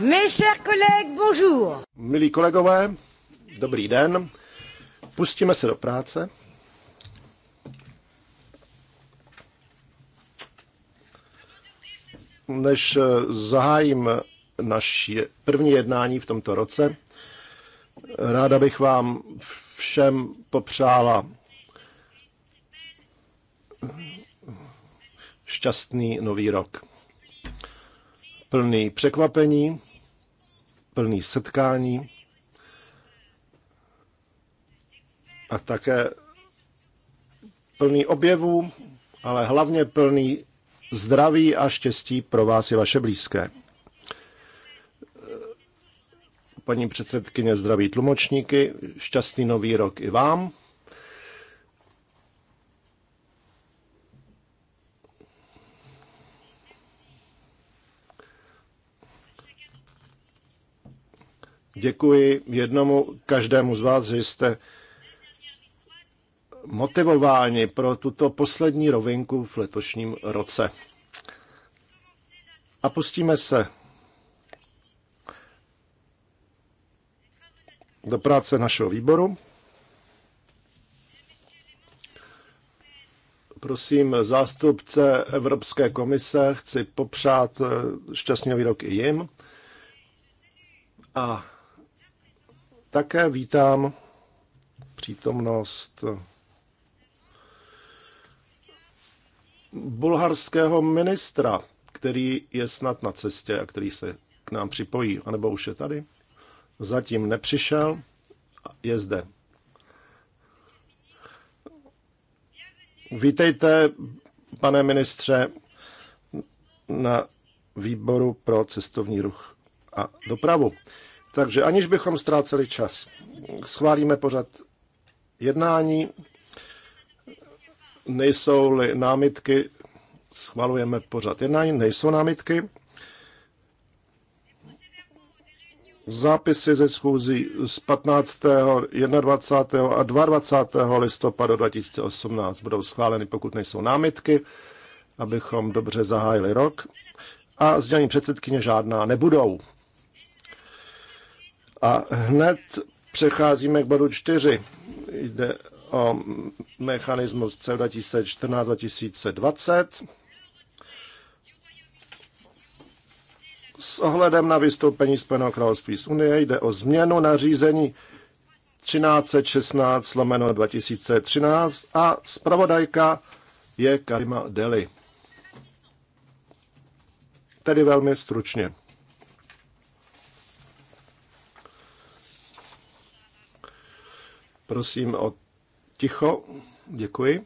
Mes chers collègues, bonjour. Milí kolegové, dobrý den. Pustíme se do práce. Než eh, zahájím naše první jednání v tomto roce, ráda bych vám všem popřála šťastný nový rok plný překvapení, plný setkání a také plný objevů, ale hlavně plný zdraví a štěstí pro vás i vaše blízké. Paní předsedkyně zdraví tlumočníky, šťastný nový rok i vám. Děkuji jednomu každému z vás, že jste motivováni pro tuto poslední rovinku v letošním roce. A pustíme se do práce našeho výboru. Prosím, zástupce Evropské komise, chci popřát eh, šťastný výrok i jim. A také vítám přítomnost bulharského ministra, který je snad na cestě a který se k nám připojí, anebo už je tady. Zatím nepřišel, je zde. Vítejte, pane ministře, na výboru pro cestovní ruch a dopravu. Takže aniž bychom ztráceli čas, schválíme pořad jednání. Nejsou-li námitky, schvalujeme pořad jednání. Nejsou námitky. Zápisy ze schůzí z 15., 21. a 22. listopadu 2018 budou schváleny, pokud nejsou námitky, abychom dobře zahájili rok. A sdělení předsedkyně žádná nebudou. A hned přecházíme k bodu 4. Jde o mechanismus CEU 2014-2020. S ohledem na vystoupení Spojeného království z Unie jde o změnu nařízení 1316 lomeno 2013 a zpravodajka je Karima Deli. Tedy velmi stručně. Prosím o ticho. Děkuji.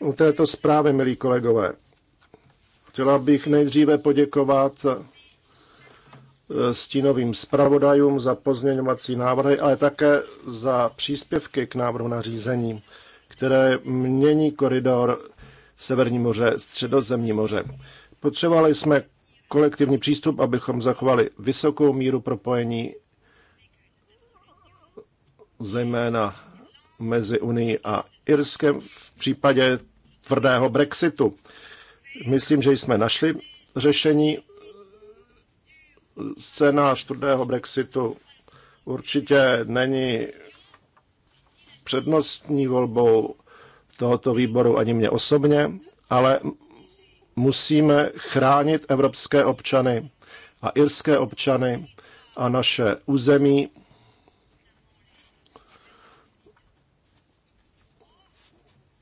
U této zprávy, milí kolegové, chtěla bych nejdříve poděkovat eh, stínovým zpravodajům za pozměňovací návrhy, ale také za příspěvky k návrhu na řízení, které mění koridor Severní moře, Středozemní moře. Potřebovali jsme kolektivní přístup, abychom zachovali vysokou míru propojení zejména mezi Unii a Irskem v případě tvrdého Brexitu. Myslím, že jsme našli řešení. Scénář tvrdého Brexitu určitě není přednostní volbou tohoto výboru ani mě osobně, ale musíme chránit evropské občany a irské občany a naše území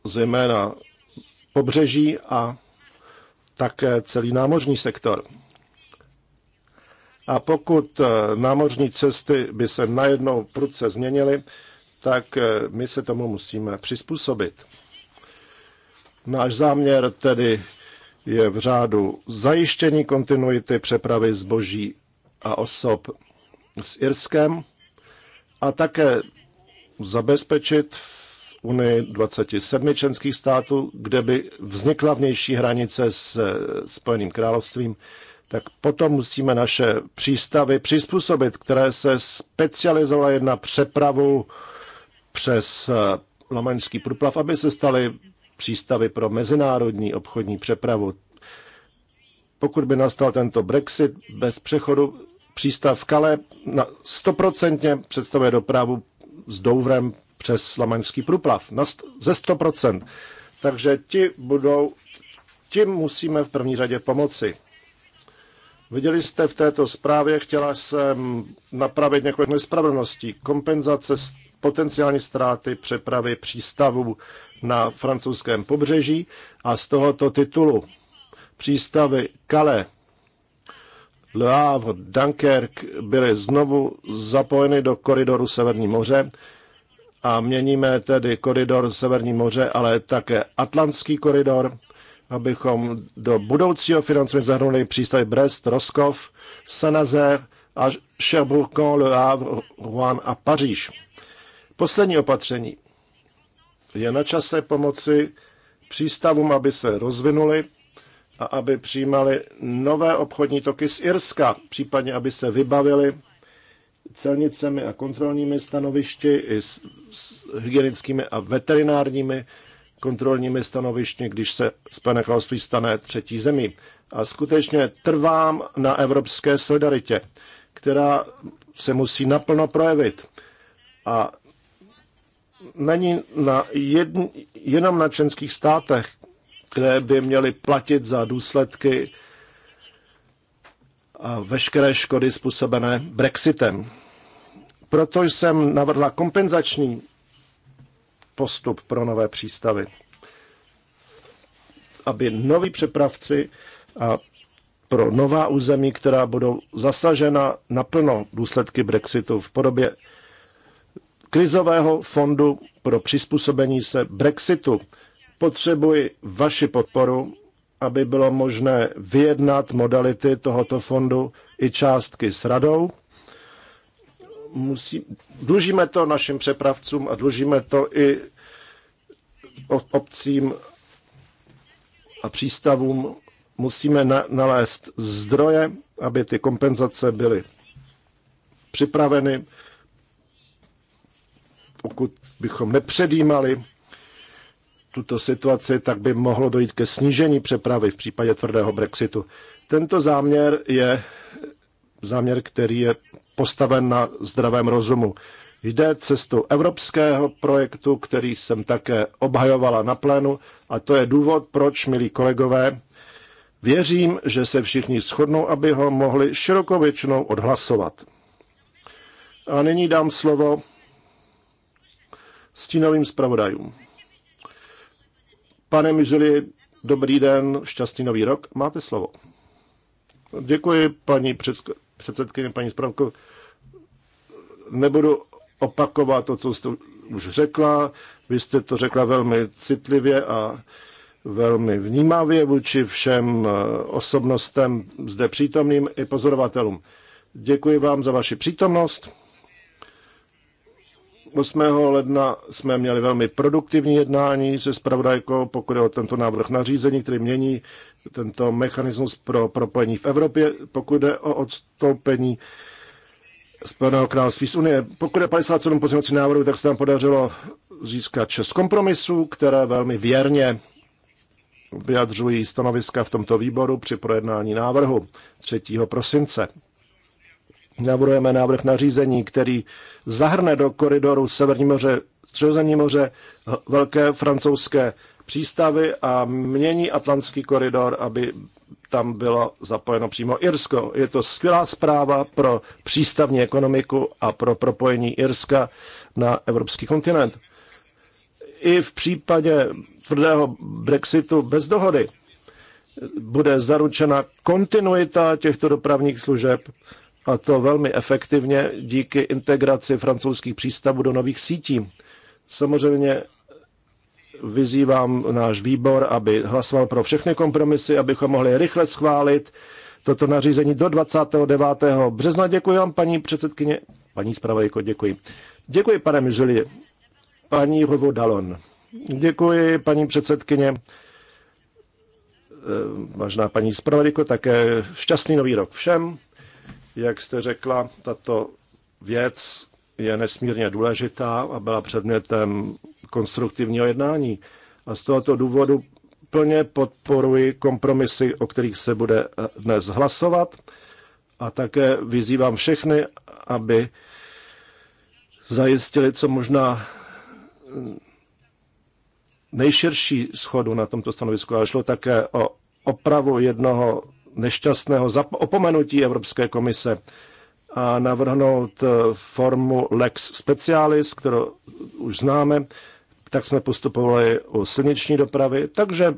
zejména pobřeží a také celý námořní sektor. A pokud eh, námořní cesty by se najednou prudce změnily, tak eh, my se tomu musíme přizpůsobit. Náš záměr tedy je v řádu zajištění kontinuity přepravy zboží a osob s Irskem a také zabezpečit unii 27 členských států, kde by vznikla vnější hranice s eh, Spojeným královstvím, tak potom musíme naše přístavy přizpůsobit, které se specializovaly na přepravu přes eh, Lomaňský průplav, aby se staly přístavy pro mezinárodní obchodní přepravu. Pokud by nastal tento Brexit bez přechodu, přístav Kale na 100% představuje dopravu s Douvrem přes Lamaňský průplav na st- ze 100%. Takže ti budou, tím musíme v první řadě pomoci. Viděli jste v této zprávě, chtěla jsem napravit několik nespravedlností. Kompenzace potenciální ztráty přepravy přístavů na francouzském pobřeží a z tohoto titulu přístavy Calais, Le Havre, Dunkerque byly znovu zapojeny do koridoru Severní moře a měníme tedy koridor Severní moře, ale také Atlantský koridor, abychom do budoucího financování zahrnuli přístavy Brest, Roskov, Sanazer a Cherbourg, Le Havre, Rouen a Paříž. Poslední opatření. Je na čase pomoci přístavům, aby se rozvinuli a aby přijímali nové obchodní toky z Irska, případně aby se vybavili celnicemi a kontrolními stanovišti, i s, s hygienickými a veterinárními kontrolními stanovišti, když se Spojené království stane třetí zemí. A skutečně trvám na evropské solidaritě, která se musí naplno projevit. A není na jedn, jenom na členských státech, kde by měli platit za důsledky a veškeré škody způsobené Brexitem. Proto jsem navrhla kompenzační postup pro nové přístavy, aby noví přepravci a pro nová území, která budou zasažena naplno důsledky Brexitu v podobě krizového fondu pro přizpůsobení se Brexitu. Potřebuji vaši podporu, aby bylo možné vyjednat modality tohoto fondu i částky s radou musí, dlužíme to našim přepravcům a dlužíme to i obcím a přístavům. Musíme na, nalézt zdroje, aby ty kompenzace byly připraveny. Pokud bychom nepředjímali tuto situaci, tak by mohlo dojít ke snížení přepravy v případě tvrdého Brexitu. Tento záměr je záměr, který je postaven na zdravém rozumu. Jde cestou evropského projektu, který jsem také obhajovala na plénu a to je důvod, proč, milí kolegové, věřím, že se všichni shodnou, aby ho mohli širokou většinou odhlasovat. A nyní dám slovo stínovým zpravodajům. Pane Mizuli, dobrý den, šťastný nový rok, máte slovo. Děkuji, paní předsedkyně, paní zpravko, nebudu opakovat to, co jste už řekla. Vy jste to řekla velmi citlivě a velmi vnímavě vůči všem eh, osobnostem zde přítomným i pozorovatelům. Děkuji vám za vaši přítomnost. 8. ledna jsme měli velmi produktivní jednání se spravodajkou, pokud je o tento návrh nařízení, který mění tento mechanismus pro propojení v Evropě, pokud je o odstoupení Spojeného království z Unie. Pokud je 57 pozměňovacích návrhů, tak se nám podařilo získat 6 kompromisů, které velmi věrně vyjadřují stanoviska v tomto výboru při projednání návrhu 3. prosince navrhujeme návrh nařízení, který zahrne do koridoru Severní moře, Středozemní moře, velké francouzské přístavy a mění Atlantský koridor, aby tam bylo zapojeno přímo Irsko. Je to skvělá zpráva pro přístavní ekonomiku a pro propojení Irska na evropský kontinent. I v případě tvrdého Brexitu bez dohody bude zaručena kontinuita těchto dopravních služeb a to velmi efektivně díky integraci francouzských přístavů do nových sítí. Samozřejmě vyzývám náš výbor, aby hlasoval pro všechny kompromisy, abychom mohli rychle schválit toto nařízení do 29. března. Děkuji vám, paní předsedkyně, paní zpravodajko, děkuji. Děkuji, pane Mizuli. Paní Hovo Dalon. Děkuji, paní předsedkyně. Eh, vážná paní zpravodajko, také šťastný nový rok všem. Jak jste řekla, tato věc je nesmírně důležitá a byla předmětem konstruktivního jednání. A z tohoto důvodu plně podporuji kompromisy, o kterých se bude dnes hlasovat. A také vyzývám všechny, aby zajistili co možná nejširší schodu na tomto stanovisku. A šlo také o opravu jednoho nešťastného opomenutí Evropské komise a navrhnout eh, formu lex specialis, kterou už známe, tak jsme postupovali u silniční dopravy, takže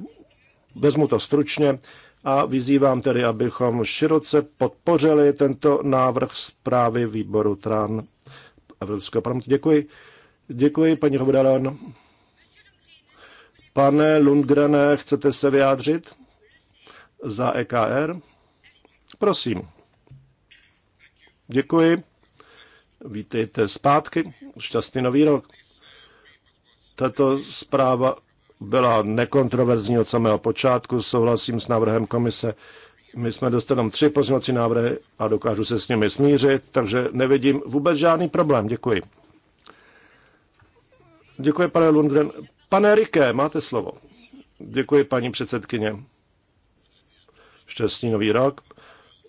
vezmu to stručně a vyzývám tedy, abychom široce podpořili tento návrh zprávy výboru TRAN Evropského parlamentu. Děkuji. Děkuji, paní Hovdalen. Pane Lundgrene, chcete se vyjádřit? za EKR. Prosím. Děkuji. Vítejte zpátky. Šťastný nový rok. Tato zpráva byla nekontroverzní od samého počátku. Souhlasím s návrhem komise. My jsme dostali jenom tři pozměňovací návrhy a dokážu se s nimi smířit, takže nevidím vůbec žádný problém. Děkuji. Děkuji, pane Lundgren. Pane Rike, máte slovo. Děkuji, paní předsedkyně šťastný nový rok.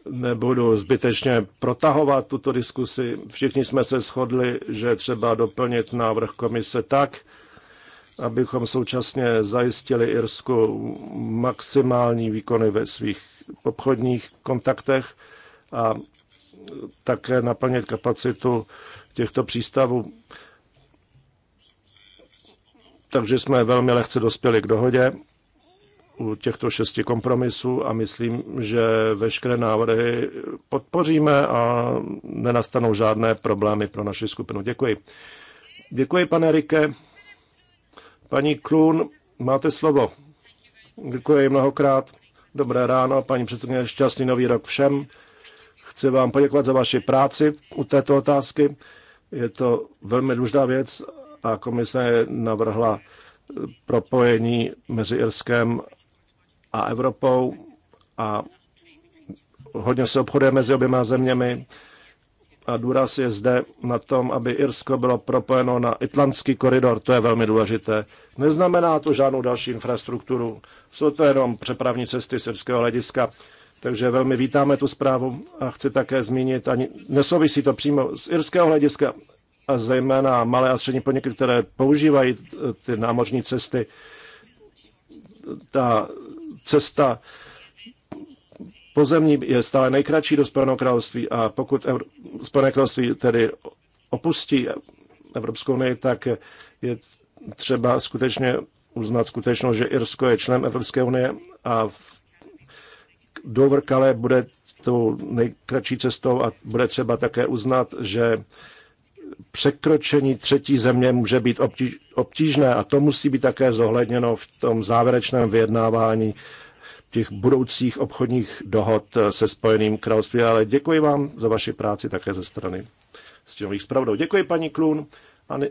Nebudu zbytečně protahovat tuto diskusi. Všichni jsme se shodli, že třeba doplnit návrh komise tak, abychom současně zajistili Irsku maximální výkony ve svých obchodních kontaktech a také naplnit kapacitu těchto přístavů. Takže jsme velmi lehce dospěli k dohodě u těchto šesti kompromisů a myslím, že veškeré návrhy podpoříme a nenastanou žádné problémy pro naši skupinu. Děkuji. Děkuji, pane Rike. Paní Klun, máte slovo. Děkuji mnohokrát. Dobré ráno, paní předsedkyně, šťastný nový rok všem. Chci vám poděkovat za vaši práci u této otázky. Je to velmi důležitá věc a komise navrhla propojení mezi Irskem a Evropou a hodně se obchoduje mezi oběma zeměmi a důraz je zde na tom, aby Irsko bylo propojeno na Itlantský koridor, to je velmi důležité. Neznamená to žádnou další infrastrukturu, jsou to jenom přepravní cesty srbského hlediska, takže velmi vítáme tu zprávu a chci také zmínit, ani nesouvisí to přímo z irského hlediska, a zejména malé a střední podniky, které používají ty námořní cesty, ta cesta pozemní je stále nejkratší do Spojeného království a pokud Evro- Spojené království tedy opustí Evropskou unii, tak je třeba skutečně uznat skutečnost, že Irsko je člen Evropské unie a Dover Calais bude tou nejkratší cestou a bude třeba také uznat, že překročení třetí země může být obtížné a to musí být také zohledněno v tom závěrečném vyjednávání těch budoucích obchodních dohod eh, se Spojeným království. Ale děkuji vám za vaši práci také ze strany stínových zpravodů. Děkuji, paní Klun. ne,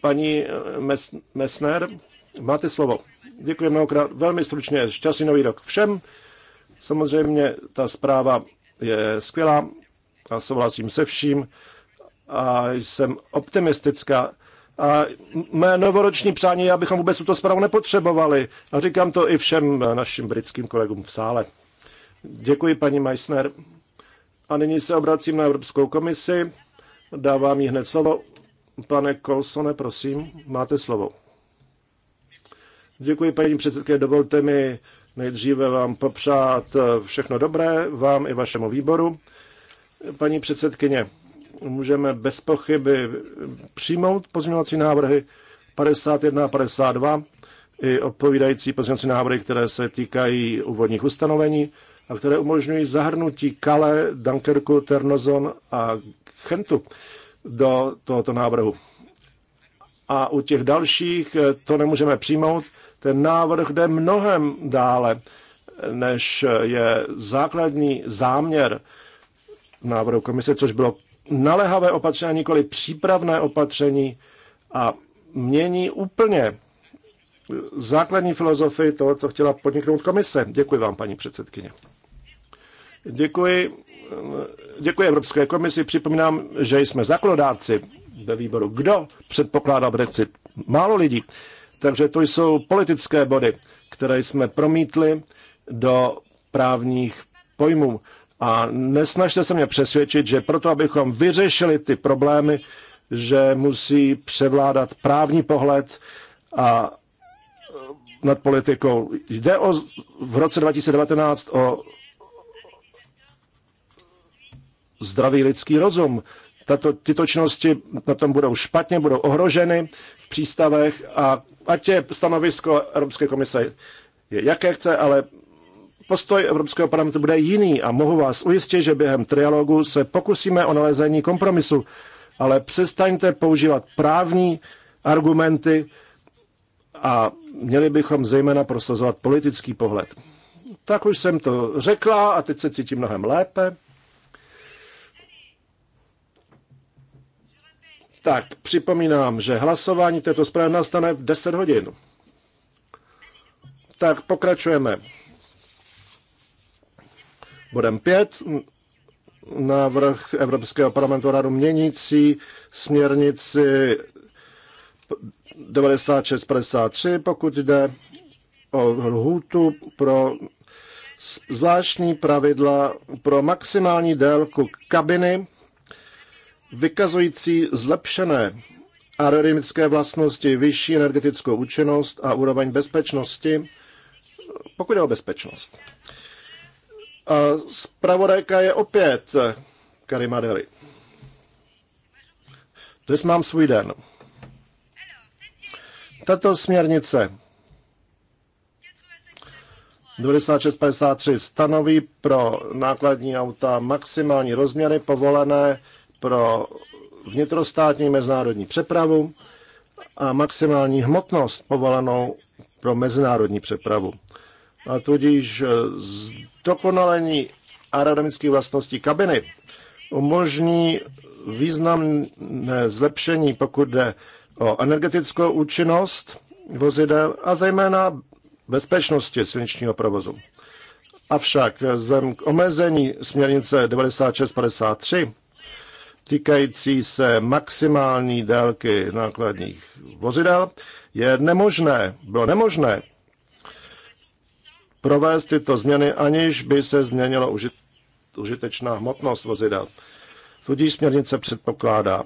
paní eh, Mes, Mesner, máte slovo. Děkuji mnohokrát. Velmi stručně. Šťastný nový rok všem. Samozřejmě ta zpráva je skvělá a souhlasím se vším a jsem optimistická. A mé novoroční přání je, abychom vůbec tuto zprávu nepotřebovali. A říkám to i všem našim britským kolegům v sále. Děkuji, paní Meissner. A nyní se obracím na Evropskou komisi. Dávám jí hned slovo. Pane Colsone, prosím, máte slovo. Děkuji, paní předsedkyně. Dovolte mi nejdříve vám popřát všechno dobré, vám i vašemu výboru. Paní předsedkyně, můžeme bez pochyby přijmout pozměňovací návrhy 51 a 52 i odpovídající pozměňovací návrhy, které se týkají úvodních ustanovení a které umožňují zahrnutí Kale, Dunkerku, Ternozon a Chentu do tohoto návrhu. A u těch dalších eh, to nemůžeme přijmout. Ten návrh jde mnohem dále, než je základní záměr návrhu komise, což bylo naléhavé opatření, nikoli přípravné opatření a mění úplně základní filozofii toho, co chtěla podniknout komise. Děkuji vám, paní předsedkyně. Děkuji, děkuji Evropské komisi. Připomínám, že jsme zákonodárci ve výboru. Kdo předpokládá Brexit? Málo lidí. Takže to jsou politické body, které jsme promítli do právních pojmů. A nesnažte se mě přesvědčit, že proto, abychom vyřešili ty problémy, že musí převládat právní pohled a eh, nad politikou. Jde o, v roce 2019 o zdravý lidský rozum. Tato, tyto činnosti na tom budou špatně, budou ohroženy v přístavech a ať je stanovisko Evropské komise je jaké chce, ale Postoj Evropského parlamentu bude jiný a mohu vás ujistit, že během trialogu se pokusíme o nalezení kompromisu, ale přestaňte používat právní argumenty a měli bychom zejména prosazovat politický pohled. Tak už jsem to řekla a teď se cítím mnohem lépe. Tak, připomínám, že hlasování této zprávy nastane v 10 hodin. Tak pokračujeme. Bodem 5 návrh Evropského parlamentu radu měnící směrnici 9653, pokud jde o lhůtu pro zvláštní pravidla pro maximální délku kabiny, vykazující zlepšené aerodynamické vlastnosti, vyšší energetickou účinnost a úroveň bezpečnosti, pokud je o bezpečnost. A zpravodajka je opět Karima Deli. Dnes mám svůj den. Tato směrnice 9653 stanoví pro nákladní auta maximální rozměry povolené pro vnitrostátní mezinárodní přepravu a maximální hmotnost povolenou pro mezinárodní přepravu. A tudíž dokonalení aerodynamické vlastnosti kabiny umožní významné zlepšení, pokud jde o energetickou účinnost vozidel a zejména bezpečnosti silničního provozu. Avšak vzhledem k omezení směrnice 9653 týkající se maximální délky nákladních vozidel je nemožné, bylo nemožné provést tyto změny, aniž by se změnila užit, užitečná hmotnost vozidel. Tudíž směrnice předpokládá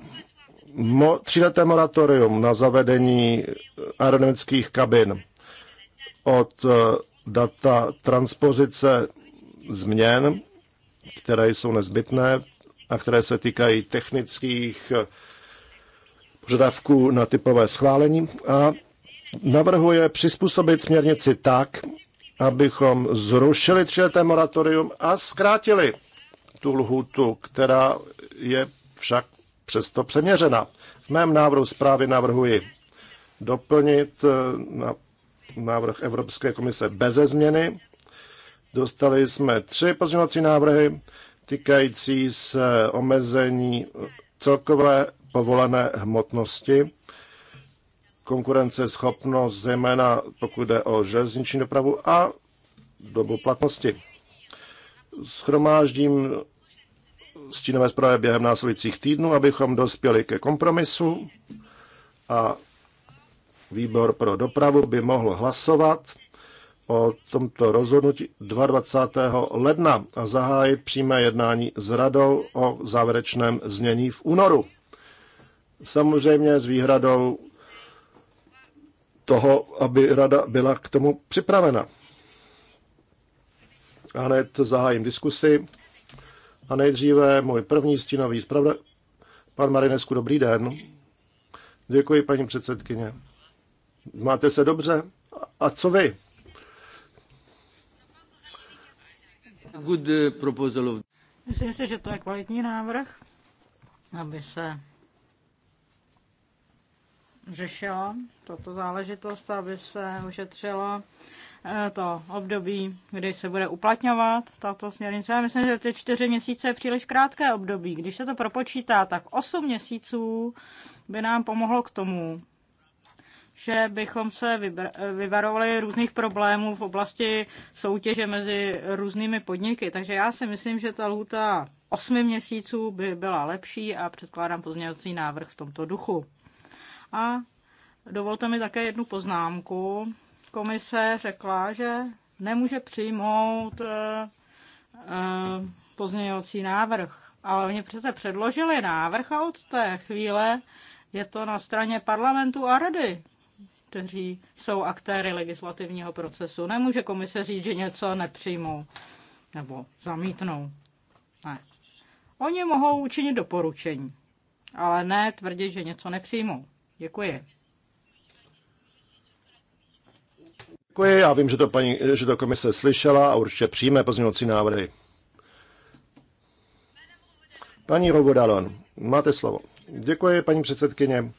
mo, tříleté moratorium na zavedení aerodynamických kabin od eh, data transpozice změn, které jsou nezbytné a které se týkají technických eh, požadavků na typové schválení a navrhuje přizpůsobit směrnici tak, abychom zrušili tříleté moratorium a zkrátili tu lhůtu, která je však přesto přeměřena. V mém návrhu zprávy navrhuji doplnit eh, na návrh Evropské komise beze změny. Dostali jsme tři pozměňovací návrhy týkající se omezení celkové povolené hmotnosti konkurenceschopnost, zejména pokud jde o železniční dopravu a dobu platnosti. Schromáždím stínové zprávy během následujících týdnů, abychom dospěli ke kompromisu a výbor pro dopravu by mohl hlasovat o tomto rozhodnutí 22. ledna a zahájit přímé jednání s radou o závěrečném znění v únoru. Samozřejmě s výhradou toho, aby rada byla k tomu připravena. A hned zahájím diskusi. A nejdříve můj první stínový zpravda. Pan Marinesku, dobrý den. Děkuji, paní předsedkyně. Máte se dobře? A co vy? Good uh, proposal. Myslím si, že to je kvalitní návrh, aby se řešila tato záležitost, aby se ošetřila eh, to období, kdy se bude uplatňovat tato směrnice. Já myslím, že ty čtyři měsíce je příliš krátké období. Když se to propočítá, tak osm měsíců by nám pomohlo k tomu, že bychom se vyvarovali různých problémů v oblasti soutěže mezi různými podniky. Takže já si myslím, že ta lhuta osmi měsíců by byla lepší a předkládám pozměňovací návrh v tomto duchu. A dovolte mi také jednu poznámku. Komise řekla, že nemůže přijmout eh, eh, pozměňovací návrh. Ale oni přece předložili návrh a od té chvíle je to na straně parlamentu a rady, kteří jsou aktéry legislativního procesu. Nemůže komise říct, že něco nepřijmou nebo zamítnou. Ne. Oni mohou učinit doporučení, ale ne tvrdit, že něco nepřijmou. Děkuji. Děkuji, já vím, že to, paní, že to komise slyšela a určitě přijme pozměňovací návrhy. Paní Rovodalon, máte slovo. Děkuji, paní předsedkyně.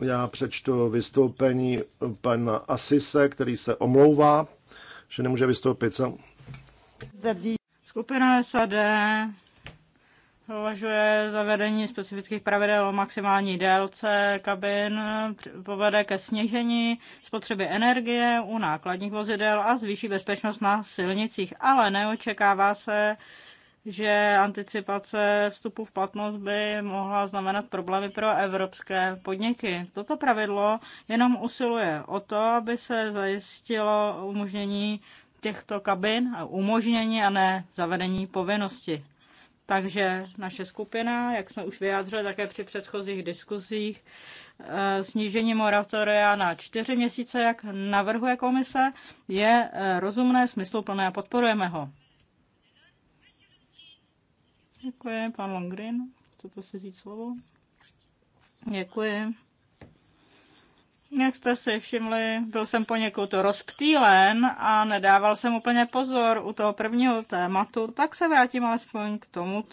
Já přečtu vystoupení pana Asise, který se omlouvá, že nemůže vystoupit. Skupina SAD považuje zavedení specifických pravidel o maximální délce kabin povede ke sněžení spotřeby energie u nákladních vozidel a zvýší bezpečnost na silnicích, ale neočekává se, že anticipace vstupu v platnost by mohla znamenat problémy pro evropské podniky. Toto pravidlo jenom usiluje o to, aby se zajistilo umožnění těchto kabin a umožnění a ne zavedení povinnosti. Takže naše skupina, jak jsme už vyjádřili také při předchozích diskuzích, eh, snížení moratoria na čtyři měsíce, jak navrhuje komise, je eh, rozumné, smysluplné a podporujeme ho. Děkuji, pan Longrin. Chcete si říct slovo? Děkuji. Jak jste si všimli, byl jsem poněkud rozptýlen a nedával jsem úplně pozor u toho prvního tématu, tak se vrátím alespoň k tomu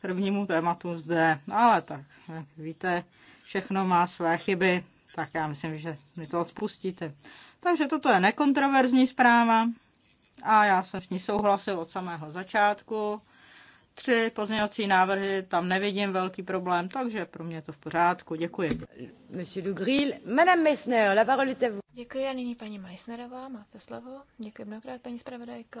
prvnímu tématu zde. Ale tak, jak víte, všechno má své chyby, tak já myslím, že mi to odpustíte. Takže toto je nekontroverzní zpráva a já jsem s ní souhlasil od samého začátku tři pozměňovací návrhy, tam nevidím velký problém, takže pro mě je to v pořádku. Děkuji. Monsieur Dugril, Madame Meissner, la parole est à vous. Děkuji a nyní paní Meissnerová, máte slovo. Děkuji mnohokrát, paní zpravodajko.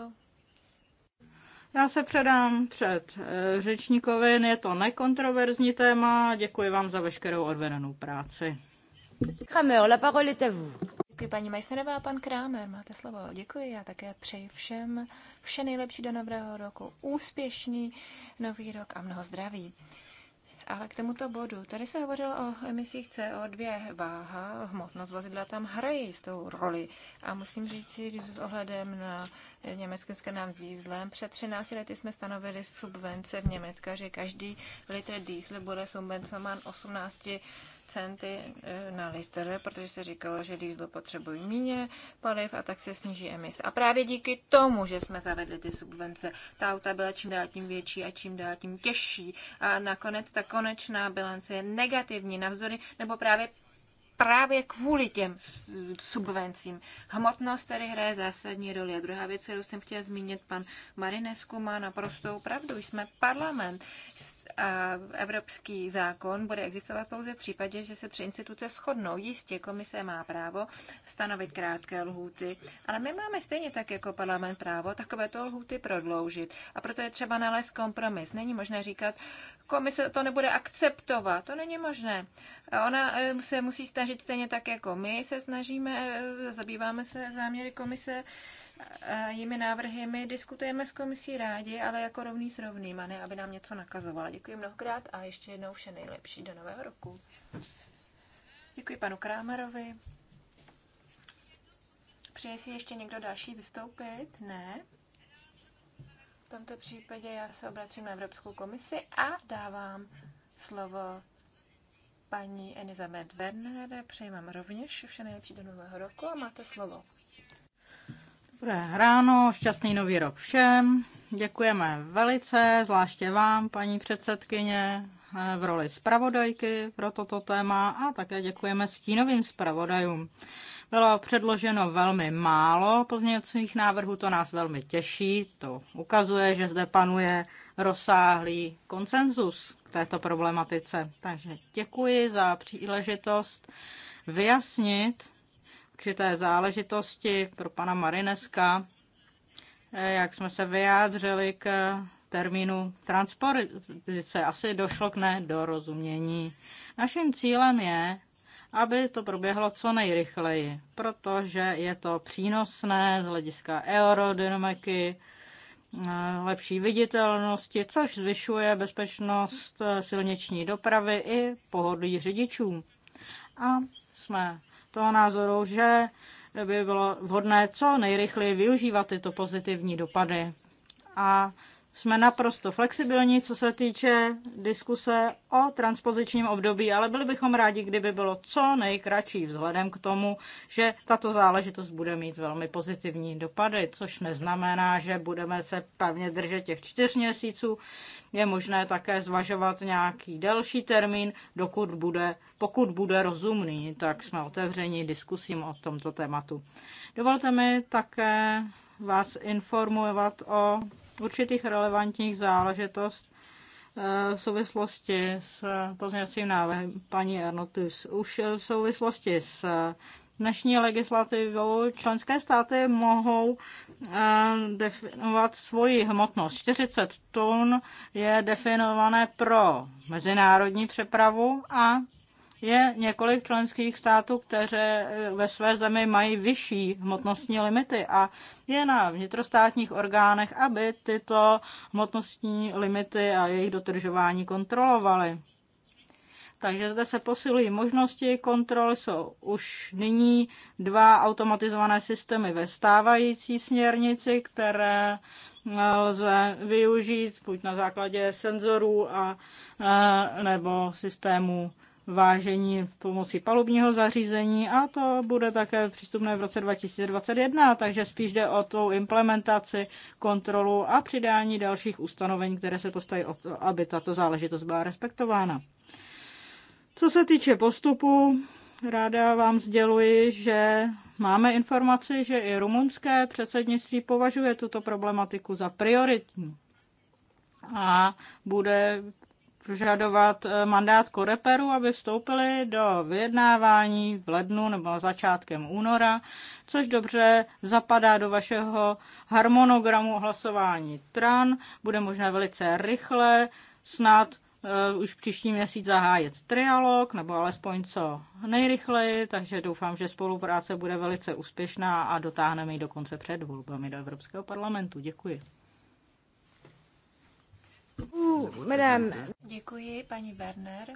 Já se předám před eh, řečníkovi, je to nekontroverzní téma, děkuji vám za veškerou odvedenou práci. Kramer, la parole est à vous. Děkuji paní Majsnerová a pan Krámer, máte slovo. Děkuji, já také přeji všem vše nejlepší do nového roku, úspěšný nový rok a mnoho zdraví. Ale k tomuto bodu, tady se hovořilo o emisích CO2, váha, hmotnost vozidla tam hrají s tou roli. A musím říct si ohledem na německým skanám s dýzlem. Před 13 lety jsme stanovili subvence v Německu, že každý litr dýzlu bude subvencován 18 centy e, na litr, protože se říkalo, že dýzlu potřebují méně paliv a tak se sníží emise. A právě díky tomu, že jsme zavedli ty subvence, ta auta byla čím dál tím větší a čím dál tím těžší a nakonec ta konečná bilance je negativní navzory, nebo právě právě kvůli těm subvencím. Hmotnost tady hraje zásadní roli. A druhá věc, kterou jsem chtěla zmínit, pan Marinesku má naprostou pravdu. Jsme parlament a evropský zákon bude existovat pouze v případě, že se tři instituce shodnou. Jistě komise má právo stanovit krátké lhůty, ale my máme stejně tak jako parlament právo takovéto lhůty prodloužit. A proto je třeba nalézt kompromis. Není možné říkat, komise to nebude akceptovat. To není možné. Ona eh, se musí snažit stejně tak jako my se snažíme, eh, zabýváme se záměry komise jimi návrhy. My diskutujeme s komisí rádi, ale jako rovný s rovným, a ne aby nám něco nakazovala. Děkuji mnohokrát a ještě jednou vše nejlepší do nového roku. Děkuji panu Krámerovi. Přeje si ještě někdo další vystoupit? Ne. V tomto případě já se obracím na Evropskou komisi a dávám slovo paní Elizabeth Werner. Přeji vám rovněž vše nejlepší do nového roku a máte slovo. Dobré ráno, šťastný nový rok všem. Děkujeme velice, zvláště vám, paní předsedkyně, v roli zpravodajky pro toto téma a také děkujeme stínovým zpravodajům. Bylo předloženo velmi málo pozměňovacích návrhů, to nás velmi těší, to ukazuje, že zde panuje rozsáhlý konsenzus k této problematice. Takže děkuji za příležitost vyjasnit určité záležitosti pro pana Marineska, eh, jak jsme se vyjádřili k termínu transpozice. Asi došlo k nedorozumění. Naším cílem je, aby to proběhlo co nejrychleji, protože je to přínosné z hlediska aerodynamiky, eh, lepší viditelnosti, což zvyšuje bezpečnost eh, silniční dopravy i pohodlí řidičů. A jsme toho názoru, že by bylo vhodné co nejrychleji využívat tyto pozitivní dopady. A jsme naprosto flexibilní, co se týče diskuse o transpozičním období, ale byli bychom rádi, kdyby bylo co nejkratší vzhledem k tomu, že tato záležitost bude mít velmi pozitivní dopady, což neznamená, že budeme se pevně držet těch čtyř měsíců. Je možné také zvažovat nějaký delší termín, dokud bude, pokud bude rozumný, tak jsme otevřeni diskusím o tomto tématu. Dovolte mi také vás informovat o určitých relevantních záležitost eh, v souvislosti s pozměňovacím návrhem paní Arnotus. Už eh, v souvislosti s eh, dnešní legislativou členské státy mohou definovat svoji hmotnost. 40 tun je definované pro mezinárodní přepravu a je několik členských států, které eh, ve své zemi mají vyšší hmotnostní limity a je na vnitrostátních orgánech, aby tyto hmotnostní limity a jejich dotržování kontrolovaly. Takže zde se posilují možnosti kontrol, jsou už nyní dva automatizované systémy ve stávající směrnici, které eh, lze využít buď na základě senzorů a, eh, nebo systémů vážení pomocí palubního zařízení a to bude také přístupné v roce 2021, takže spíš jde o tou implementaci, kontrolu a přidání dalších ustanovení, které se postaví, o to, aby tato záležitost byla respektována. Co se týče postupu, ráda vám sděluji, že máme informaci, že i rumunské předsednictví považuje tuto problematiku za prioritní a bude požadovat eh, mandát Koreperu, aby vstoupili do vyjednávání v lednu nebo začátkem února, což dobře zapadá do vašeho harmonogramu hlasování TRAN. Bude možné velice rychle, snad uh, už příští měsíc zahájit trialog, nebo alespoň co nejrychleji, takže doufám, že spolupráce bude velice úspěšná a dotáhneme ji dokonce před volbami do Evropského parlamentu. Děkuji. Madame. Děkuji, paní Werner.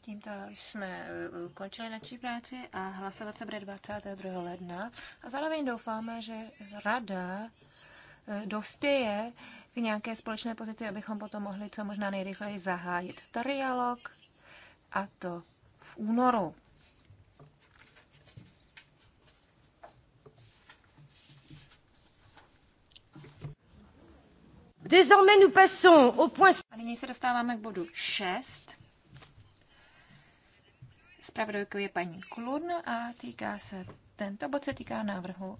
Tímto jsme eh, končili naší práci a hlasovat se bude 22. ledna. A zároveň doufáme, že rada eh, dospěje k nějaké společné pozici, abychom potom mohli co možná nejrychleji zahájit trialog, a to v únoru. Désormais nous passons au point... A nyní se dostáváme k bodu 6. Spravodajkou je paní Klun a týká se, tento bod se týká návrhu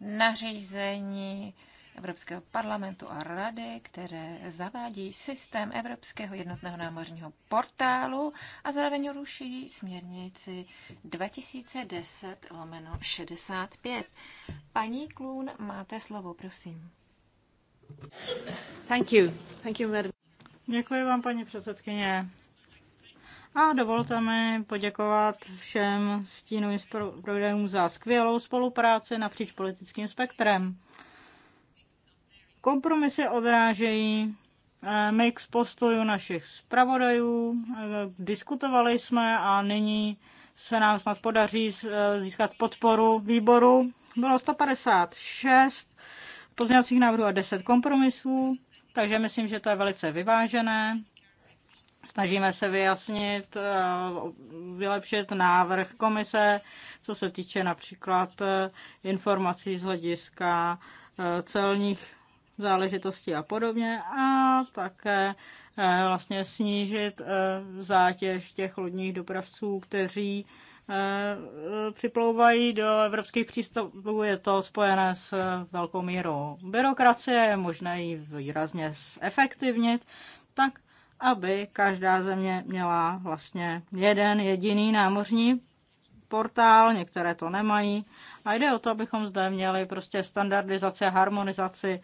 nařízení Evropského parlamentu a rady, které zavádí systém Evropského jednotného námořního portálu a zároveň ruší směrnici 2010 65. Paní Klún, máte slovo, prosím. Děkuji vám, paní předsedkyně. A dovolte mi poděkovat všem stínovým zpravodajům za skvělou spolupráci napříč politickým spektrem. Kompromisy odrážejí eh, mix postojů našich zpravodajů. Eh, diskutovali jsme a nyní se nám snad podaří eh, získat podporu výboru. Bylo 156 pozměňovacích návrhů a 10 kompromisů, takže myslím, že to je velice vyvážené. Snažíme se vyjasnit, eh, vylepšit návrh komise, co se týče například eh, informací z hlediska eh, celních záležitostí a podobně a také vlastně snížit zátěž těch lodních dopravců, kteří Eh, připlouvají do evropských přístavů, je to spojené s eh, velkou mírou byrokracie, je možné ji výrazně zefektivnit, tak aby každá země měla vlastně jeden jediný námořní portál, některé to nemají. A jde o to, abychom zde měli prostě standardizaci a harmonizaci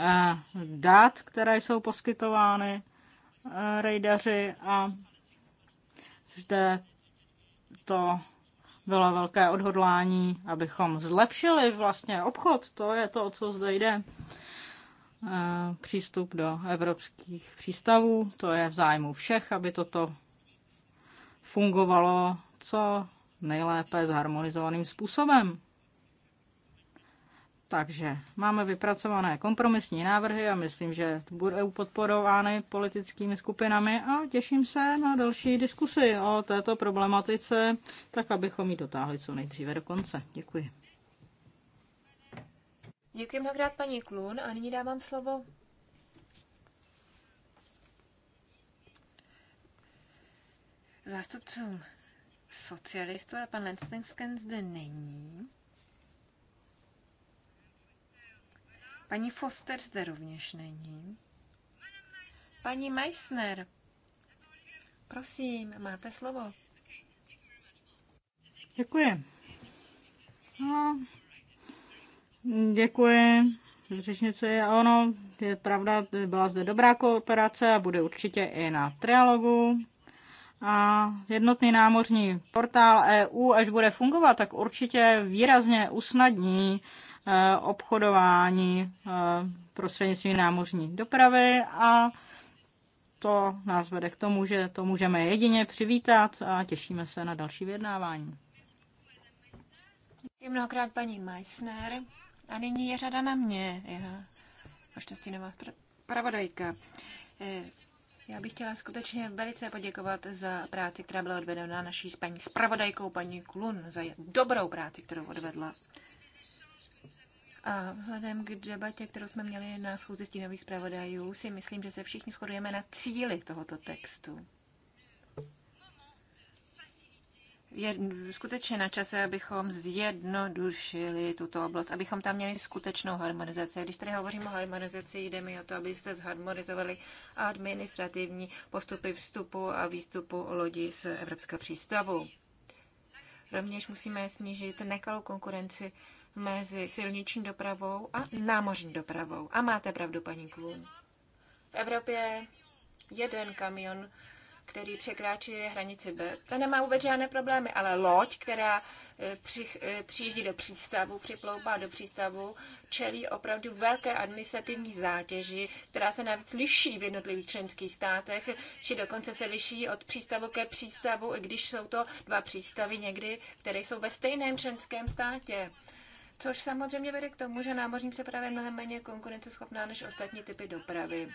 eh, dat, které jsou poskytovány rejdaři a zde to bylo velké odhodlání, abychom zlepšili vlastně obchod. To je to, o co zde jde. E, přístup do evropských přístavů, to je v zájmu všech, aby toto fungovalo co nejlépe zharmonizovaným způsobem. Takže máme vypracované kompromisní návrhy a myslím, že budou podporovány politickými skupinami a těším se na další diskusy o této problematice, tak abychom ji dotáhli co nejdříve do konce. Děkuji. Děkuji mnohokrát paní Klun a nyní dávám slovo zástupcům socialistů, ale pan Lenstenskens zde není. Paní Foster zde rovněž není. Paní Meissner, prosím, máte slovo. Děkuji. No, děkuji Řečnice, A ono, je pravda, byla zde dobrá kooperace a bude určitě i na trialogu. A jednotný námořní portál EU, až bude fungovat, tak určitě výrazně usnadní Eh, obchodování eh, prostřednictvím námořní dopravy a to nás vede k tomu, že to můžeme jedině přivítat a těšíme se na další vyjednávání. Děkuji mnohokrát paní Meissner. A nyní je řada na mě. Já naštěstí nemá pravodajka. Eh, já bych chtěla skutečně velice poděkovat za práci, která byla odvedena naší paní spravodajkou, paní Klun, za dobrou práci, kterou odvedla. A vzhledem k debatě, kterou jsme měli na schůzi stínových zpravodajů, si myslím, že se všichni shodujeme na cíli tohoto textu. Je skutečně na čase, abychom zjednodušili tuto oblast, abychom tam měli skutečnou harmonizaci. Když tady hovořím o harmonizaci, jde mi o to, aby se zharmonizovali administrativní postupy vstupu a výstupu lodi z Evropského přístavu. Rovněž musíme snížit nekalou konkurenci mezi silniční dopravou a námořní dopravou. A máte pravdu, paní Kvůn. V Evropě jeden kamion, který překračuje hranici B, ten nemá vůbec žádné problémy, ale loď, která e, při, e, přijíždí do přístavu, připloupá do přístavu, čelí opravdu velké administrativní zátěži, která se navíc liší v jednotlivých členských státech, či dokonce se liší od přístavu ke přístavu, i když jsou to dva přístavy někdy, které jsou ve stejném členském státě což samozřejmě vede k tomu, že námořní přeprava je mnohem méně konkurenceschopná než ostatní typy dopravy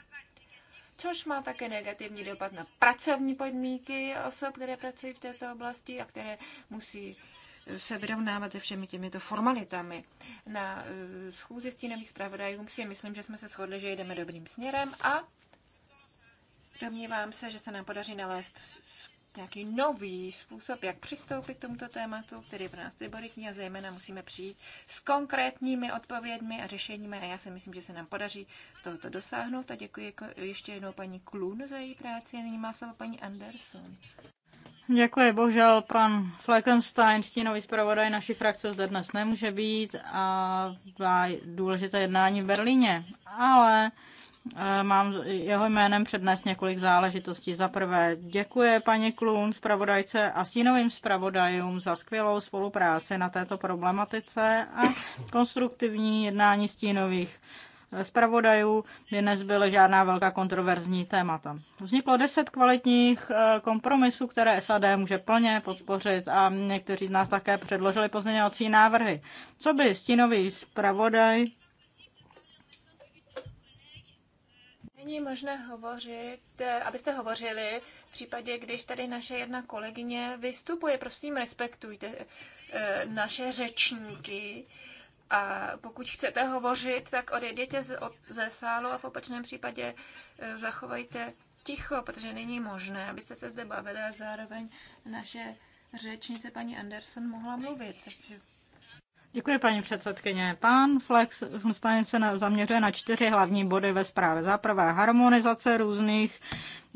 což má také negativní dopad na pracovní podmínky osob, které pracují v této oblasti a které musí se vyrovnávat se všemi těmito formalitami. Na eh, schůzi tím zpravodajům si myslím, že jsme se shodli, že jdeme dobrým směrem a domnívám se, že se nám podaří nalézt nějaký nový způsob, jak přistoupit k tomuto tématu, který je pro nás triboritní a zejména musíme přijít s konkrétními odpovědmi a řešeními a já si myslím, že se nám podaří tohoto dosáhnout a děkuji jako ještě jednou paní Klun za její práci a nyní má slovo paní Anderson. Děkuji, bohužel pan Fleckenstein, stínový zpravodaj naší frakce zde dnes nemůže být a důležité jednání v Berlíně, ale Eh, mám jeho jménem přednést několik záležitostí. Za prvé děkuje paní Klun, zpravodajce a stínovým zpravodajům za skvělou spolupráci na této problematice a konstruktivní jednání stínových eh, zpravodajů, kdy nezbyly žádná velká kontroverzní témata. Vzniklo deset kvalitních eh, kompromisů, které SAD může plně podpořit a někteří z nás také předložili pozměňovací návrhy. Co by stínový zpravodaj Není možné hovořit, eh, abyste hovořili v případě, když tady naše jedna kolegyně vystupuje. Prosím, respektujte eh, naše řečníky. A pokud chcete hovořit, tak odejděte ze sálu a v opačném případě eh, zachovejte ticho, protože není možné, abyste se zde bavili a zároveň naše řečnice paní Anderson mohla mluvit. Takže Děkuji, paní předsedkyně. Pán Flex se zaměřuje na čtyři hlavní body ve zprávě. Za prvé harmonizace různých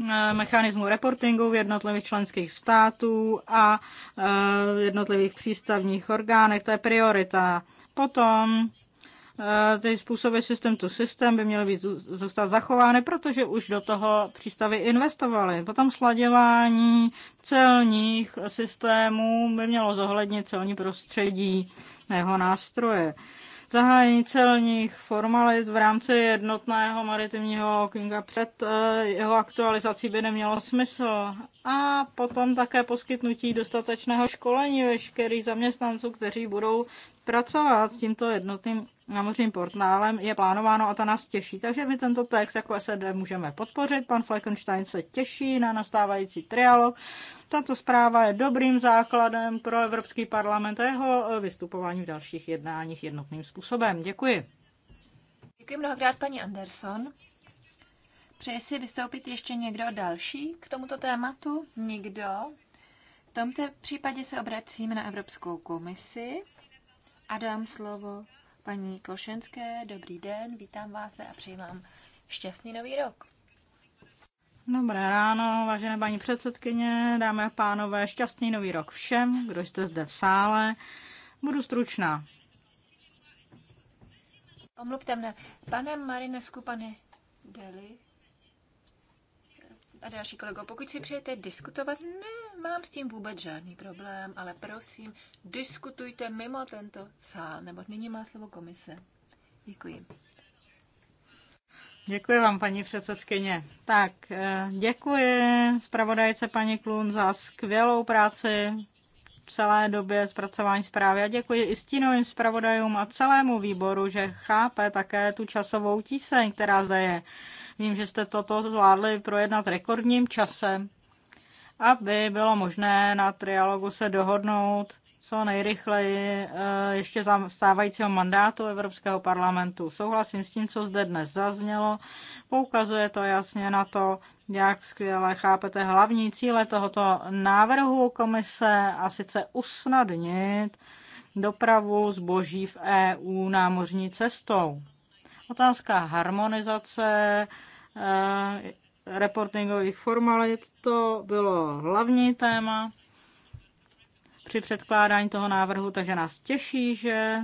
eh, mechanismů reportingu v jednotlivých členských států a eh, jednotlivých přístavních orgánech. To je priorita. Potom eh, ty způsoby systém to systém by měly být zůstat zachovány, protože už do toho přístavy investovaly. Potom sladěvání celních systémů by mělo zohlednit celní prostředí jeho nástroje. Zahájení celních formalit v rámci jednotného maritimního lookinga před eh, jeho aktualizací by nemělo smysl. A potom také poskytnutí dostatečného školení veškerých zaměstnanců, kteří budou pracovat s tímto jednotným námořním portálem je plánováno a to nás těší. Takže my tento text jako SED můžeme podpořit. Pan Fleckenstein se těší na nastávající trialog. Tato zpráva je dobrým základem pro Evropský parlament a jeho vystupování v dalších jednáních jednotným způsobem. Děkuji. Děkuji mnohokrát, paní Anderson. Přeji si vystoupit ještě někdo další k tomuto tématu? Nikdo? V tomto případě se obracíme na Evropskou komisi a dám slovo paní Košenské. Dobrý den, vítám vás a přeji vám šťastný nový rok. Dobré ráno, vážené paní předsedkyně, dámy a pánové, šťastný nový rok všem, kdo jste zde v sále. Budu stručná. Omluvte mne. Pane Marinesku, pane Deli, a další kolego, pokud si přejete diskutovat, nemám s tím vůbec žádný problém, ale prosím, diskutujte mimo tento sál, nebo nyní má slovo komise. Děkuji. Děkuji vám, paní předsedkyně. Tak, eh, děkuji zpravodajce paní Klun za skvělou práci celé době zpracování zprávy a děkuji i stínovým zpravodajům a celému výboru, že chápe také tu časovou tíseň, která zde je. Vím, že jste toto zvládli projednat rekordním časem, aby bylo možné na trialogu se dohodnout co nejrychleji eh, ještě za stávajícího mandátu Evropského parlamentu. Souhlasím s tím, co zde dnes zaznělo. Poukazuje to jasně na to, jak skvěle chápete hlavní cíle tohoto návrhu komise a sice usnadnit dopravu zboží v EU námořní cestou. Otázka harmonizace eh, reportingových formalit, to bylo hlavní téma při předkládání toho návrhu, takže nás těší, že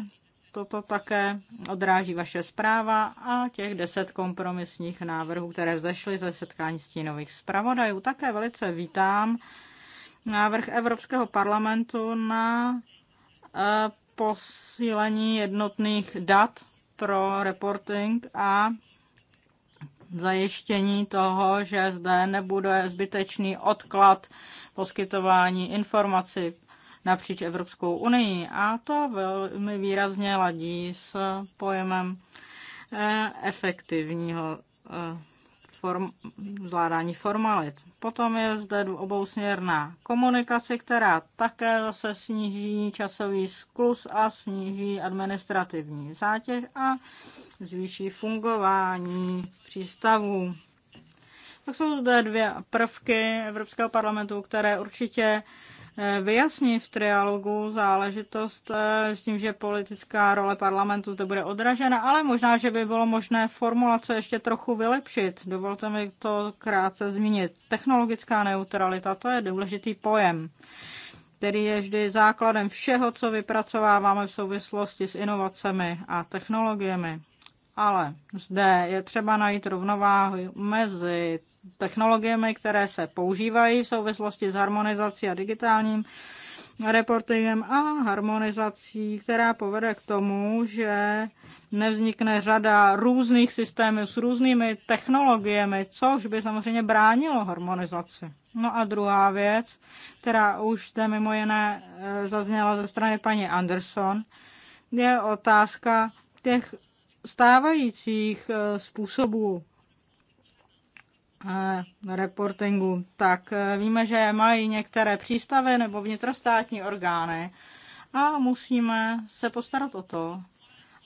toto také odráží vaše zpráva a těch deset kompromisních návrhů, které vzešly ze setkání stínových zpravodajů. Také velice vítám návrh Evropského parlamentu na eh, posílení jednotných dat pro reporting a zajištění toho, že zde nebude zbytečný odklad poskytování informací napříč Evropskou unii a to velmi výrazně ladí s pojmem eh, efektivního eh, form, zvládání formalit. Potom je zde obousměrná komunikace, která také zase sníží časový sklus a sníží administrativní zátěž a zvýší fungování přístavů. Tak jsou zde dvě prvky Evropského parlamentu, které určitě vyjasní v trialogu záležitost eh, s tím, že politická role parlamentu zde bude odražena, ale možná, že by bylo možné formulace ještě trochu vylepšit. Dovolte mi to krátce zmínit. Technologická neutralita, to je důležitý pojem který je vždy základem všeho, co vypracováváme v souvislosti s inovacemi a technologiemi. Ale zde je třeba najít rovnováhu mezi technologiemi, které se používají v souvislosti s harmonizací a digitálním reportingem a harmonizací, která povede k tomu, že nevznikne řada různých systémů s různými technologiemi, což by samozřejmě bránilo harmonizaci. No a druhá věc, která už zde mimo jiné e, zazněla ze strany paní Anderson, je otázka těch stávajících e, způsobů reportingu, tak eh, víme, že mají některé přístavy nebo vnitrostátní orgány a musíme se postarat o to,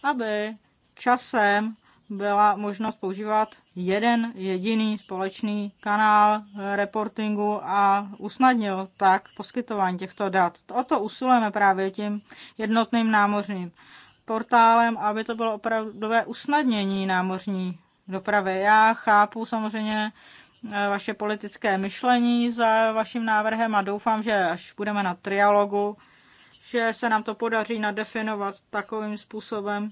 aby časem byla možnost používat jeden jediný společný kanál reportingu a usnadnil tak poskytování těchto dat. O to usilujeme právě tím jednotným námořním portálem, aby to bylo opravdové usnadnění námořní dopravy. Já chápu samozřejmě eh, vaše politické myšlení za vaším návrhem a doufám, že až budeme na trialogu, že se nám to podaří nadefinovat takovým způsobem,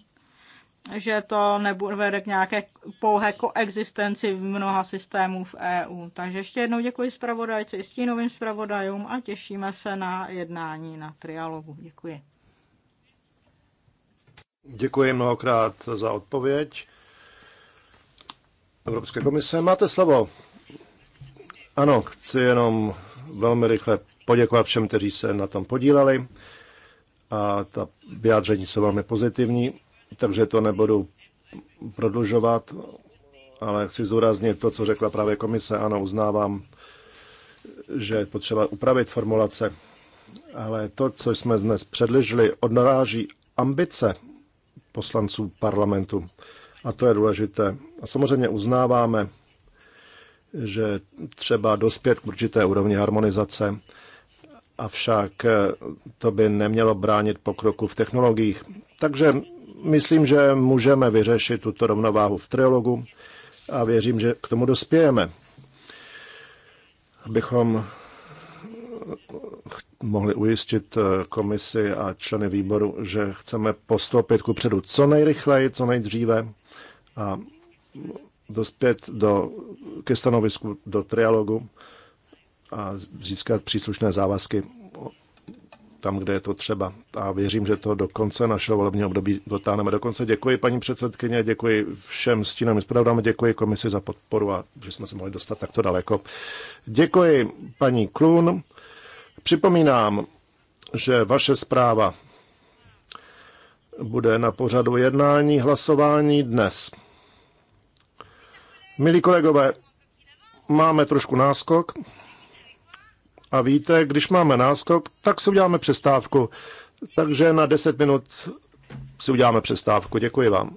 že to nebude k nějaké pouhé koexistenci mnoha systémů v EU. Takže ještě jednou děkuji zpravodajci i stínovým zpravodajům a těšíme se na jednání na trialogu. Děkuji. Děkuji mnohokrát za odpověď. Evropské komise. Máte slovo. Ano, chci jenom velmi rychle poděkovat všem, kteří se na tom podíleli. A ta vyjádření jsou velmi pozitivní, takže to nebudu prodlužovat, ale chci zúraznit to, co řekla právě komise. Ano, uznávám, že je potřeba upravit formulace, ale to, co jsme dnes předližili, odnaráží ambice poslanců parlamentu. A to je důležité. A samozřejmě uznáváme, že třeba dospět k určité úrovni harmonizace, avšak to by nemělo bránit pokroku v technologiích. Takže myslím, že můžeme vyřešit tuto rovnováhu v triologu a věřím, že k tomu dospějeme, abychom mohli ujistit komisi a členy výboru, že chceme postoupit ku předu co nejrychleji, co nejdříve a dospět do, ke stanovisku do trialogu a získat příslušné závazky tam, kde je to třeba. A věřím, že to do konce našeho volebního období dotáhneme. konce. děkuji paní předsedkyně, děkuji všem stínovým zpravodám, děkuji komisi za podporu a že jsme se mohli dostat takto daleko. Děkuji paní Klun. Připomínám, že vaše zpráva bude na pořadu jednání hlasování dnes. Milí kolegové, máme trošku náskok. A víte, když máme náskok, tak si uděláme přestávku. Takže na 10 minut si uděláme přestávku. Děkuji vám.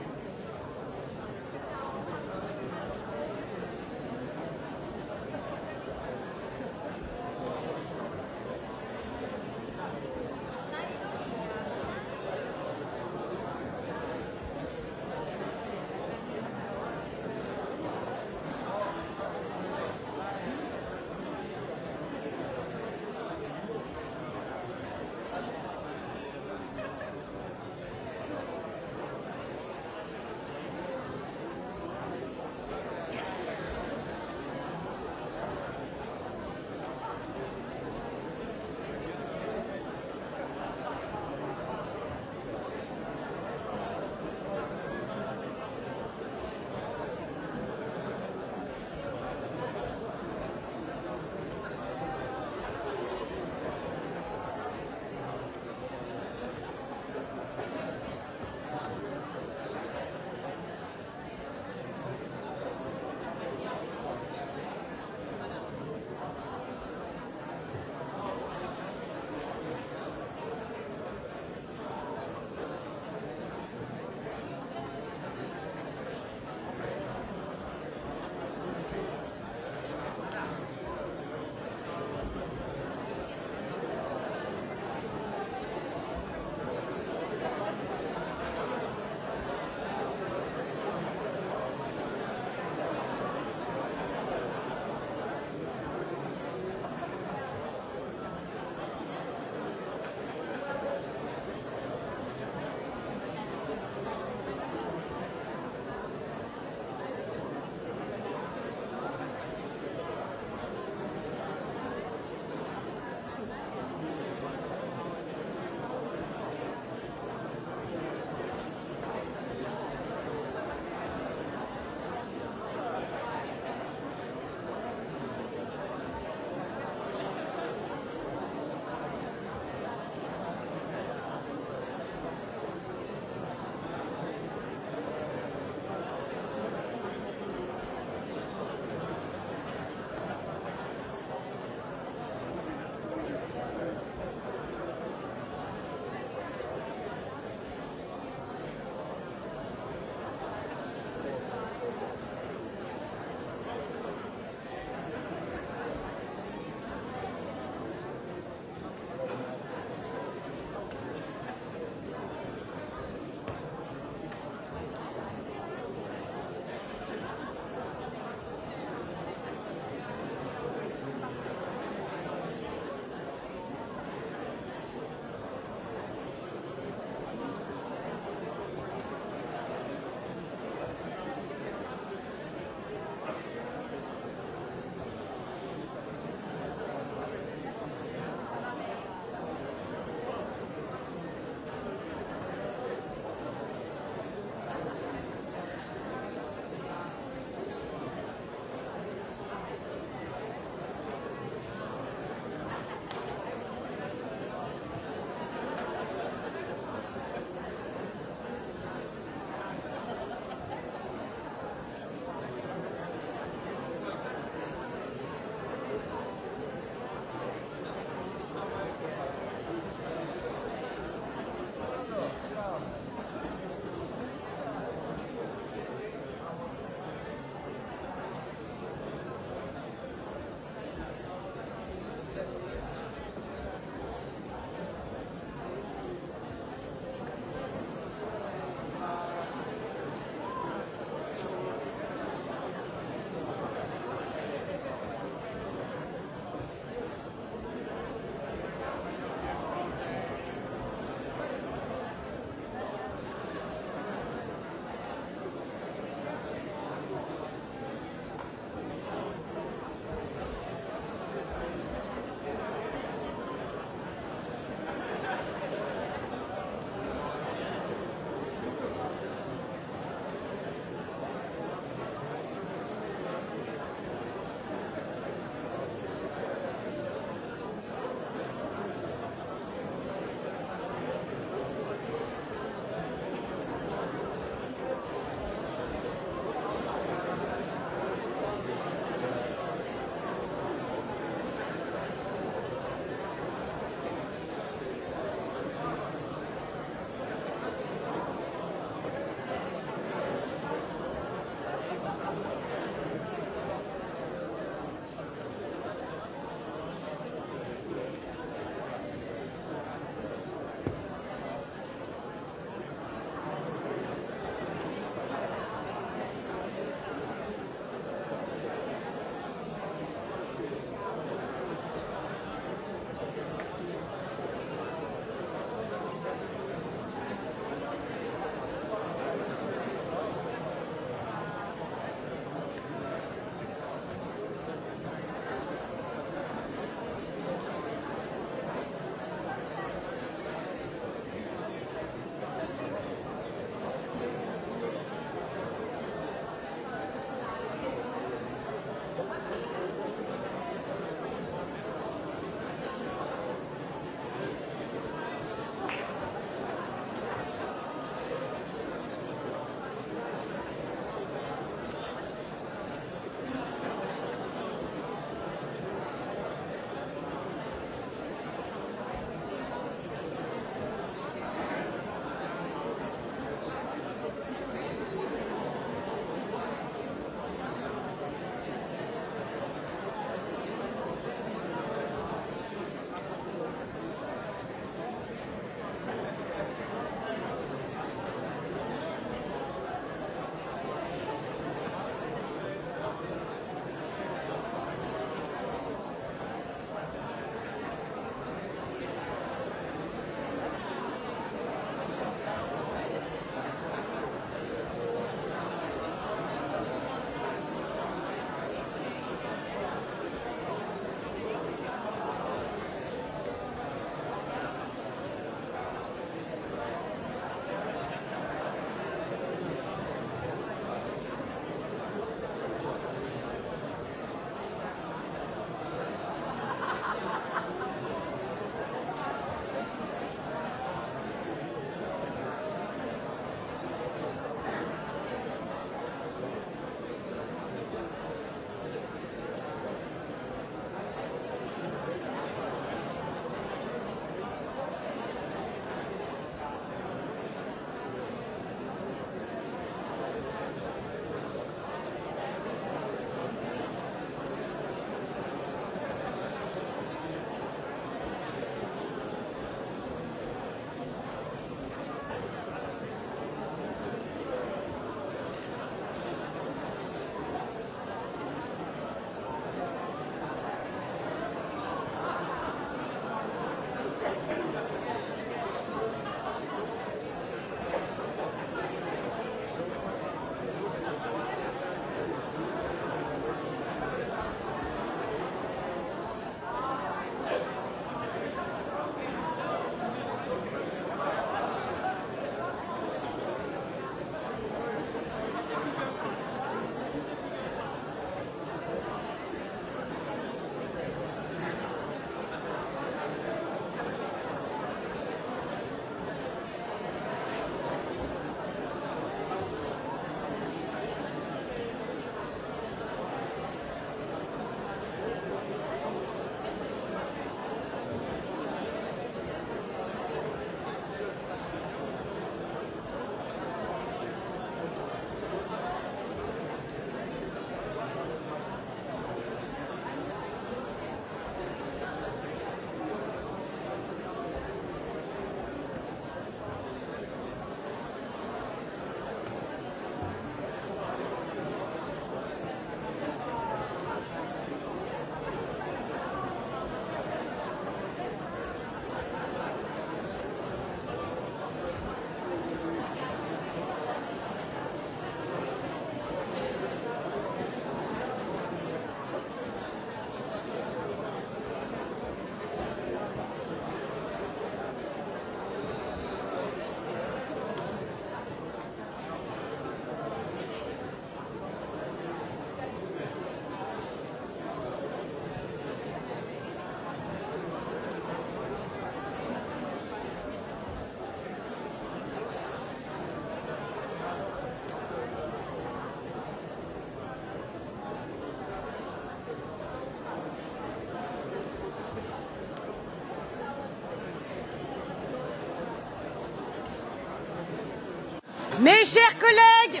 Mes chers collègues!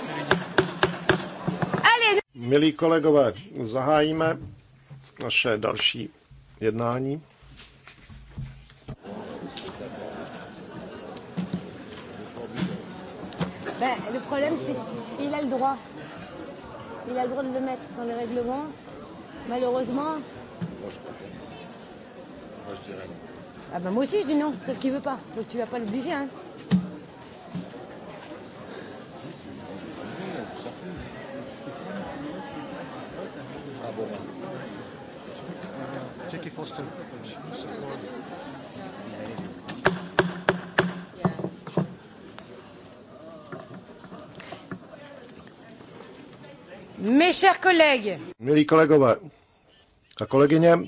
Allez! Milí kolegové, zahájíme naše další jednání. Ben, le problème, c'est qu'il a le droit. Il a le droit de le mettre dans les règlements. Malheureusement. Moi, je comprends. Moi, je dirais non. Ah ben, moi aussi, je dis non, sauf qu'il veut pas. Donc, tu vas pas l'obliger, hein. Jackie Foster. Mes chers collègues. Milí kolegové a kolegyně,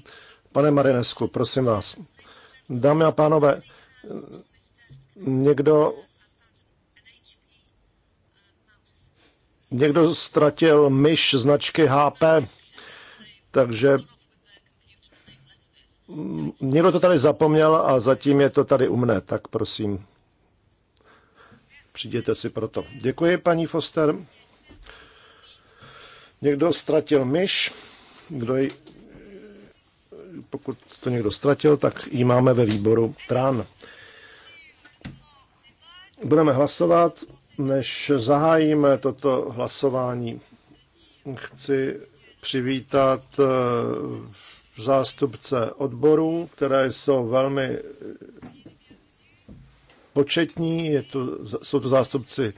pane Marinesku, prosím vás. Dámy a pánové, někdo někdo ztratil myš značky HP, takže někdo to tady zapomněl a zatím je to tady u mne, tak prosím, přijděte si proto. Děkuji, paní Foster. Někdo ztratil myš, kdo ji, pokud to někdo ztratil, tak ji máme ve výboru TRAN. Budeme hlasovat. Než zahájíme toto hlasování, chci přivítat eh, zástupce odborů, které jsou velmi početní. Je tu, jsou to zástupci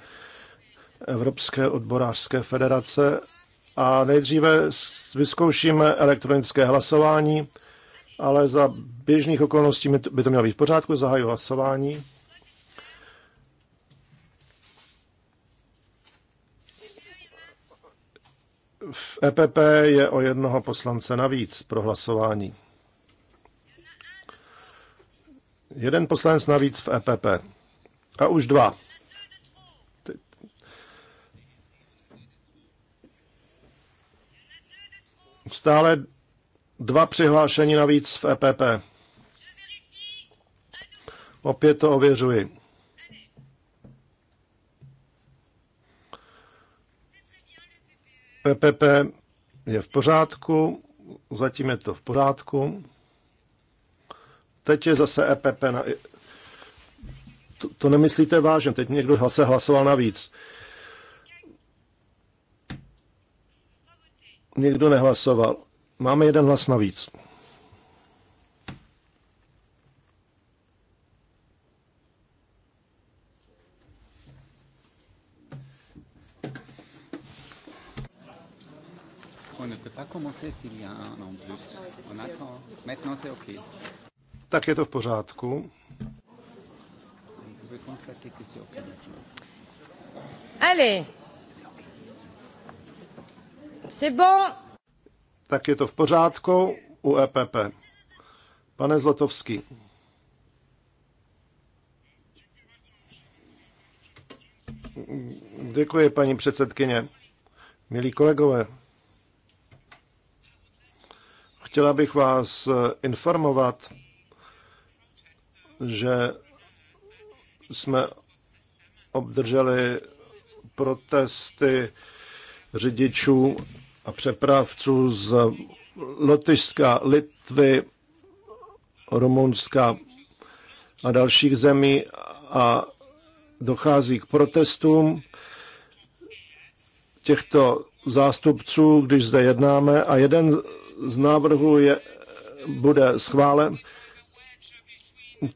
Evropské odborářské federace. A nejdříve vyzkoušíme elektronické hlasování, ale za běžných okolností by to mělo být v pořádku. Zahaju hlasování. v EPP je o jednoho poslance navíc pro hlasování. Jeden poslanec navíc v EPP. A už dva. Stále dva přihlášení navíc v EPP. Opět to ověřuji. PPP je v pořádku, zatím je to v pořádku. Teď je zase EPP na... To, to nemyslíte vážně, teď někdo se hlasoval navíc. Někdo nehlasoval. Máme jeden hlas navíc. sait s'il y a un en plus. On attend. Maintenant, no c'est OK. Tak je to v pořádku. Allez. C'est bon. Tak je to v pořádku u EPP. Pane Zlotovský. Děkuji, paní předsedkyně. Milí kolegové, Chtěla bych vás eh, informovat, že jsme obdrželi protesty řidičů a přepravců z Lotyšska, Litvy, Rumunska a dalších zemí a dochází k protestům těchto zástupců, když zde jednáme a jeden z návrhu je, bude schválen,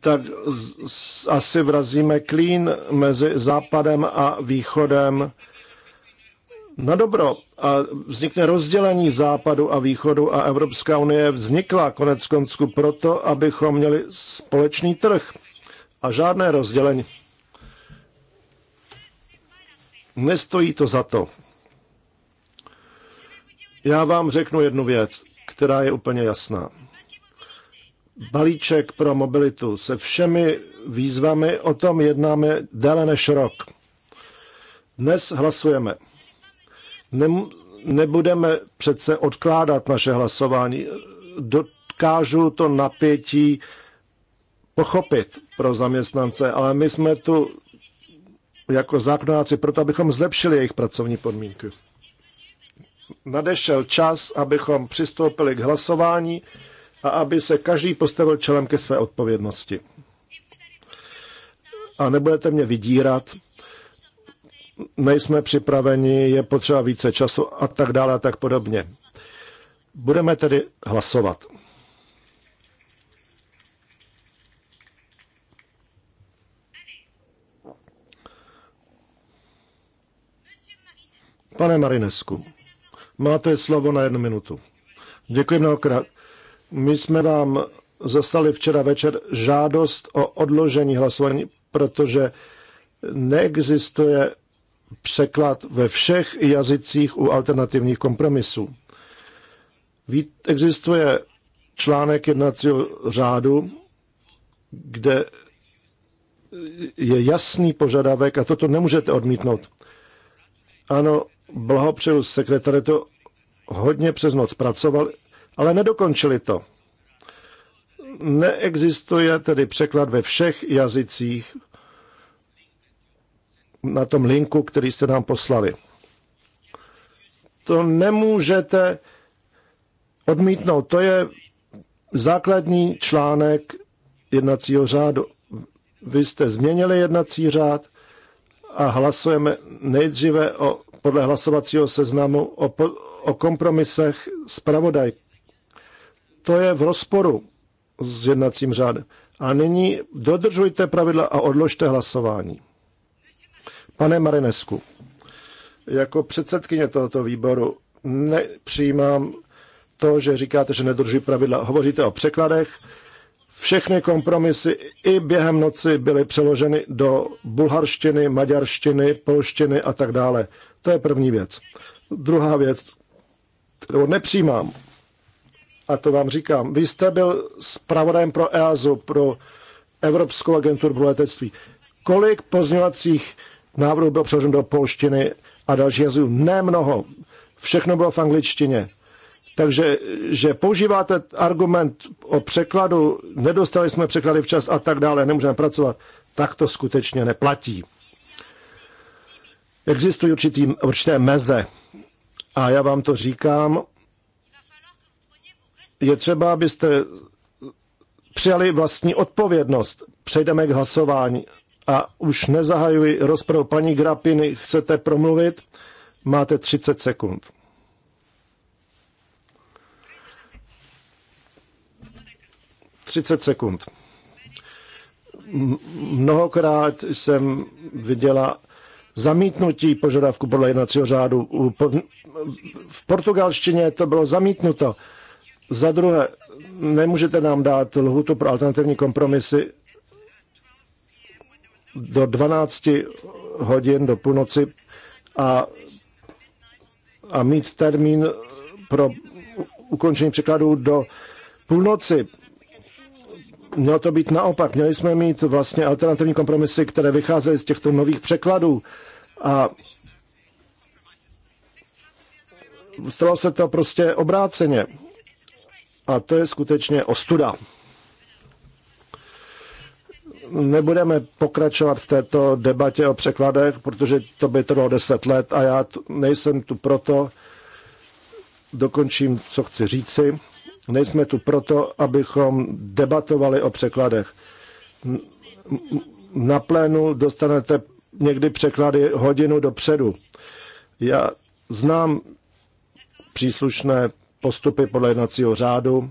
tak z, z, asi vrazíme klín mezi západem a východem na dobro. A vznikne rozdělení západu a východu a Evropská unie vznikla konec konců proto, abychom měli společný trh a žádné rozdělení. Nestojí to za to. Já vám řeknu jednu věc která je úplně jasná. Balíček pro mobilitu se všemi výzvami, o tom jednáme déle než rok. Dnes hlasujeme. Nem, nebudeme přece odkládat naše hlasování. Dokážu to napětí pochopit pro zaměstnance, ale my jsme tu jako zákonáci proto, abychom zlepšili jejich pracovní podmínky nadešel čas, abychom přistoupili k hlasování a aby se každý postavil čelem ke své odpovědnosti. A nebudete mě vydírat, nejsme připraveni, je potřeba více času a tak dále a tak podobně. Budeme tedy hlasovat. Pane Marinesku, Máte slovo na jednu minutu. Děkuji mnohokrát. My jsme vám zastali včera večer žádost o odložení hlasování, protože neexistuje překlad ve všech jazycích u alternativních kompromisů. Existuje článek jednacího řádu, kde je jasný požadavek a toto nemůžete odmítnout. Ano, blahopřeju sekretaritu, hodně přes noc pracovali, ale nedokončili to. Neexistuje tedy překlad ve všech jazycích na tom linku, který jste nám poslali. To nemůžete odmítnout. To je základní článek jednacího řádu. Vy jste změnili jednací řád a hlasujeme nejdříve o podle hlasovacího seznamu o, po, o kompromisech zpravodaj. To je v rozporu s jednacím řádem. A nyní dodržujte pravidla a odložte hlasování. Pane Marinesku, jako předsedkyně tohoto výboru nepřijímám to, že říkáte, že nedrží pravidla. Hovoříte o překladech. Všechny kompromisy i během noci byly přeloženy do bulharštiny, maďarštiny, polštiny a tak dále. To je první věc. Druhá věc, kterou nepřijímám, a to vám říkám, vy jste byl zpravodajem pro EASO, pro Evropskou agenturu pro letectví. Kolik pozměňovacích návrhů bylo přeloženo do polštiny a další jazyků? Nemnoho. Všechno bylo v angličtině. Takže, že používáte argument o překladu, nedostali jsme překlady včas a tak dále, nemůžeme pracovat, tak to skutečně neplatí existují určitý, určité meze. A já vám to říkám, je třeba, abyste přijali vlastní odpovědnost. Přejdeme k hlasování. A už nezahajuji rozpravu. Paní Grapiny, chcete promluvit? Máte 30 sekund. Třicet sekund. Mnohokrát jsem viděla zamítnutí požadavku podle jednacího řádu. V portugalštině to bylo zamítnuto. Za druhé, nemůžete nám dát lhutu pro alternativní kompromisy do 12 hodin do půlnoci a, a mít termín pro ukončení překladu do půlnoci. Mělo to být naopak. Měli jsme mít vlastně alternativní kompromisy, které vycházely z těchto nových překladů. A stalo se to prostě obráceně. A to je skutečně ostuda. Nebudeme pokračovat v této debatě o překladech, protože to by trvalo deset let a já nejsem tu proto, dokončím, co chci říci. Nejsme tu proto, abychom debatovali o překladech. Na plénu dostanete někdy překlady hodinu dopředu. Já znám příslušné postupy podle jednacího řádu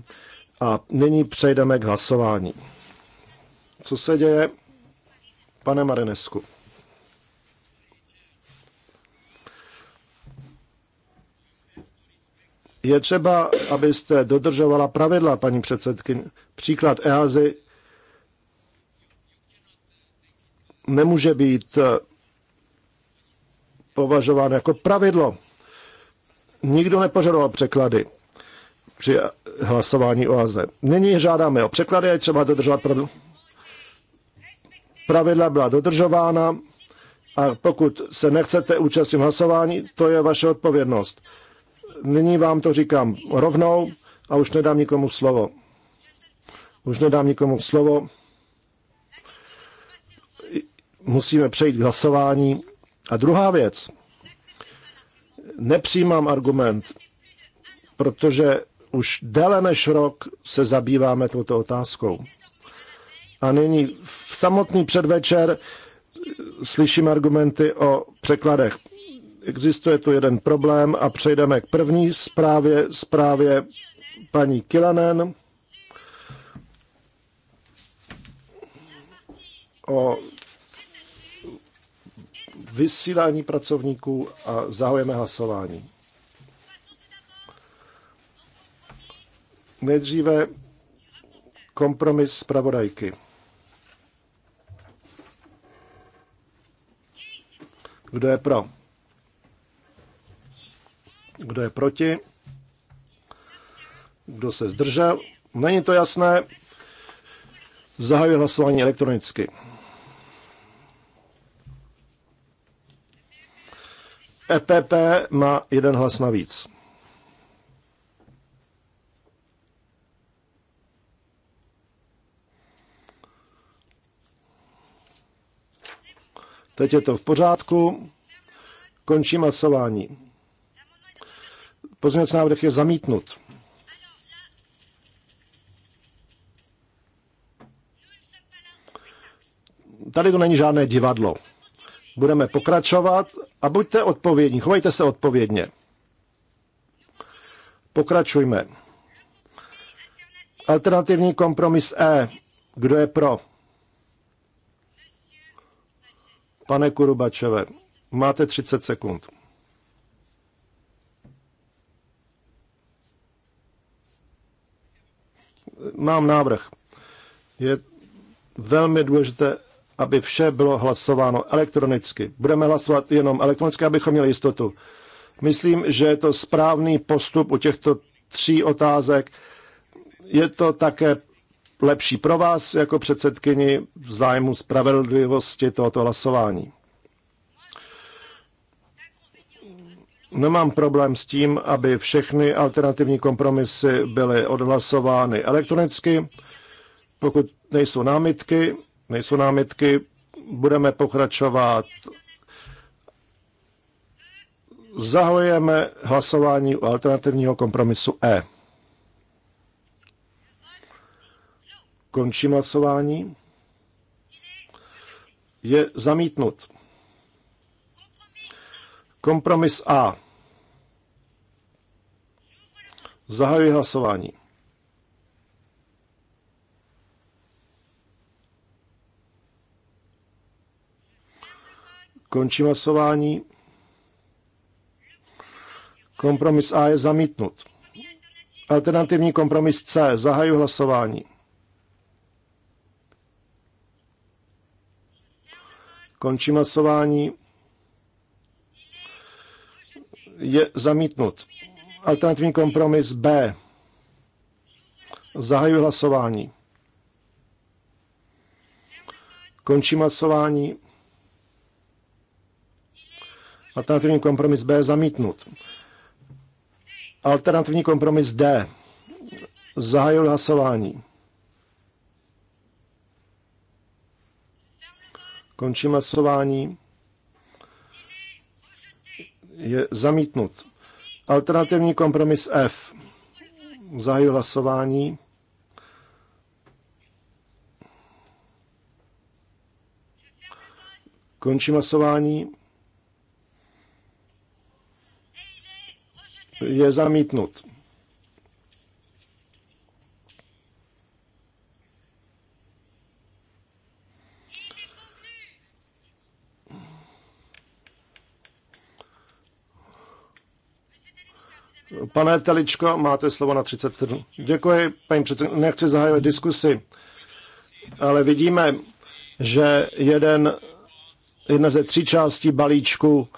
a nyní přejdeme k hlasování. Co se děje, pane Marinesku? Je třeba, abyste dodržovala pravidla, paní předsedkyně. Příklad EASY nemůže být eh, považován jako pravidlo. Nikdo nepožadoval překlady při hlasování o AZ. Nyní žádáme o překlady, je třeba dodržovat pravidla. Pravidla byla dodržována a pokud se nechcete účastnit hlasování, to je vaše odpovědnost nyní vám to říkám rovnou a už nedám nikomu slovo. Už nedám nikomu slovo. Musíme přejít k hlasování. A druhá věc. Nepřijímám argument, protože už déle než rok se zabýváme touto otázkou. A nyní v samotný předvečer slyším argumenty o překladech. Existuje tu jeden problém a přejdeme k první zprávě, zprávě paní Kilanen o vysílání pracovníků a zahajeme hlasování. Nejdříve kompromis zpravodajky. Kdo je pro? Kdo je proti? Kdo se zdržel? Není to jasné. Zahajuji hlasování elektronicky. EPP má jeden hlas navíc. Teď je to v pořádku. Končím hlasování. Pozměňovací návrh je zamítnut. Tady to není žádné divadlo. Budeme pokračovat a buďte odpovědní, chovejte se odpovědně. Pokračujme. Alternativní kompromis E. Kdo je pro? Pane Kurubačeve, máte 30 sekund. mám návrh. Je velmi důležité, aby vše bylo hlasováno elektronicky. Budeme hlasovat jenom elektronicky, abychom měli jistotu. Myslím, že je to správný postup u těchto tří otázek. Je to také lepší pro vás jako předsedkyni v zájmu spravedlivosti tohoto hlasování. Nemám problém s tím, aby všechny alternativní kompromisy byly odhlasovány elektronicky. Pokud nejsou námitky, nejsou námitky, budeme pokračovat. Zahojeme hlasování u alternativního kompromisu E. Končím hlasování. Je zamítnut. Kompromis A. Zahajuji hlasování. Končím hlasování. Kompromis A je zamítnut. Alternativní kompromis C. Zahaju hlasování. Končím hlasování. Je zamítnut. Alternativní kompromis B. Zahajuji hlasování. Končím hlasování. Alternativní kompromis B zamítnut. Alternativní kompromis D. Zahajuji hlasování. Končím hlasování. Je zamítnut. Alternativní kompromis F. Zahajuji hlasování. Končím hlasování. Je zamítnut. Pane Teličko, máte slovo na 30 vteřin. Děkuji, paní předsedkyně. Nechci zahajovat diskusi, ale vidíme, že jeden, jedna ze tří částí balíčku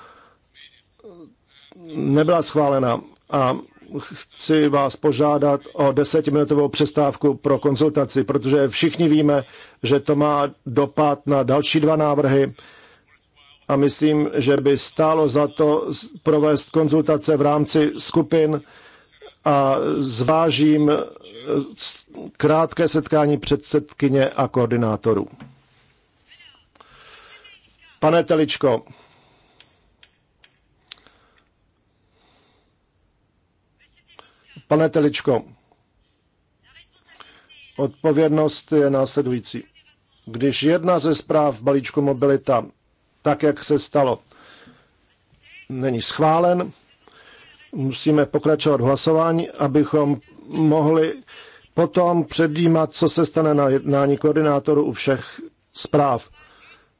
nebyla schválena a chci vás požádat o desetiminutovou přestávku pro konzultaci, protože všichni víme, že to má dopad na další dva návrhy a myslím, že by stálo za to provést konzultace v rámci skupin a zvážím eh, krátké setkání předsedkyně a koordinátorů. Pane Teličko, Pane Teličko, odpovědnost je následující. Když jedna ze zpráv balíčku mobilita tak, jak se stalo. Není schválen. Musíme pokračovat v hlasování, abychom mohli potom předjímat, co se stane na jednání koordinátoru u všech zpráv.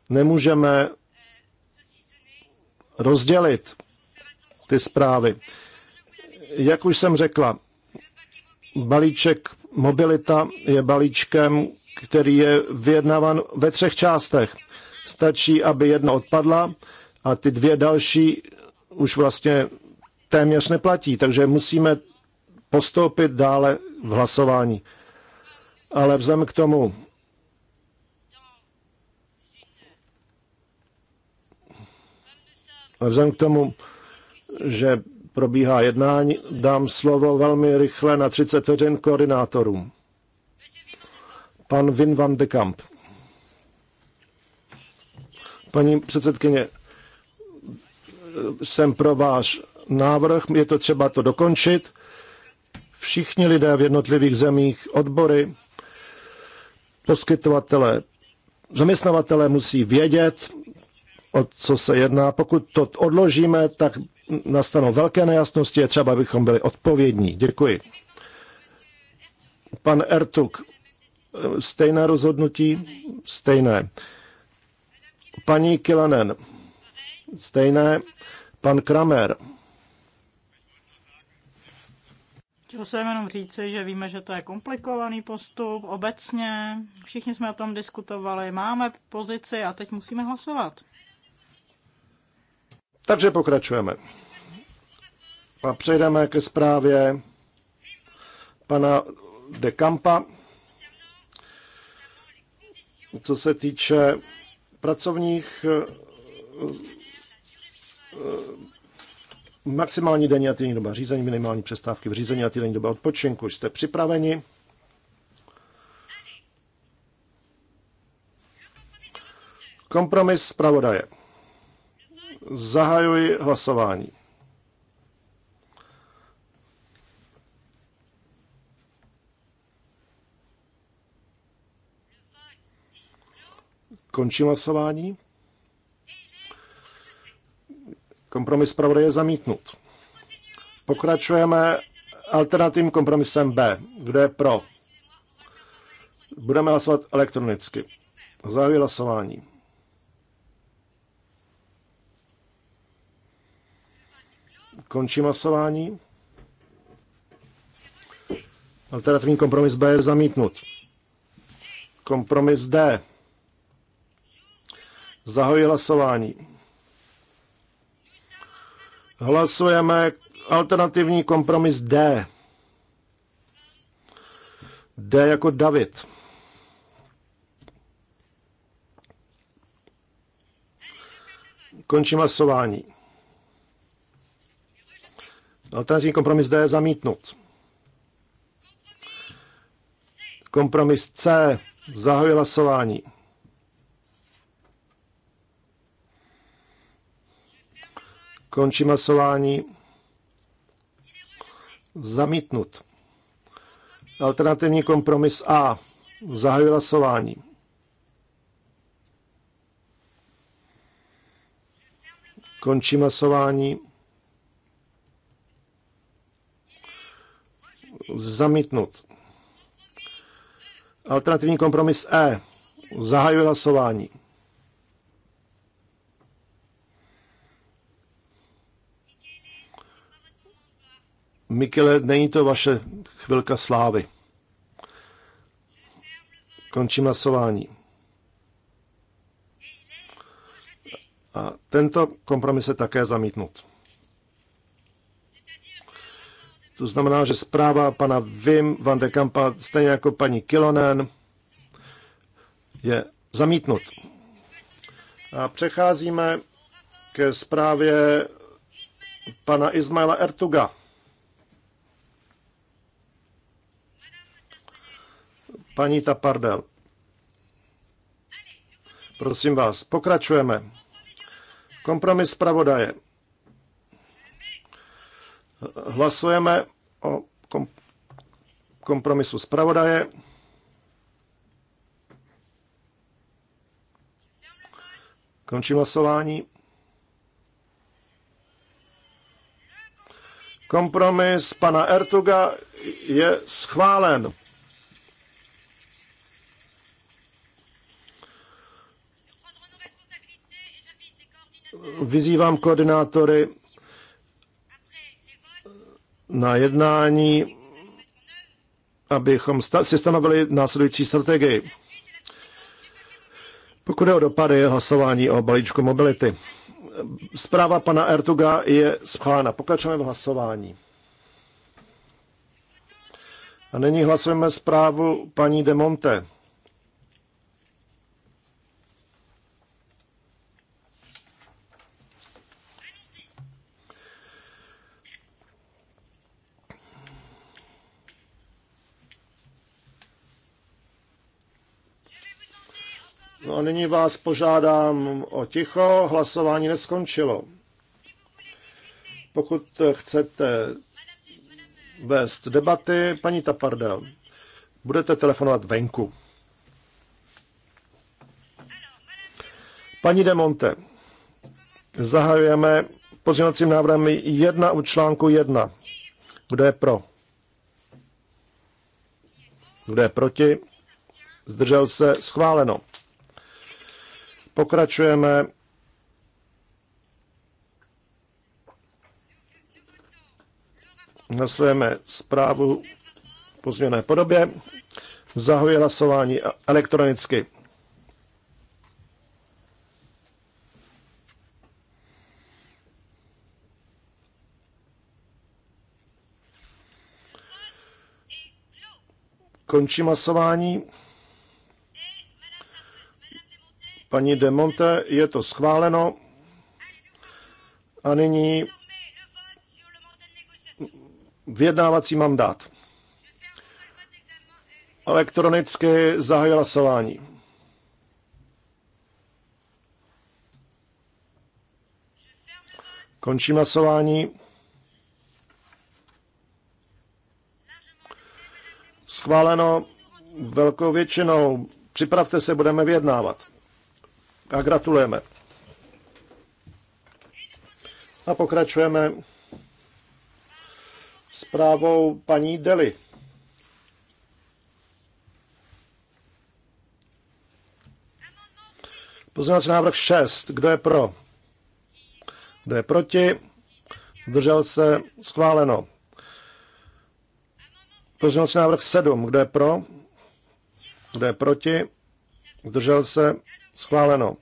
Nemůžeme rozdělit ty zprávy. Jak už jsem řekla, balíček mobilita je balíčkem, který je vyjednávan ve třech částech. Stačí, aby jedna odpadla a ty dvě další už vlastně téměř neplatí, takže musíme postoupit dále v hlasování. Ale vzhledem k tomu, vzhledem k tomu, že probíhá jednání, dám slovo velmi rychle na 30 vteřin koordinátorům. Pan Vin van de Kamp. Paní předsedkyně, jsem pro váš návrh, je to třeba to dokončit. Všichni lidé v jednotlivých zemích, odbory, poskytovatele, zaměstnavatele musí vědět, o co se jedná. Pokud to odložíme, tak nastanou velké nejasnosti, je třeba, abychom byli odpovědní. Děkuji. Pan Ertuk, stejné rozhodnutí? Stejné. Paní Kilanen. Stejné. Pan Kramer. Chtěl jsem jenom říci, že víme, že to je komplikovaný postup obecně. Všichni jsme o tom diskutovali, máme pozici a teď musíme hlasovat. Takže pokračujeme. A přejdeme ke zprávě pana De Campa, co se týče pracovních eh, eh, maximální denní a týdenní doba řízení, minimální přestávky v řízení a týdenní doba odpočinku. Jste připraveni? Kompromis zpravodaje. Zahajuji hlasování. Končím hlasování. Kompromis pravda je zamítnut. Pokračujeme alternativním kompromisem B. Kdo je pro? Budeme hlasovat elektronicky. Zahajuji hlasování. Končím hlasování. Alternativní kompromis B je zamítnut. Kompromis D. Zahoji hlasování. Hlasujeme alternativní kompromis D. D jako David. Končím hlasování. Alternativní kompromis D je zamítnut. Kompromis C. Zahajuji hlasování. Končím hlasování. Zamítnut. Alternativní kompromis A. Zahajuji hlasování. Končím hlasování. Zamítnut. Alternativní kompromis E. Zahajuji hlasování. Mikele, není to vaše chvilka slávy. Končím hlasování. A tento kompromis je také zamítnut. To znamená, že zpráva pana Vim van de Kampa, stejně jako paní Kilonen, je zamítnut. A přecházíme ke zprávě pana Ismaila Ertuga. Paní Tapardel. Prosím vás, pokračujeme. Kompromis zpravodaje. Hlasujeme o kompromisu zpravodaje. Končím hlasování. Kompromis pana Ertuga je schválen. vyzývám koordinátory na jednání, abychom si stanovili následující strategii. Pokud je o dopady hlasování o balíčku mobility, zpráva pana Ertuga je schválena. Pokračujeme v hlasování. A nyní hlasujeme zprávu paní Demonte. Monte. No a nyní vás požádám o ticho, hlasování neskončilo. Pokud chcete vést debaty, paní Taparda, budete telefonovat venku. Paní Demonte, zahajujeme pozměňovacím návrhem 1 u článku 1. Kdo je pro? Kdo je proti? Zdržel se? Schváleno. Pokračujeme. Hlasujeme zprávu po pozměné podobě. Zahoji hlasování elektronicky. Končím hlasování. Paní De Monte, je to schváleno. A nyní vyjednávací mandát. Elektronicky zahajuji hlasování. Končím hlasování. Schváleno velkou většinou. Připravte se, budeme vyjednávat a gratulujeme. A pokračujeme zprávou paní Deli. Pozměňovací návrh 6. Kdo je pro? Kdo je proti? Zdržel se? Schváleno. Pozměňovací návrh 7. Kdo je pro? Kdo je proti? Zdržel se? Schváleno.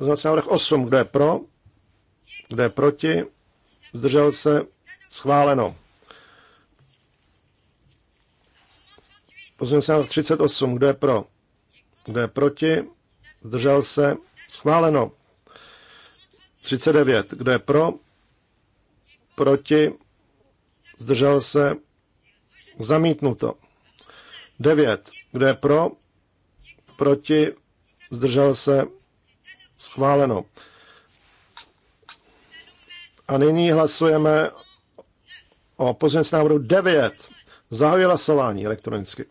Pozvací návrh 8. Kdo je pro? Kdo je proti? Zdržel se? Schváleno. Pozvací návrh 38. Kdo je pro? Kdo je proti? Zdržel se? Schváleno. 39. Kdo je pro? Proti? Zdržel se? Zamítnuto. 9. Kdo je pro? Proti? zdržel se, schváleno. A nyní hlasujeme o pozměnc návrhu 9. Zahajuje hlasování elektronicky.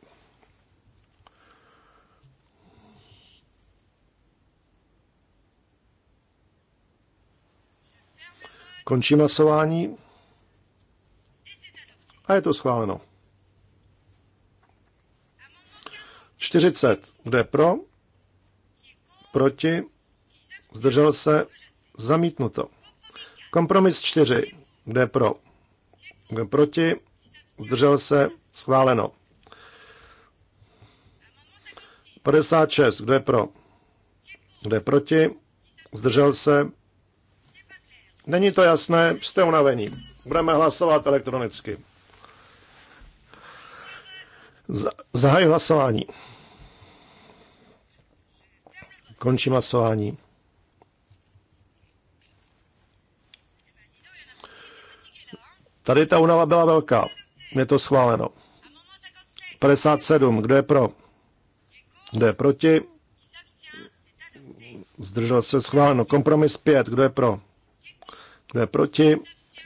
Končím hlasování. A je to schváleno. 40. Kdo je pro? proti, zdržel se, zamítnuto. Kompromis 4, kde pro, kde proti, zdržel se, schváleno. 56, kdo je pro, kde proti, zdržel se. Není to jasné, jste unavení. Budeme hlasovat elektronicky. Zahaj hlasování. Končím hlasování. Tady ta unava byla velká. Je to schváleno. 57. Kdo je pro? Kdo je proti? Zdržel se schváleno. Kompromis 5. Kdo je pro? Kdo je proti?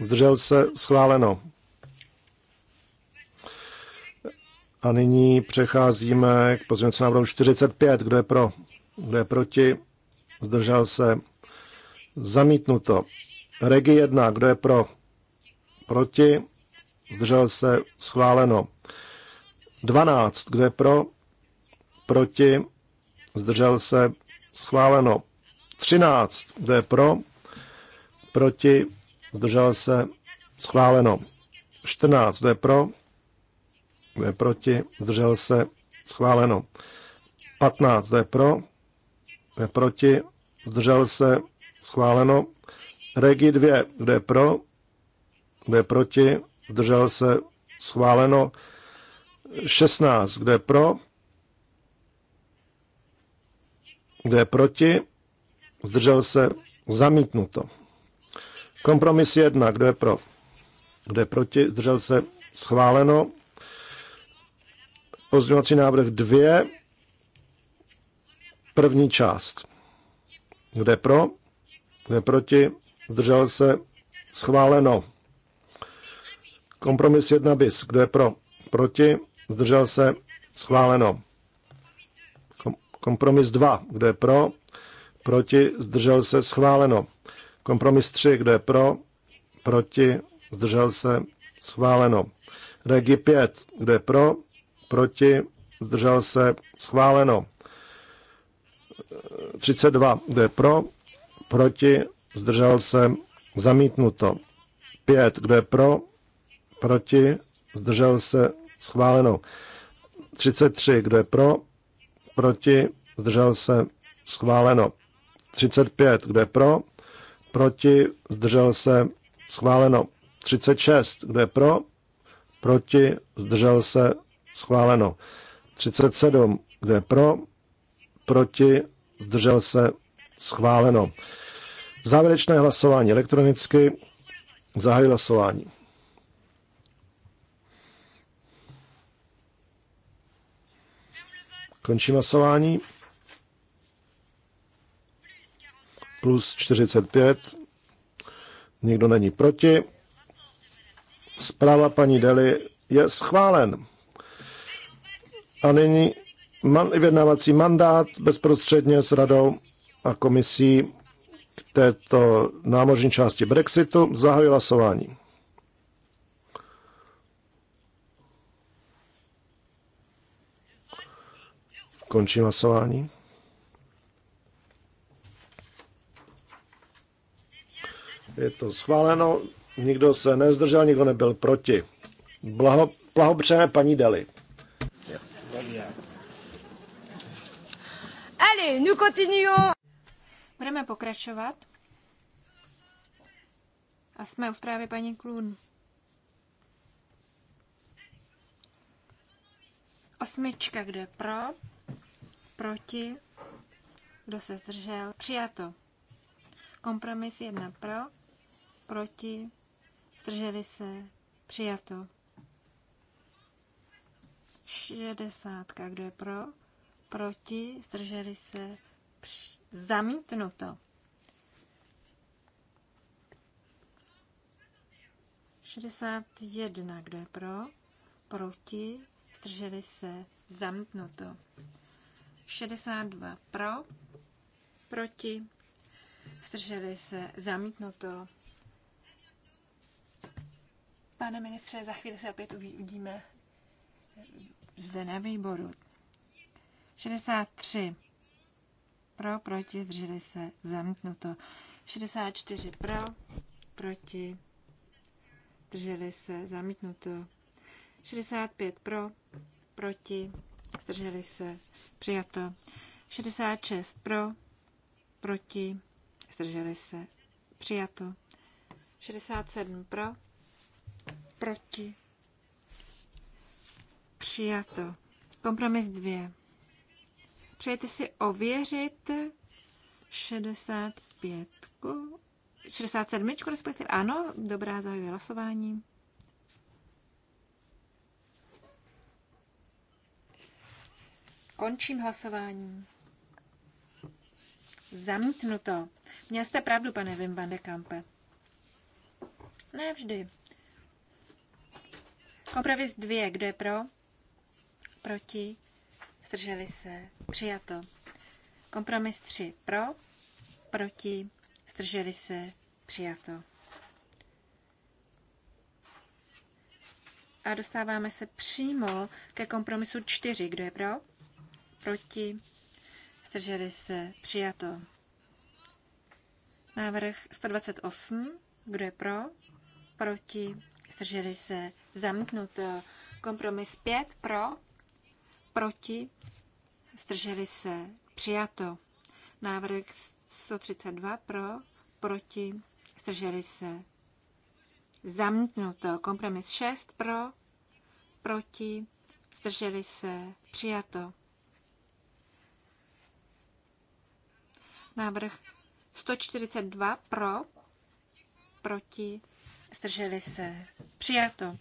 Zdržel se schváleno. A nyní přecházíme k pozměnce návrhu 45. Kdo je pro? Kdo je proti? Zdržel se? Zamítnuto. Regi 1. Kdo je pro? Proti? Zdržel se? Schváleno. 12. Kdo je pro? Proti? Zdržel se? Schváleno. 13. Kdo je pro? Proti? Zdržel se? Schváleno. 14. Kdo je pro? Kdo je proti? Zdržel se? Schváleno. 15. Kdo je pro? je proti, zdržel se, schváleno. Regi 2, kdo je pro, kdo je proti, zdržel se, schváleno. 16, kdo je pro, kdo je proti, zdržel se, zamítnuto. Kompromis 1, kdo je pro, kdo je proti, zdržel se, schváleno. Pozdňovací návrh 2, První část. Kde pro? kde proti? Zdržel se? Schváleno. Kompromis 1 bis. Kdo je pro? Proti? Zdržel se? Schváleno. Kompromis 2. Kdo je pro? Proti? Zdržel se? Schváleno. Kompromis 3. Kdo je pro? Proti? Zdržel se? Schváleno. Regi 5. Kdo je pro? Proti? Zdržel se? Schváleno. 32, kdo je pro, proti, zdržel se, zamítnuto. 5, kdo je pro, proti, zdržel se, schváleno. 33, kdo je pro, proti, zdržel se, schváleno. 35, kdo je pro, proti, zdržel se, schváleno. 36, kdo je pro, proti, zdržel se, schváleno. 37, kdo je pro, proti, zdržel se, schváleno. Závěrečné hlasování elektronicky, zahajuji hlasování. Končí hlasování. Plus 45. Nikdo není proti. Zpráva paní Deli je schválen. A nyní vyjednávací mandát bezprostředně s radou a komisí k této námořní části Brexitu. Zahajuji hlasování. Končím hlasování. Je to schváleno, nikdo se nezdržel, nikdo nebyl proti. Blaho, blahopřejeme paní Deli. Yes. Allez, nous continuons. Budeme pokračovat. A jsme u zprávy paní Klun. Osmička, kde pro, proti, kdo se zdržel, přijato. Kompromis jedna pro, proti, zdrželi se, přijato. Šedesátka, kdo je pro, proti, zdrželi se, při... zamítnuto. jedna. kdo je pro, proti, zdrželi se, zamítnuto. 62 pro, proti, zdrželi se, zamítnuto. Pane ministře, za chvíli se opět uvidíme zde na výboru. 63 pro, proti, zdrželi se, zamítnuto. 64 pro, proti, zdrželi se, zamítnuto. 65 pro, proti, zdrželi se, přijato. 66 pro, proti, zdrželi se, přijato. 67 pro, proti, přijato. Kompromis 2 Přejete si ověřit 65, 67, respektive ano, dobrá, zahajuje hlasování. Končím hlasování. Zamítnuto. Měl jste pravdu, pane Wim van de Kampe. Ne vždy. Kompromis dvě. Kdo je pro? Proti? zdrželi se, přijato. Kompromis 3 pro, proti, zdrželi se, přijato. A dostáváme se přímo ke kompromisu 4. Kdo je pro? Proti, zdrželi se, přijato. Návrh 128. Kdo je pro? Proti, zdrželi se, Zamknuto. Kompromis 5 pro, Proti? Zdrželi se. Přijato. Návrh 132 pro, proti, zdrželi se. Zamítnuto. Kompromis 6 pro, proti, zdrželi se. Přijato. Návrh 142 pro, proti, zdrželi se. Přijato.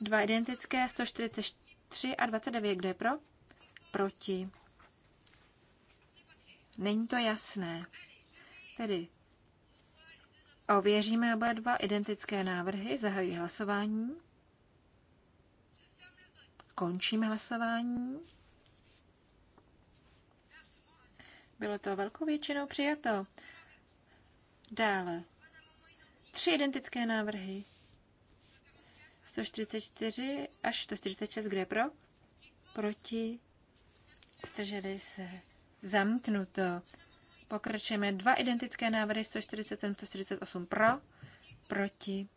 Dva identické, 144 3 a 29, kdo je pro? Proti. Není to jasné. Tedy ověříme oba dva identické návrhy, zahajuji hlasování. Končím hlasování. Bylo to velkou většinou přijato. Dále. Tři identické návrhy. 144 až 146, kde pro? Proti. strželi se. Zamknuto. Pokračujeme dva identické návrhy 147, 148 pro, proti,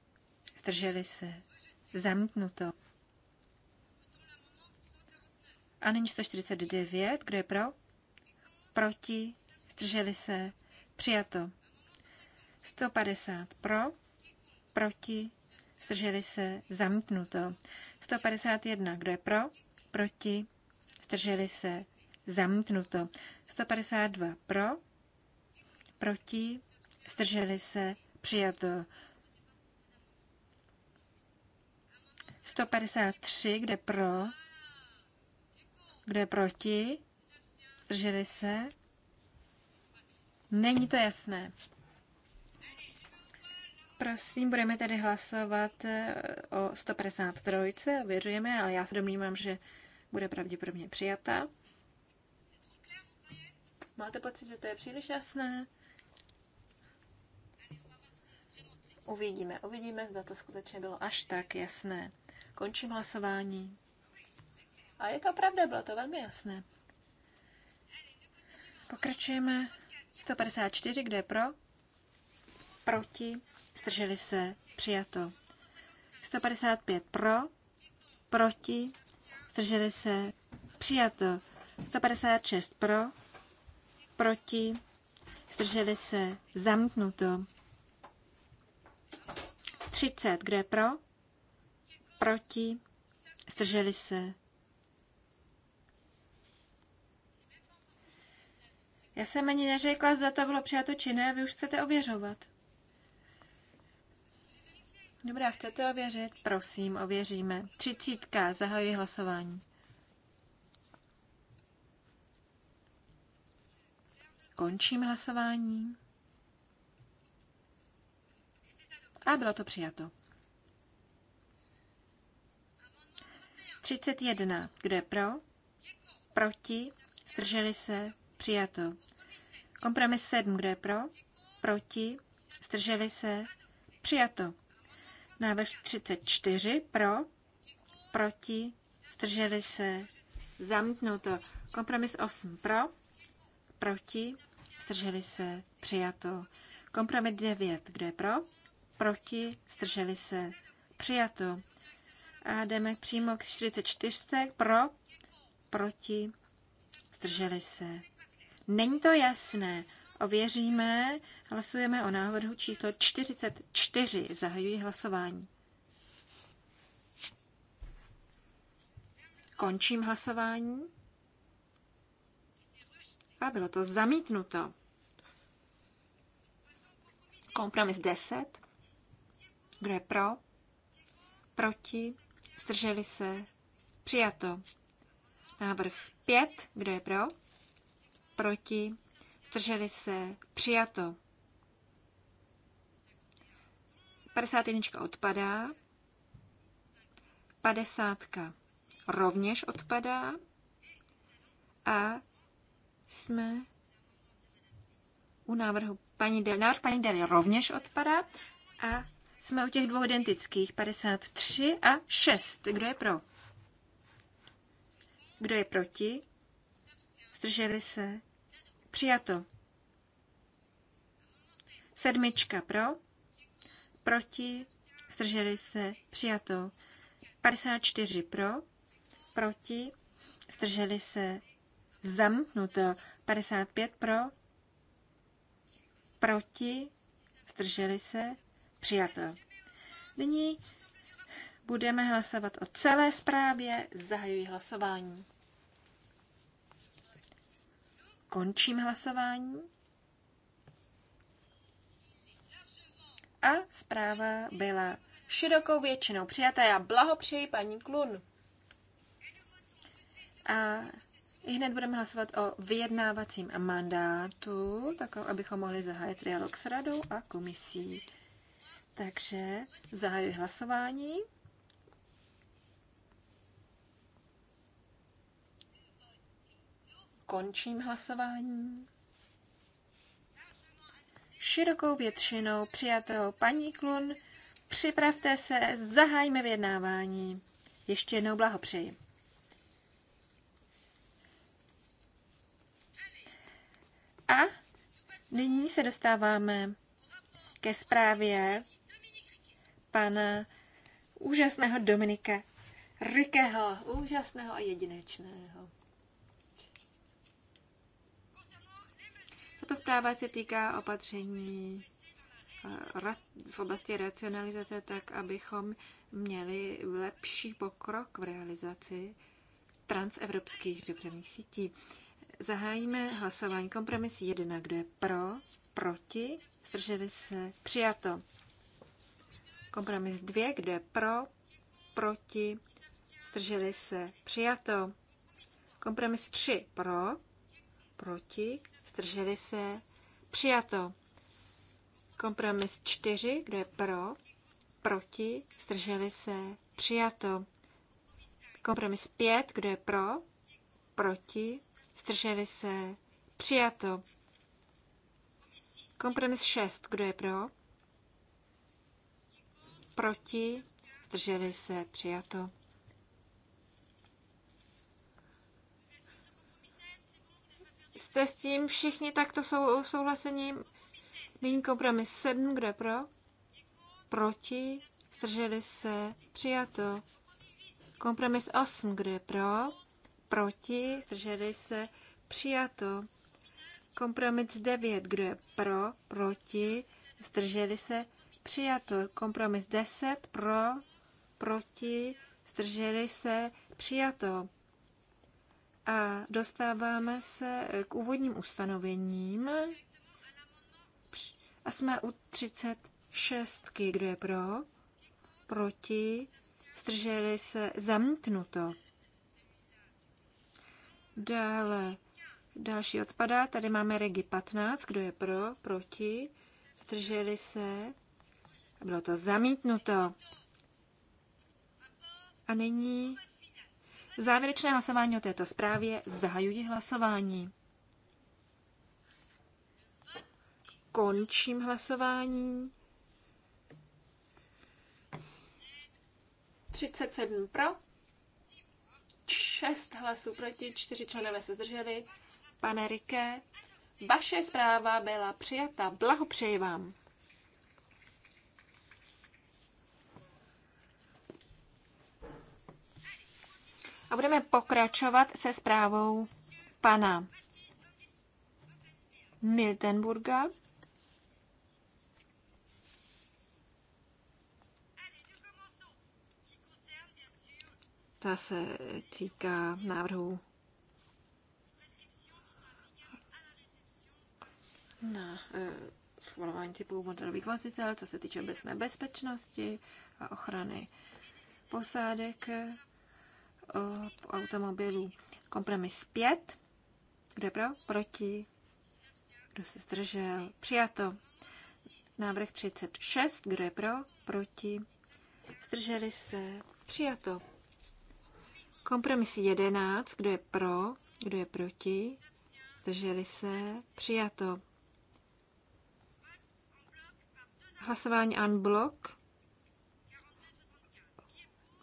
strželi se, zamknuto. A nyní 149, kdo je pro, proti, strželi se, přijato. 150 pro, proti, zdrželi se, zamítnuto. 151, kdo je pro, proti, zdrželi se, zamítnuto. 152 pro, proti, zdrželi se, přijato. 153, kde pro, kde proti, zdrželi se. Není to jasné. Prosím, budeme tedy hlasovat eh, o 153, Věřujeme, ale já se domnívám, že bude pravděpodobně přijata. Máte pocit, že to je příliš jasné? Uvidíme, uvidíme, zda to skutečně bylo až tak jasné. Končím hlasování. A je to pravda, bylo to velmi jasné. Pokračujeme 154, kde je pro, proti, zdrželi se, přijato. 155 pro, proti, zdrželi se, přijato. 156 pro, proti, zdrželi se, zamknuto 30, kdo je pro, proti, zdrželi se. Já jsem ani neřekla, zda to bylo přijato či ne, vy už chcete ověřovat. Dobrá, chcete ověřit? Prosím, ověříme. Třicítka, zahajuji hlasování. Končím hlasování. A bylo to přijato. 31. Kdo je pro? Proti? Zdrželi se? Přijato. Kompromis 7. Kdo je pro? Proti? Zdrželi se? Přijato. Návrh 34 pro, proti, zdrželi se, zamítnuto. Kompromis 8 pro, proti, zdrželi se, přijato. Kompromis 9, je pro, proti, zdrželi se, přijato. A jdeme přímo k 44, pro, proti, zdrželi se. Není to jasné. Ověříme, hlasujeme o návrhu číslo 44. Zahajuji hlasování. Končím hlasování. A bylo to zamítnuto. Kompromis 10. Kdo je pro? Proti? Zdrželi se? Přijato. Návrh 5. Kdo je pro? Proti? zdrželi se, přijato. 51 odpadá, 50 rovněž odpadá a jsme u návrhu paní Del, návrh paní Deli rovněž odpadá a jsme u těch dvou identických, 53 a 6. Kdo je pro? Kdo je proti? Zdrželi se? Přijato. Sedmička pro, proti, zdrželi se, přijato. 54 pro, proti, zdrželi se, zamknuto. 55 pro, proti, zdrželi se, přijato. Nyní budeme hlasovat o celé zprávě. Zahajuji hlasování. Končím hlasování. A zpráva byla širokou většinou přijata. Já blahopřeji paní Klun. A i hned budeme hlasovat o vyjednávacím mandátu, tak abychom mohli zahájit dialog s radou a komisí. Takže zahajuji hlasování. Končím hlasování. Širokou většinou přijatého paní Klun, připravte se, zahájíme vyjednávání. Ještě jednou blahopřeji. A nyní se dostáváme ke zprávě pana úžasného Dominika Rikeho, úžasného a jedinečného. Tato zpráva se týká opatření eh, v oblasti racionalizace tak, abychom měli lepší pokrok v realizaci transevropských dopravních sítí. Zahájíme hlasování. Kompromis 1. Kdo je pro? Proti? Zdrželi se? Přijato. Kompromis 2. Kdo je pro? Proti? Zdrželi se? Přijato. Kompromis 3. Pro? Proti? zdrželi se, přijato. Kompromis 4, kdo je pro, proti, zdrželi se, přijato. Kompromis 5, kdo je pro, proti, zdrželi se, přijato. Kompromis 6, kdo je pro, proti, zdrželi se, přijato. Jste s tím všichni takto sou, souhlasení? Nyní kompromis 7, kdo je pro? Proti? Zdrželi se? Přijato. Kompromis 8, kdo je pro? Proti? Zdrželi se? Přijato. Kompromis 9, kdo je pro? Proti? Zdrželi se? Přijato. Kompromis 10, pro? Proti? Zdrželi se? Přijato. A dostáváme se k úvodním ustanovením a jsme u 36. Kdo je pro? Proti? Strželi se? Zamítnuto. Dále další odpadá. Tady máme regi 15. Kdo je pro? Proti? Strželi se? Bylo to zamítnuto. A nyní Závěrečné hlasování o této zprávě zahajuji hlasování. Končím hlasování. 37 pro, 6 hlasů proti, 4 členové se zdrželi. Pane Rike, vaše zpráva byla přijata. Blahopřeji vám. a budeme pokračovat se zprávou pana Miltenburga. Ta se týká návrhu na eh, schvalování typů motorových vozidel, co se týče bezpečnosti a ochrany posádek. Eh, automobilů. Kompromis 5. Kdo je pro? Proti. Kdo se zdržel? Přijato. Návrh 36. Kdo je pro? Proti. Zdrželi se. Přijato. Kompromis 11. Kdo je pro? Kdo je proti? Zdrželi se. Přijato. Hlasování unblock.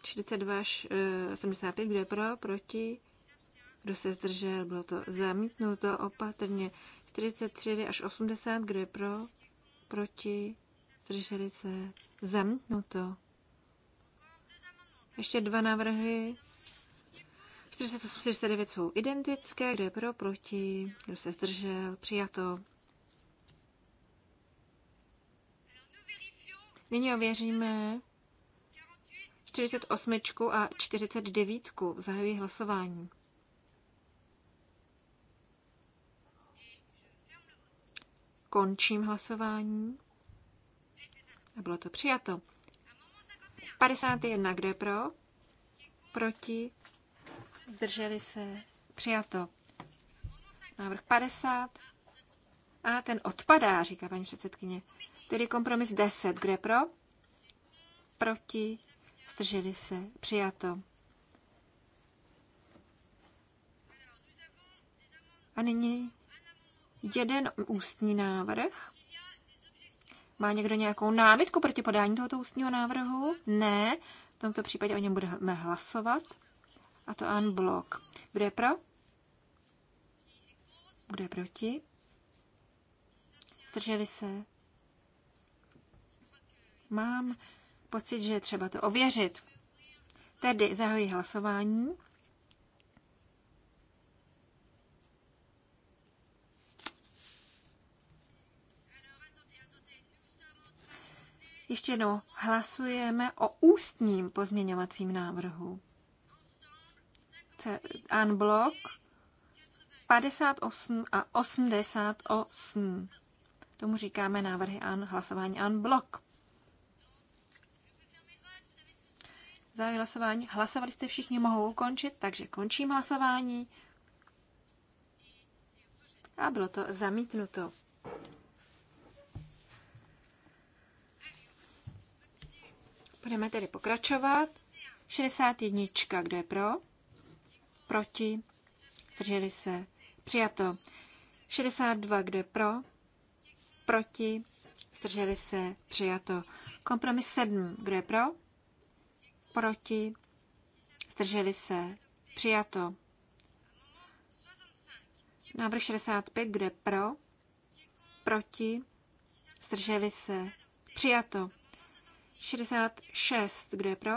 42 až 75, eh, kdo je pro, proti, kdo se zdržel, bylo to zamítnuto opatrně. 43 až 80, kdo je pro, proti, zdrželi se, zamítnuto. Ještě dva návrhy. 48, 49 jsou identické, kdo je pro, proti, kdo se zdržel, přijato. Nyní ověříme 48 a 49. Zahajuji hlasování. Končím hlasování. A bylo to přijato. 51, kdo je pro? Proti? Zdrželi se? Přijato. Návrh 50. A ten odpadá, říká paní předsedkyně. Tedy kompromis 10. Kdo je pro? Proti? zdrželi se, přijato. A nyní jeden ústní návrh. Má někdo nějakou námitku proti podání tohoto ústního návrhu? Ne. V tomto případě o něm budeme hlasovat. A to an blok. Kdo je pro? Kdo je proti? Zdrželi se? Mám pocit, že je třeba to ověřit. Tedy zahojí hlasování. Ještě jednou hlasujeme o ústním pozměňovacím návrhu. Unblock 58 a 88. Tomu říkáme návrhy an, hlasování unblock. Zahajuji hlasování. Hlasovali jste všichni, mohou ukončit, takže končím hlasování. A bylo to zamítnuto. Budeme tedy pokračovat. 61. Kdo je pro? Proti? Zdrželi se? Přijato. 62. Kdo je pro? Proti? Zdrželi se? Přijato. Kompromis 7. Kdo je pro? proti, zdrželi se, přijato. Návrh 65, kdo je pro, proti, zdrželi se, přijato. 66, kdo je pro?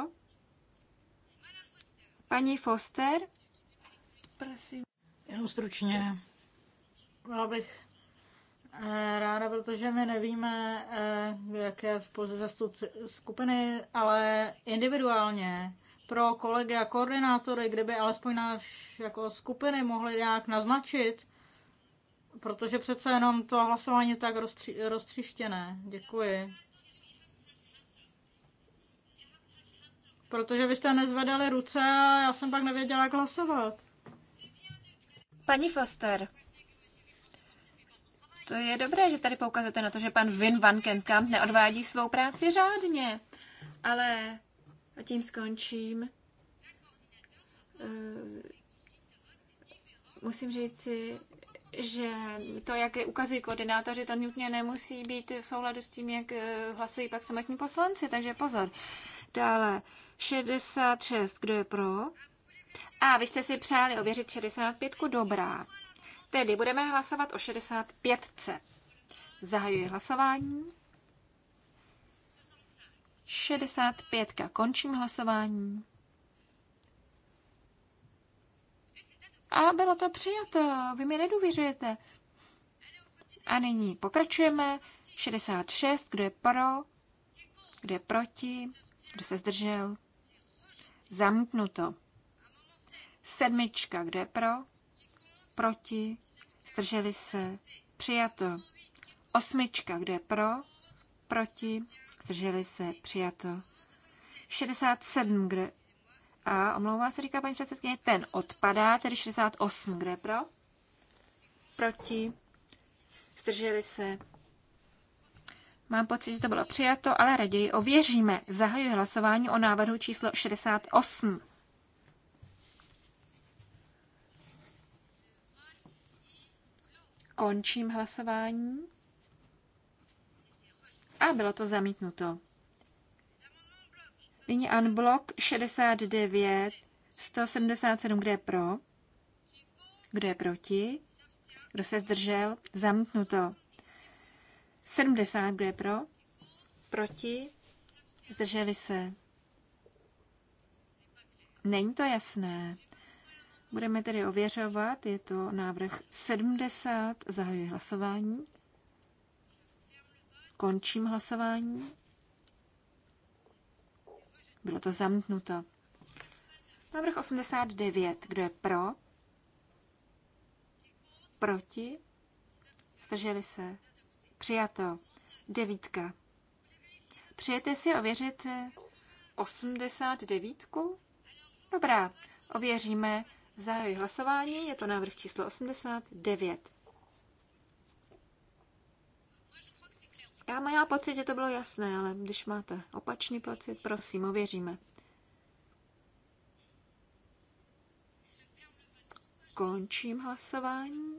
Paní Foster? Prosím. Jenom stručně. Byla bych Eh, ráda, protože my nevíme, eh, jaké v Polze zastupce skupiny, ale individuálně pro kolegy a koordinátory, kdyby alespoň náš jako skupiny mohli nějak naznačit, protože přece jenom to hlasování je tak roztři, roztřištěné. Děkuji. Protože vy jste nezvedali ruce a já jsem pak nevěděla, jak hlasovat. Paní Foster, to je dobré, že tady poukazujete na to, že pan Vin van Kentkamp neodvádí svou práci řádně. Ale a tím skončím. Eh, musím říci, že to, jak ukazují koordinátoři, to nutně nemusí být v souladu s tím, jak eh, hlasují pak samotní poslanci, takže pozor. Dále 66, kdo je pro? A vy jste si přáli ověřit 65, dobrá. Tedy budeme hlasovat o 65. Zahajuji hlasování. 65. Končím hlasování. A bylo to přijato. Vy mi nedůvěřujete. A nyní pokračujeme. 66. Kdo je pro? Kdo je proti? Kdo se zdržel? Zamknuto. Sedmička. Kdo je pro? proti, zdrželi se, přijato. Osmička, kde pro, proti, zdrželi se, přijato. 67, kde a omlouvá se, říká paní předsedkyně, ten odpadá, tedy 68, kde pro, proti, zdrželi se. Mám pocit, že to bylo přijato, ale raději ověříme. Zahajuji hlasování o návrhu číslo 68. Končím hlasování. A bylo to zamítnuto. Nyní unblock 69, 177, kde je pro, kdo je proti, kdo se zdržel, zamítnuto. 70, kdo je pro, proti, zdrželi se. Není to jasné. Budeme tedy ověřovat, je to návrh 70, zahajuji hlasování. Končím hlasování. Bylo to zamknuto. Návrh 89. Kdo je pro? Proti? Zdrželi se? Přijato. Devítka. Přijete si ověřit 89? Dobrá, ověříme Zahajuji hlasování, je to návrh číslo 89. Já mám pocit, že to bylo jasné, ale když máte opačný pocit, prosím, ověříme. Končím hlasování.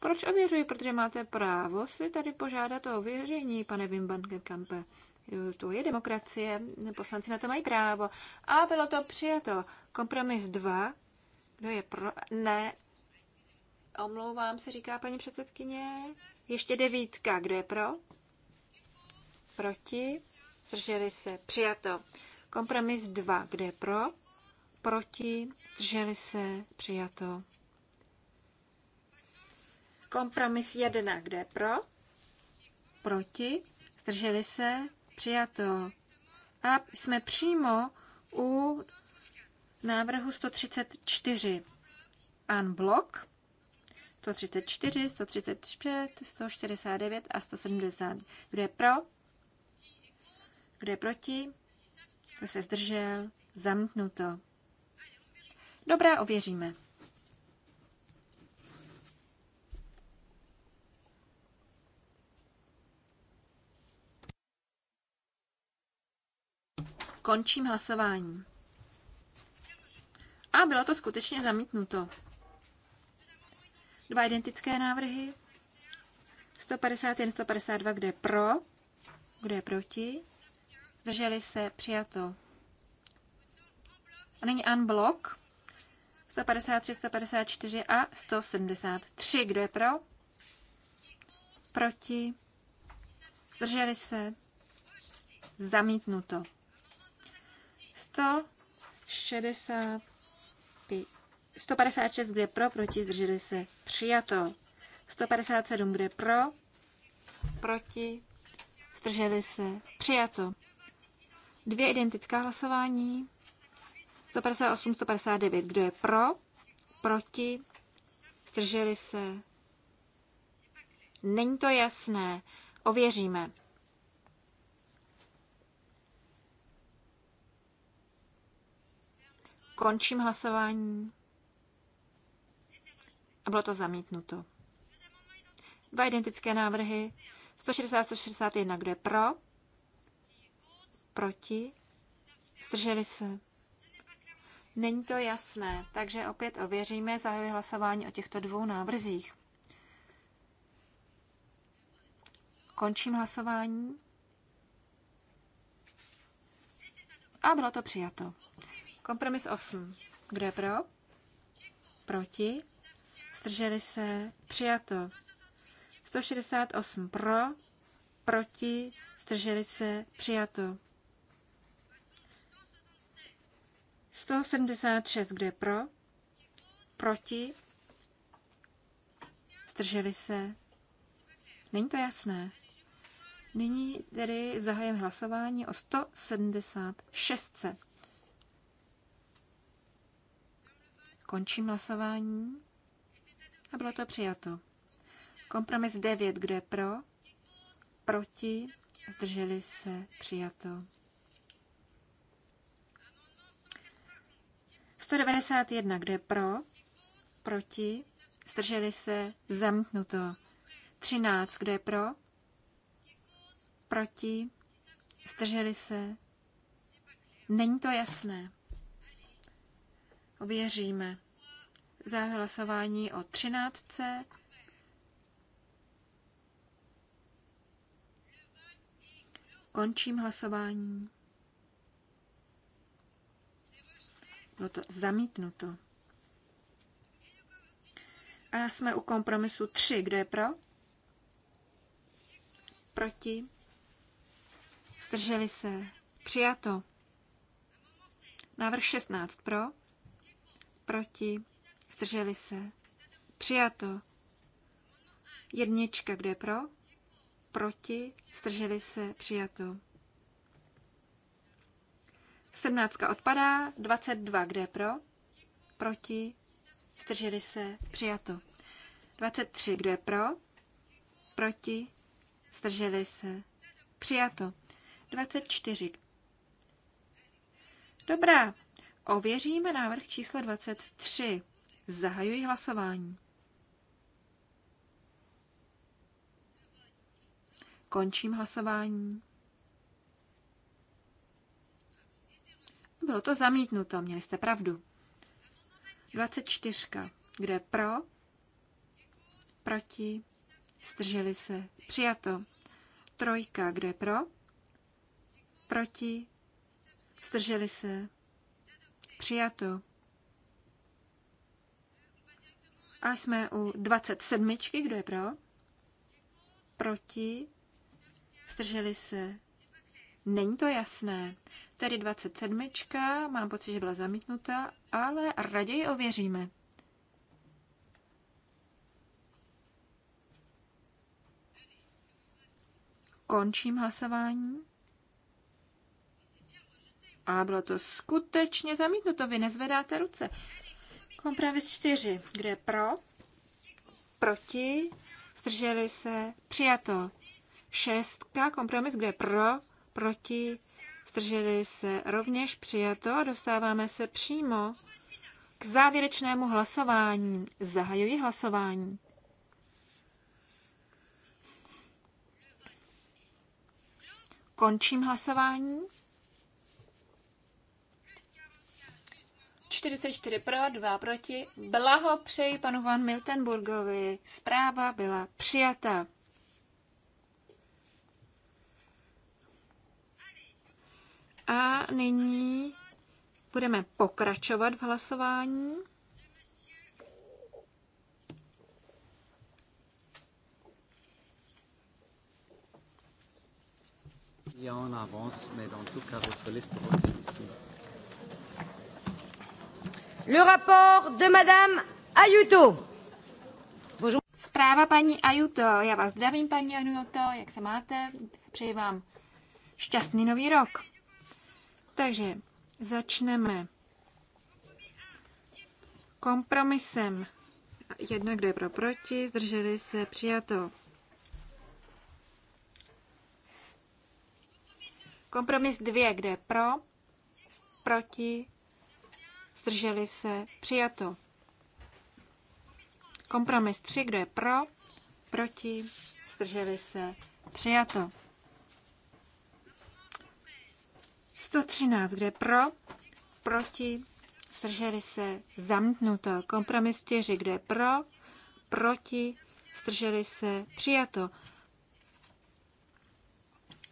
Proč ověřuji? Protože máte právo si tady požádat o ověření, pane Wim Kampe. To je demokracie, poslanci na to mají právo. A bylo to přijato. Kompromis 2, kdo je pro? Ne. Omlouvám se, říká paní předsedkyně. Ještě devítka. Kdo je pro? Proti? Drželi se. Přijato. Kompromis 2. Kdo je pro? Proti? Drželi se. Přijato. Kompromis 1. Kdo je pro? Proti? Zdrželi se. Přijato. A jsme přímo u návrhu 134 unblock, 134, 135, 149 a 170. Kdo je pro? Kdo je proti? Kdo se zdržel? Zamknuto. Dobrá, ověříme. Končím hlasování. A bylo to skutečně zamítnuto. Dva identické návrhy. 151, 152, kde je pro, kde je proti. Zdrželi se, přijato. A nyní unblock. 153, 154 a 173. Kdo je pro? Proti? Zdrželi se? Zamítnuto. 160. 156, kde pro, proti, zdrželi se, přijato. 157, kde pro, proti, zdrželi se, přijato. Dvě identická hlasování. 158, 159, kdo je pro, proti, zdrželi se. Není to jasné, ověříme. Končím hlasování. A bylo to zamítnuto. Dva identické návrhy. 160, 161. Kdo je pro? Proti? Strželi se. Není to jasné, takže opět ověříme, zahajuji hlasování o těchto dvou návrzích. Končím hlasování. A bylo to přijato. Kompromis 8. Kdo je pro? Proti? Zdrželi se? Přijato. 168 pro, proti, zdrželi se, přijato. 176, Kdo je pro, proti, zdrželi se. Není to jasné. Nyní tedy zahajím hlasování o 176. Končím hlasování. A bylo to přijato. Kompromis 9, kdo je pro? Proti? Zdrželi se? Přijato. 191, kdo je pro? Proti? Zdrželi se? zamknuto. 13, kdo je pro? Proti? Zdrželi se? Není to jasné. Věříme. Za hlasování o 13. Končím hlasování. Bylo to zamítnuto. A jsme u kompromisu 3. Kdo je pro? Proti? Zdrželi se. Přijato. Návrh 16 pro proti, zdrželi se, přijato. Jednička, kde pro, proti, zdrželi se, přijato. Sedmnáctka odpadá, 22 kde pro, proti, zdrželi se, přijato. 23 kde pro, proti, zdrželi se, přijato. 24. Dobrá, Ověříme návrh číslo 23. Zahajuji hlasování. Končím hlasování. Bylo to zamítnuto, měli jste pravdu. 24. Kdo je pro? Proti? Strželi se. Přijato. Trojka. Kdo je pro? Proti? Strželi se. Přijato. A jsme u 27. Kdo je pro? Proti? Zdrželi se? Není to jasné. Tedy 27. Mám pocit, že byla zamítnuta, ale raději ověříme. Končím hlasování. A bylo to skutečně zamítnuto. Vy nezvedáte ruce. Kompromis 4. Kde je pro? Proti? Zdrželi se? Přijato. Šestka. Kompromis. Kde je pro? Proti? Zdrželi se? Rovněž přijato. dostáváme se přímo k závěrečnému hlasování. Zahajuji hlasování. Končím hlasování. 44 pro, 2 proti. Blahopřeji panu Van Miltenburgovi. Zpráva byla přijata. A nyní budeme pokračovat v hlasování. Il y a en avance, mais dans tout cas, votre liste est ici. Le rapport de Madame Ayuto. Bonjour. Zpráva paní Ayuto. Já vás zdravím, paní Ayuto. Jak se máte? Přeji vám šťastný nový rok. Takže začneme kompromisem. Jedna, kdo je pro proti, zdrželi se, přijato. Kompromis dvě, kde je pro, proti, zdrželi se, přijato. Kompromis 3, kdo je pro, proti, zdrželi se, přijato. 113, kde pro, proti, zdrželi se, zamknuto. Kompromis 4, kde pro, proti, zdrželi se, přijato.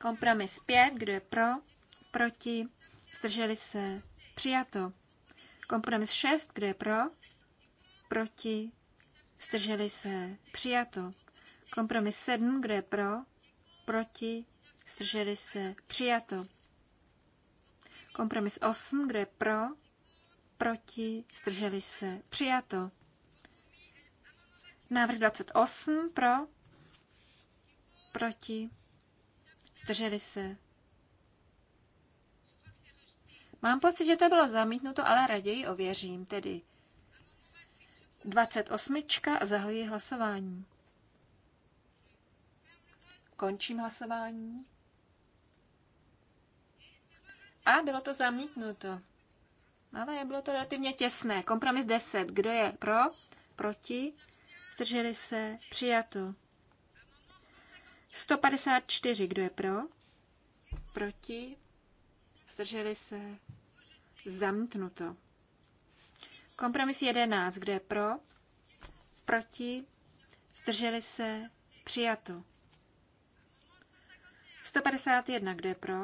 Kompromis 5, kdo je pro, proti, zdrželi se, přijato. Kompromis 6, kdo je pro? Proti? Zdrželi se? Přijato. Kompromis 7, kdo je pro? Proti? Zdrželi se? Přijato. Kompromis 8, kdo je pro? Proti? Zdrželi se? Přijato. Návrh 28 pro? Proti? Zdrželi se? Mám pocit, že to bylo zamítnuto, ale raději ověřím, tedy 28. a hlasování. Končím hlasování. A bylo to zamítnuto. Ale bylo to relativně těsné. Kompromis 10. Kdo je pro? Proti? Zdrželi se? Přijato. 154. Kdo je pro? Proti? Zdrželi se? Zamítnuto. Kompromis 11. kde je pro? Proti? Zdrželi se? Přijato. 151. kde je pro?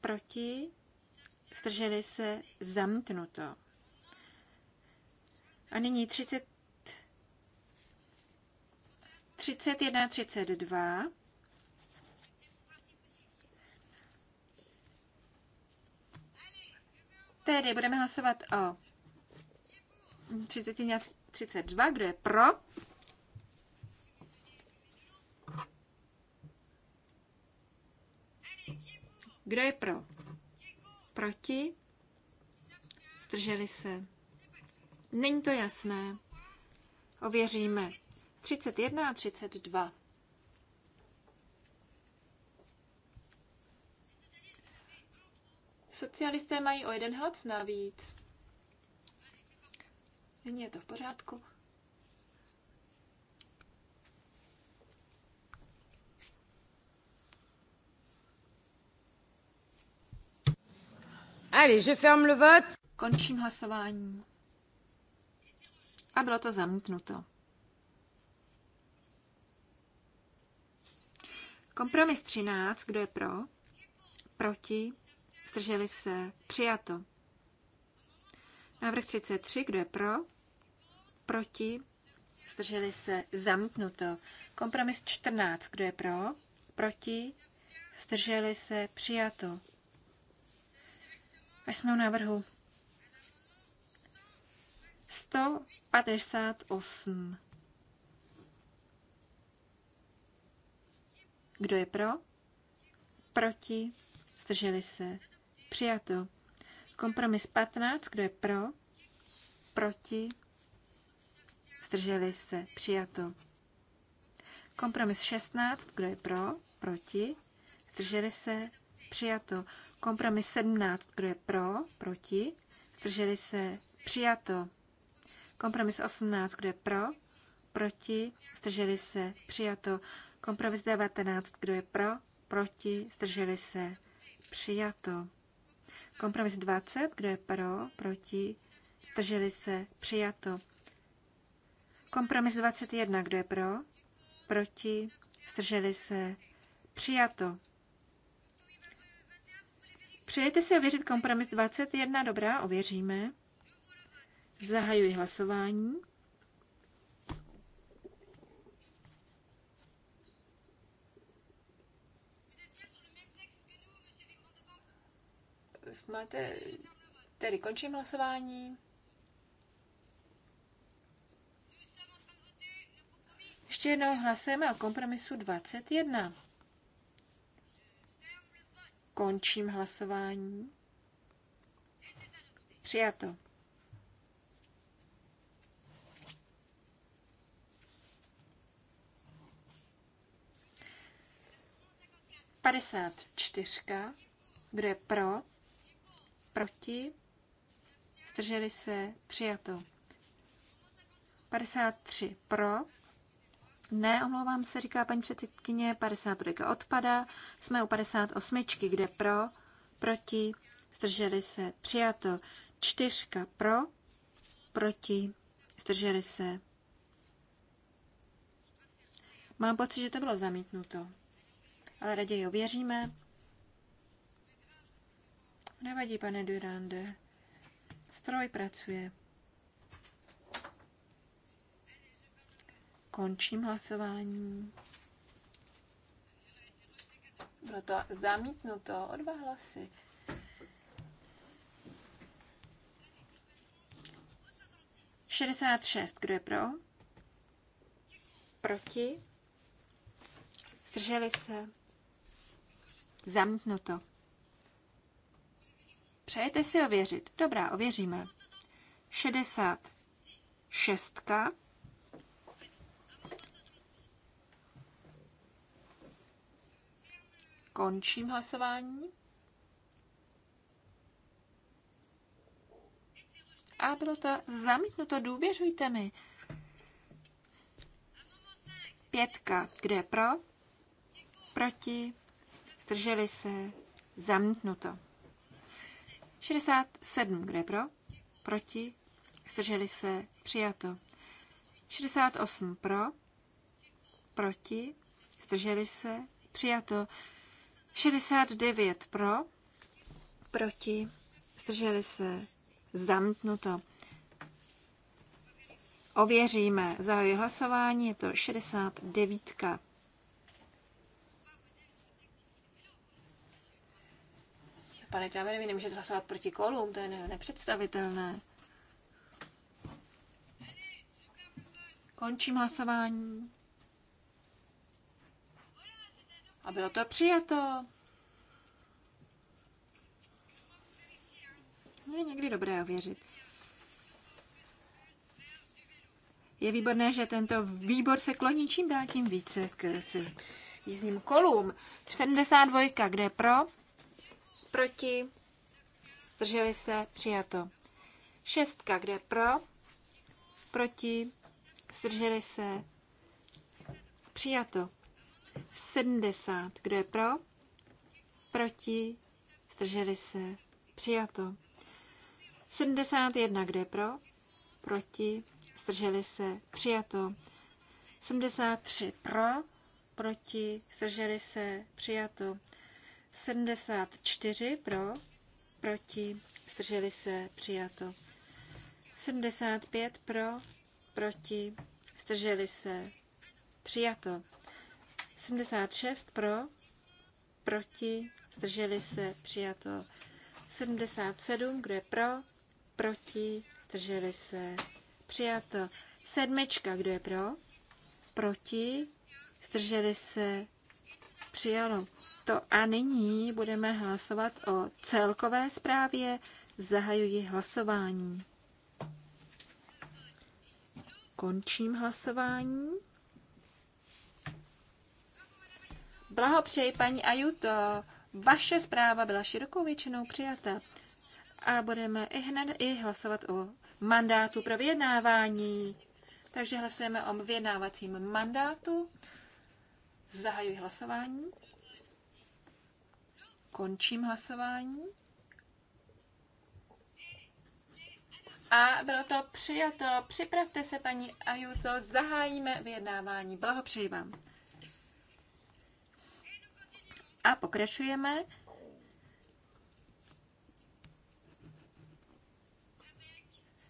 Proti? Zdrželi se? Zamítnuto. A nyní 30, 31, 32. Tedy budeme hlasovat o 32. Kdo je pro? Kdo je pro? Proti? Zdrželi se. Není to jasné. Ověříme. 31 a 32. Socialisté mají o jeden hlas navíc. Není je to v pořádku. Allez, je ferme le vote. Končím hlasování. A bylo to zamítnuto. Kompromis 13, kdo je pro? Proti? Zdrželi se. Přijato. Návrh 33. Kdo je pro? Proti? Zdrželi se. Zamítnuto. Kompromis 14. Kdo je pro? Proti? Zdrželi se. Přijato. Až jsme u návrhu 158. Kdo je pro? Proti? Zdrželi se. Přijato. Kompromis 15, kdo je pro? Proti? Zdrželi se. Přijato. Kompromis 16, kdo je pro? Proti? Zdrželi se. Přijato. Kompromis 17, kdo je pro? Proti? Zdrželi se. Přijato. Kompromis 18, kdo je pro? Proti? Zdrželi se. Přijato. Kompromis 19, kdo je pro? Proti? Zdrželi se. Přijato. Kompromis 20, kdo je pro, proti, zdrželi se, přijato. Kompromis 21, kdo je pro, proti, zdrželi se, přijato. Přejete si ověřit kompromis 21, dobrá, ověříme. Zahajuji hlasování. Máte, tedy končím hlasování. Ještě jednou hlasujeme o kompromisu 21. Končím hlasování. Přijato. Padesát čtyřka. Kdo je pro? Proti? Zdrželi se? Přijato. 53 pro. Ne, omlouvám se, říká paní předsedkyně, 53 odpada. Jsme u 58, kde pro, proti, zdrželi se, přijato. 4 pro, proti, zdrželi se. Mám pocit, že to bylo zamítnuto. Ale raději ověříme. Nevadí, pane Durande. Stroj pracuje. Končím hlasování. Bylo to zamítnuto o dva hlasy. Šedesát šest. Kdo je pro? Proti? Zdrželi se? Zamítnuto. Přejete si ověřit? Dobrá, ověříme. 66. Končím hlasování. A bylo to zamítnuto, důvěřujte mi. Pětka, kde je pro? Proti? Zdrželi se? Zamítnuto. 67, kde pro? Proti? Zdrželi se? Přijato. 68 pro? Proti? Zdrželi se? Přijato. 69 pro? Proti? Zdrželi se? Zamknuto. Ověříme. Zahajuji hlasování, je to 69. Pane Kramere, vy nemůžete hlasovat proti kolům, to je nepředstavitelné. Končím hlasování. A bylo to přijato. No je někdy dobré ověřit. Je výborné, že tento výbor se kloní čím dál tím více k jízdním kolům. 72, kde pro? proti, zdrželi se, přijato. Šestka, kde pro, proti, zdrželi se, přijato. 70, kdo je pro, proti, zdrželi se, přijato. 71, kdo je pro, proti, zdrželi se, přijato. 73 pro, proti, zdrželi se, přijato. 74 pro, proti, zdrželi se, přijato. 75 pro, proti, zdrželi se, přijato. 76 pro, proti, zdrželi se, přijato. 77, kdo je pro, proti, zdrželi se, přijato. Sedmička, kdo je pro, proti, zdrželi se, přijalo to A nyní budeme hlasovat o celkové zprávě. Zahajuji hlasování. Končím hlasování. Blahopřeji, paní Ajuto. Vaše zpráva byla širokou většinou přijata. A budeme i hned i hlasovat o mandátu pro vyjednávání. Takže hlasujeme o vyjednávacím mandátu. Zahajuji hlasování. Končím hlasování. A bylo to přijato. Připravte se, paní Ajuto, zahájíme vyjednávání. Blahopřeji vám. A pokračujeme.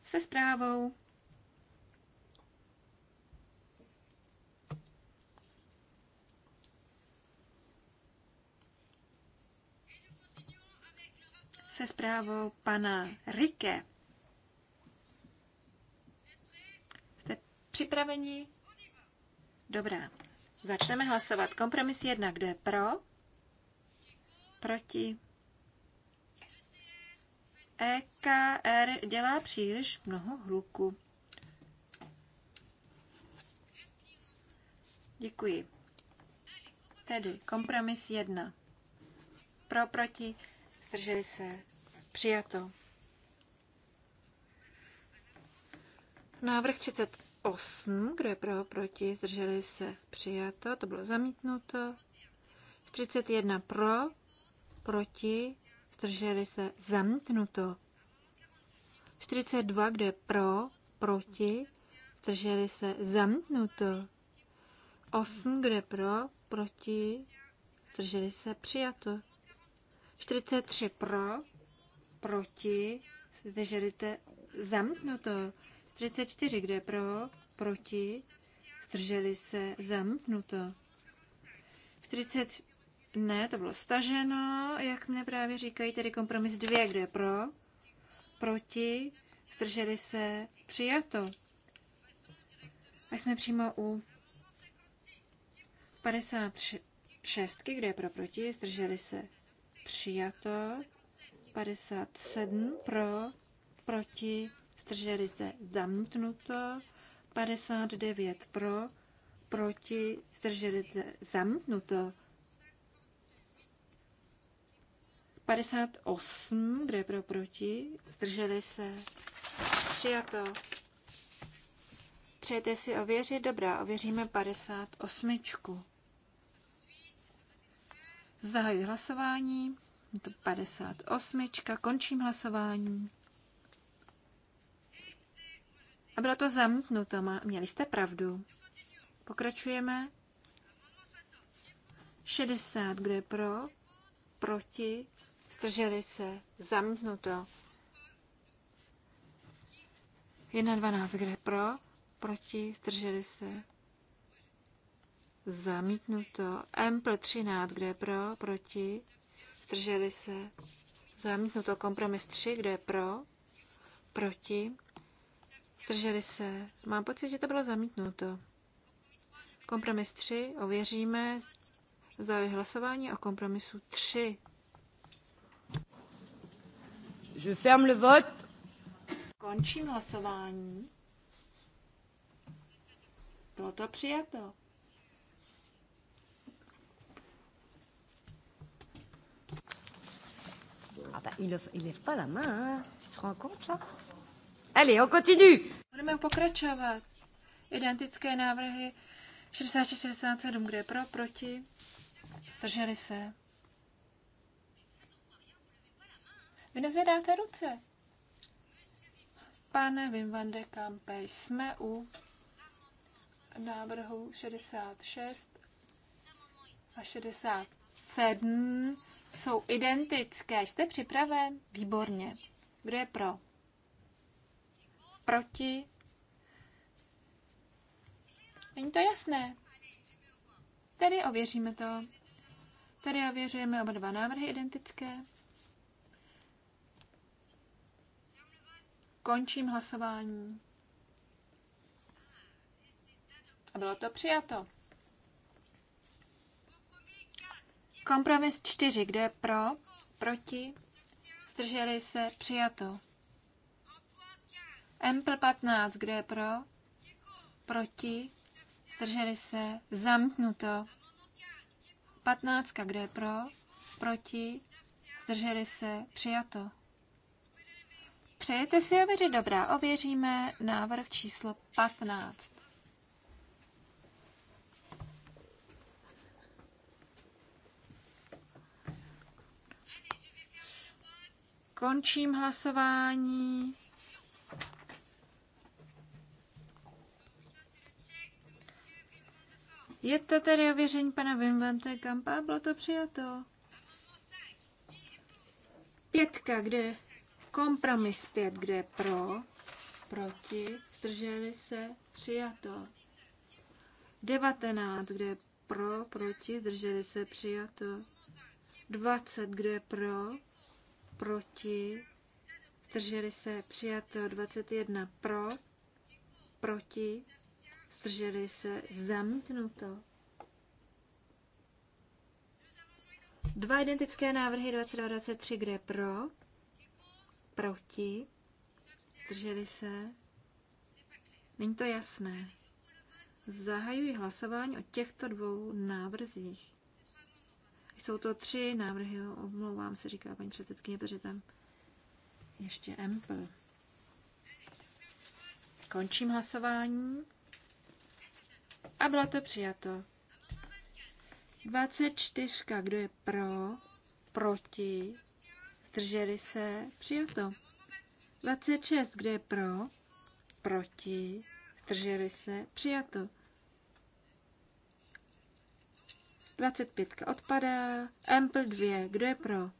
Se zprávou se zprávou pana Rike. Jste připraveni? Dobrá. Začneme hlasovat. Kompromis jedna. Kdo je pro? Proti? EKR dělá příliš mnoho hluku. Děkuji. Tedy kompromis jedna. Pro, proti, Zdrželi se. Přijato. Návrh 38. Kdo je pro? Proti. Zdrželi se. Přijato. To bylo zamítnuto. 31 pro. Proti. Zdrželi se. Zamítnuto. 42. Kdo je pro? Proti. Zdrželi se. Zamítnuto. 8. Kdo je pro? Proti. Zdrželi se. Přijato. 43 pro, proti, zdrželi se zamknuto. 44, kde pro, proti, zdrželi se zamknuto. 40, ne, to bylo staženo, jak mne právě říkají, tedy kompromis 2, kde pro, proti, zdrželi se přijato. A jsme přímo u 56, kde pro proti, zdrželi se přijato. 57 pro, proti, zdrželi se zamítnuto. 59 pro, proti, zdrželi se zamítnuto. 58, kde pro proti, zdrželi se přijato. Přejete si ověřit? Dobrá, ověříme 58. Zahajuji hlasování. Je to 58. Končím hlasování. A bylo to zamítnuto. Měli jste pravdu. Pokračujeme. 60. Kdo je pro? Proti? Zdrželi se. Zamítnuto. 1.12. Kdo je pro? Proti? Zdrželi se. Zamítnuto. M pro 13, kde je pro, proti, zdrželi se. Zamítnuto. Kompromis 3, kde je pro, proti, zdrželi se. Mám pocit, že to bylo zamítnuto. Kompromis 3, ověříme za hlasování o kompromisu 3. Je ferme le vote. Končím hlasování. Bylo to přijato. Ah bah, il, il lève pas la main, hein. Tu te rends compte, là Allez, on continue. Budeme pokračovat. Identické návrhy 66, 67, kde je pro, proti. Drželi se. Vy nezvedáte ruce. Pane Wim van de Kampe, jsme u návrhu 66 a 67 jsou identické. Jste připraven? Výborně. Kdo je pro? Proti? Není to jasné. Tedy ověříme to. Tady ověřujeme oba dva návrhy identické. Končím hlasování. A bylo to přijato. Kompromis 4. Kdo je pro? Proti? Zdrželi se? Přijato. Empl 15. Kdo je pro? Proti? Zdrželi se? Zamknuto. 15. Kdo je pro? Proti? Zdrželi se? Přijato. Přejete si ověřit? Dobrá, ověříme návrh číslo 15. Končím hlasování. Je to tedy ověření pana Vinvante Kampa, bylo to přijato. Pětka, kde kompromis pět, kde je pro, proti, zdrželi se, přijato. Devatenáct, kde je pro, proti, zdrželi se, přijato. Dvacet, kde je pro, proti, zdrželi se přijato 21 pro, proti, zdrželi se zamítnuto. Dva identické návrhy 2023, kde pro, proti, zdrželi se. Není to jasné. Zahajuji hlasování o těchto dvou návrzích. Jsou to tři návrhy, omlouvám se, říká paní předsedkyně, protože tam ještě M. Končím hlasování. A bylo to přijato. 24. Kdo je pro? Proti? Zdrželi se? Přijato. 26. Kdo je pro? Proti? Zdrželi se? Přijato. 25 odpadá. Ample 2. Kdo je pro?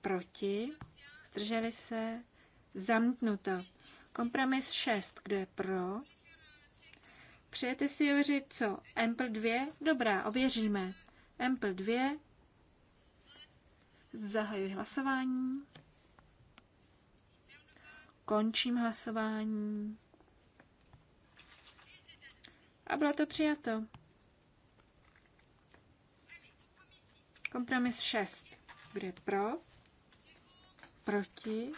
Proti. Zdrželi se. Zamknuto. Kompromis 6. Kdo je pro? Přejete si ověřit co? Ample 2? Dobrá, ověříme. Ample 2. Zahajuji hlasování. Končím hlasování. A bylo to přijato. Kompromis 6. Kde pro? Proti?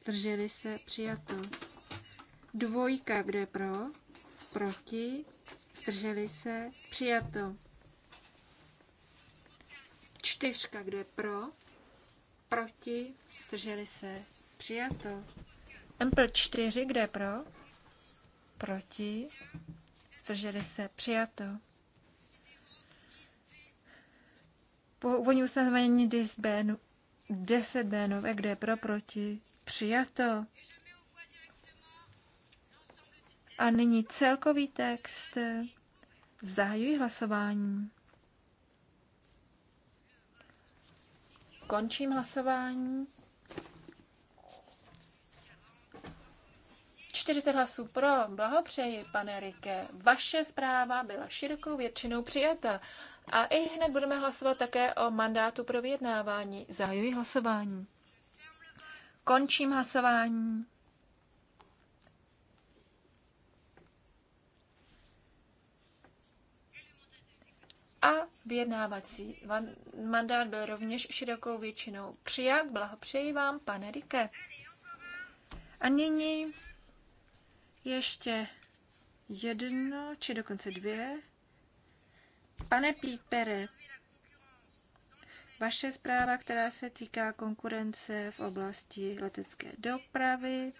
Zdrželi se? Přijato. Dvojka. Kde pro? Proti? Zdrželi se? Přijato. Čtyřka. Kde pro? Proti? Zdrželi se? Přijato. Empl 4. Kde pro? Proti? Zdrželi se? Přijato. Původní ustanovení dis B, 10 kde je pro, proti, přijato. A nyní celkový text. Zahajuji hlasování. Končím hlasování. 40 hlasů pro, blahopřeji, pane Rike. Vaše zpráva byla širokou většinou přijata a i hned budeme hlasovat také o mandátu pro vyjednávání. Zahajuji hlasování. Končím hlasování. A vyjednávací mandát byl rovněž širokou většinou přijat. Blahopřeji vám, pane Rike. A nyní ještě jedno, či dokonce dvě Pane Pípere, vaše zpráva, která se týká konkurence v oblasti letecké dopravy,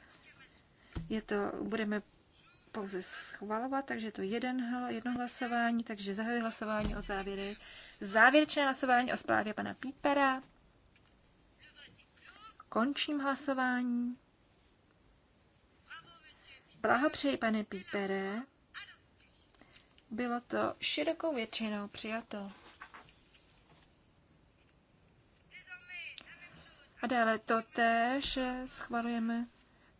je to, budeme pouze schvalovat, takže to jeden, jedno hlasování, takže zahajuji hlasování o závěry. Závěrečné hlasování o zprávě pana Pípera. Končím hlasování. Blahopřeji, pane Pípere. Bylo to širokou většinou přijato. A dále to též schvalujeme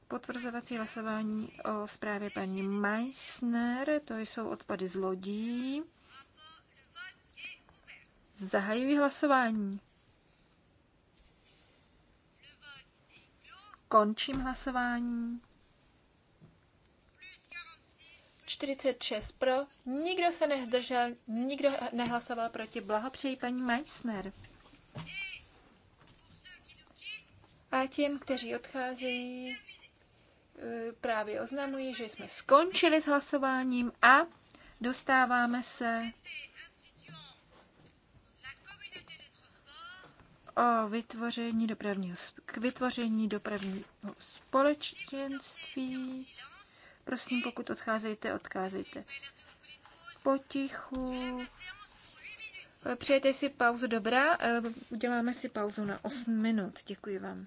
potvrzovací hlasování o zprávě paní Meissner. To jsou odpady z lodí. Zahajují hlasování. Končím hlasování. 46 pro, nikdo se nehdržel, nikdo nehlasoval proti. Blahopřeji paní Meissner. A těm, kteří odcházejí, eh, právě oznamuji, že jsme skončili s hlasováním a dostáváme se o vytvoření dopravního, k vytvoření dopravního společenství. Prosím, pokud odcházejte, odcházejte potichu. Přejete si pauzu, dobrá? Eh, uděláme si pauzu na 8 minut. Děkuji vám.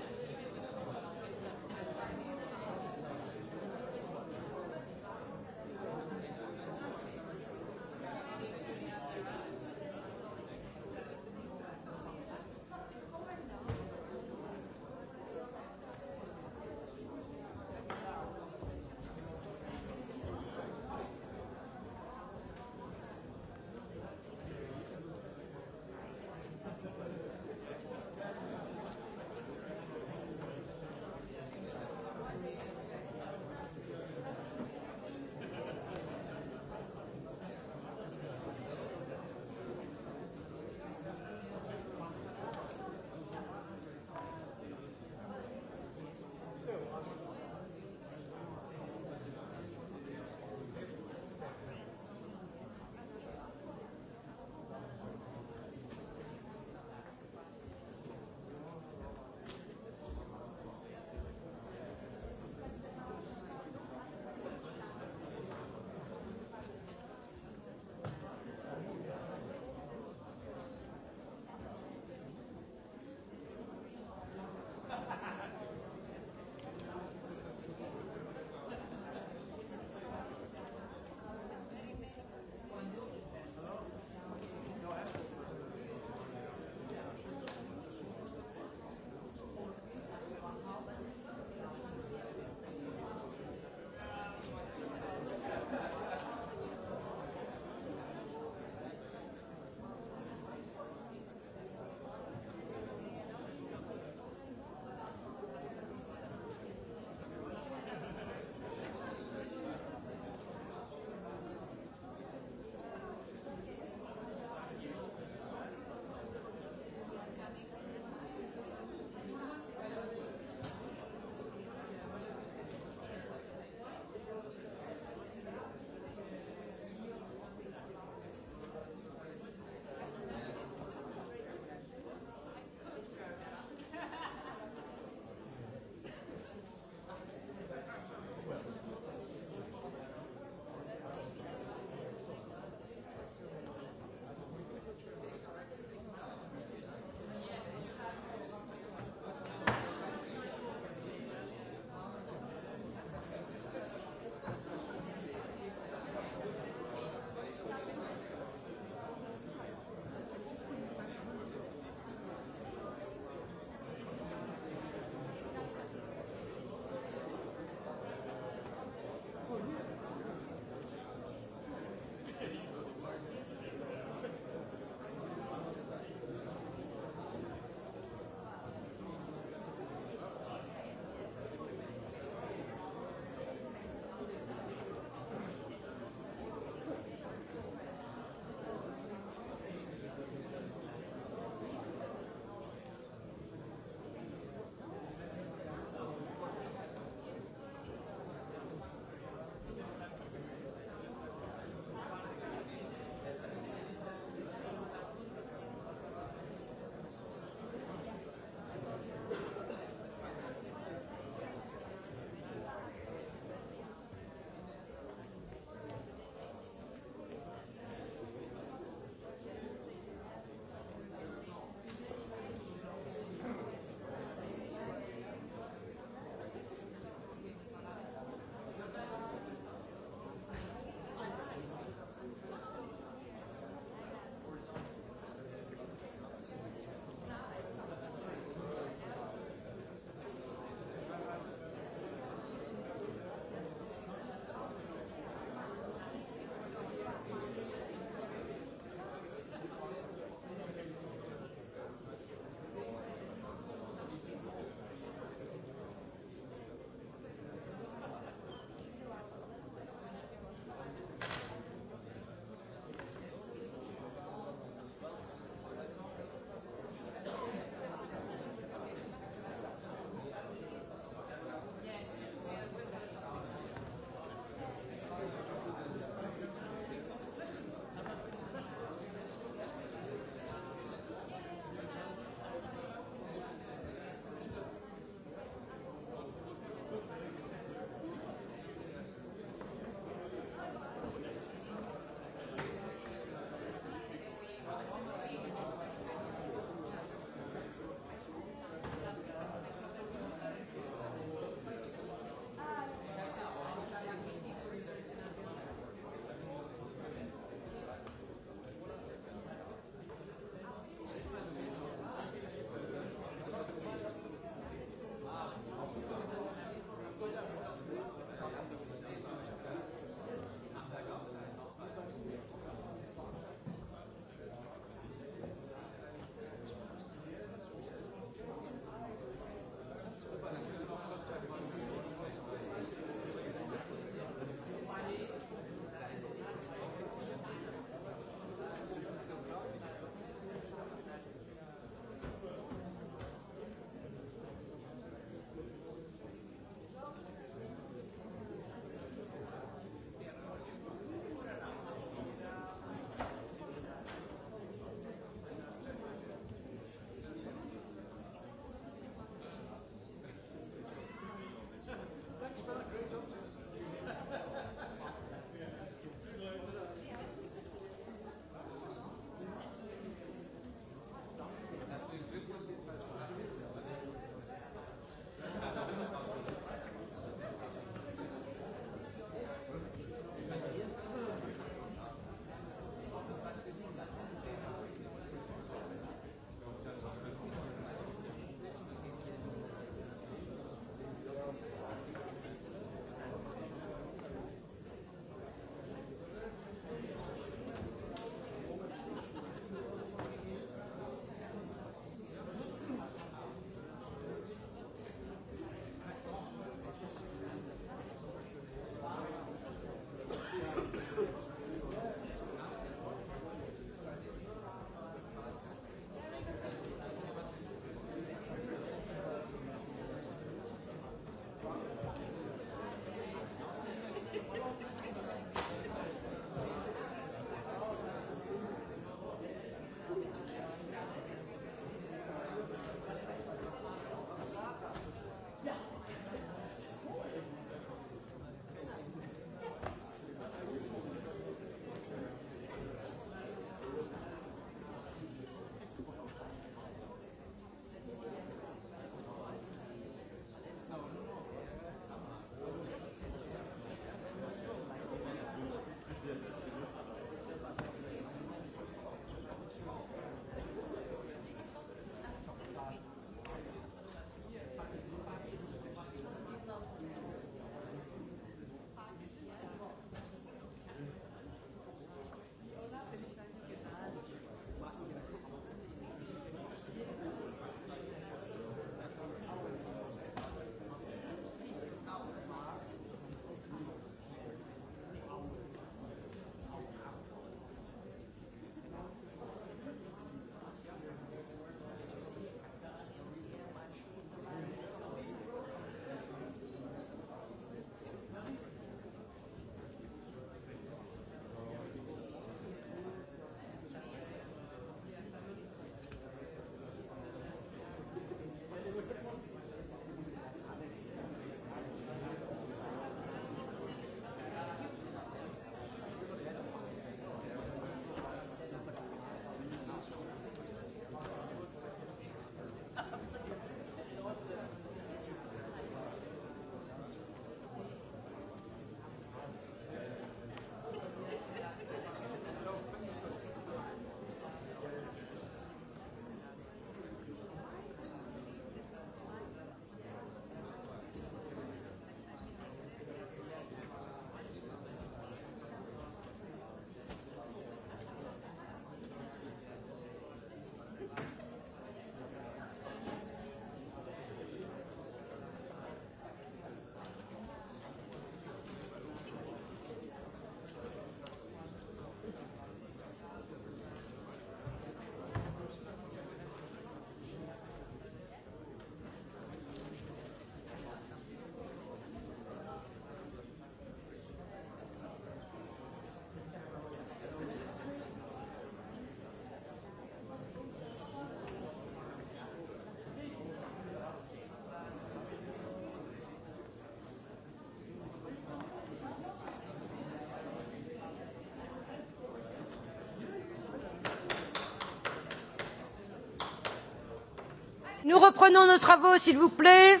Nous reprenons nos travaux, s'il vous plaît.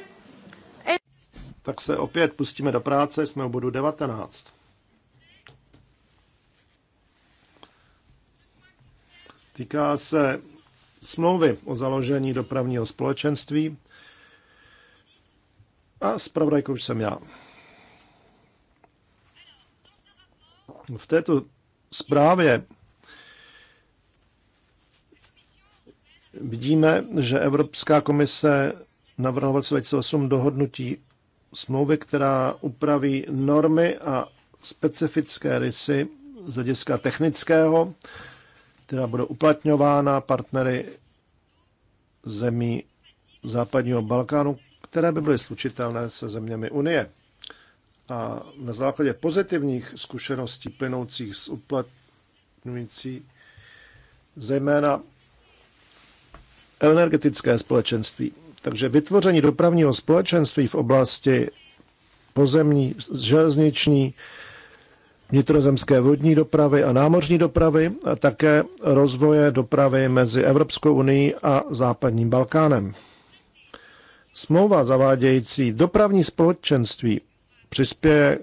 Tak se opět pustíme do práce, jsme u bodu 19. Týká se smlouvy o založení dopravního společenství a zpravodajkou jsem já. V této zprávě Vidíme, že Evropská komise navrhla v roce 2008 dohodnutí smlouvy, která upraví normy a specifické rysy z hlediska technického, která bude uplatňována partnery zemí západního Balkánu, které by byly slučitelné se zeměmi Unie. A na základě pozitivních zkušeností plynoucích z uplatňující zejména energetické společenství. Takže vytvoření dopravního společenství v oblasti pozemní, železniční, vnitrozemské vodní dopravy a námořní dopravy a také rozvoje dopravy mezi Evropskou unii a západním Balkánem. Smlouva zavádějící dopravní společenství přispěje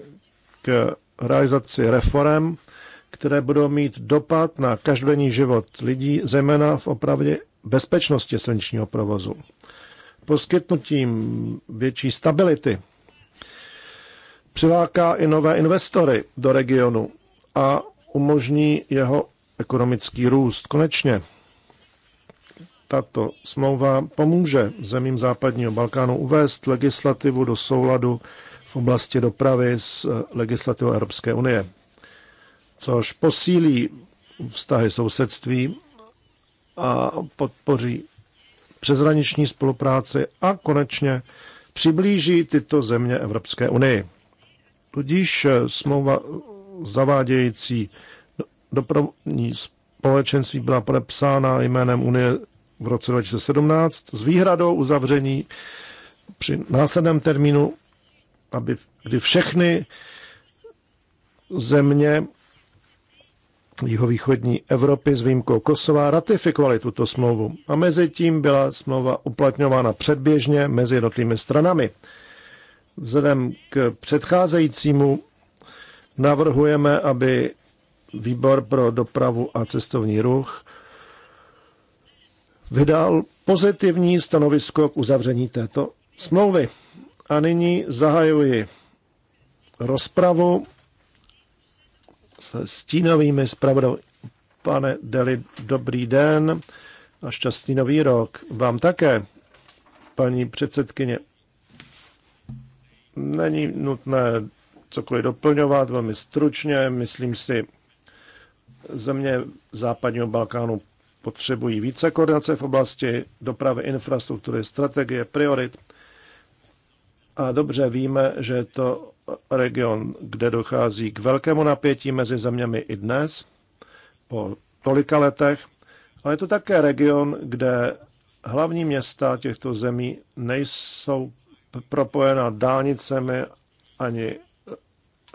k realizaci reform, které budou mít dopad na každodenní život lidí, zejména v, opravdě, bezpečnosti silničního provozu, poskytnutím větší stability, přiláká i nové investory do regionu a umožní jeho ekonomický růst. Konečně tato smlouva pomůže zemím západního Balkánu uvést legislativu do souladu v oblasti dopravy s eh, legislativou Evropské unie, což posílí vztahy sousedství a podpoří přezraniční spolupráci a konečně přiblíží tyto země Evropské unii. Tudíž eh, smlouva zavádějící dopravní společenství byla podepsána jménem Unie v roce 2017 s výhradou uzavření při následném termínu, aby, kdy všechny země jihovýchodní Evropy s výjimkou Kosova ratifikovali tuto smlouvu a mezi tím byla smlouva uplatňována předběžně mezi jednotlivými stranami. Vzhledem k předcházejícímu navrhujeme, aby výbor pro dopravu a cestovní ruch vydal pozitivní stanovisko k uzavření této smlouvy. A nyní zahajuji rozpravu se stínovými zpravodou. Pane Deli, dobrý den a šťastný nový rok. Vám také, paní předsedkyně. Není nutné cokoliv doplňovat, velmi stručně. Myslím si, země západního Balkánu potřebují více koordinace v oblasti dopravy, infrastruktury, strategie, priorit. A dobře víme, že to region, kde dochází k velkému napětí mezi zeměmi i dnes, po tolika letech, ale je to také region, kde hlavní města těchto zemí nejsou propojena dálnicemi ani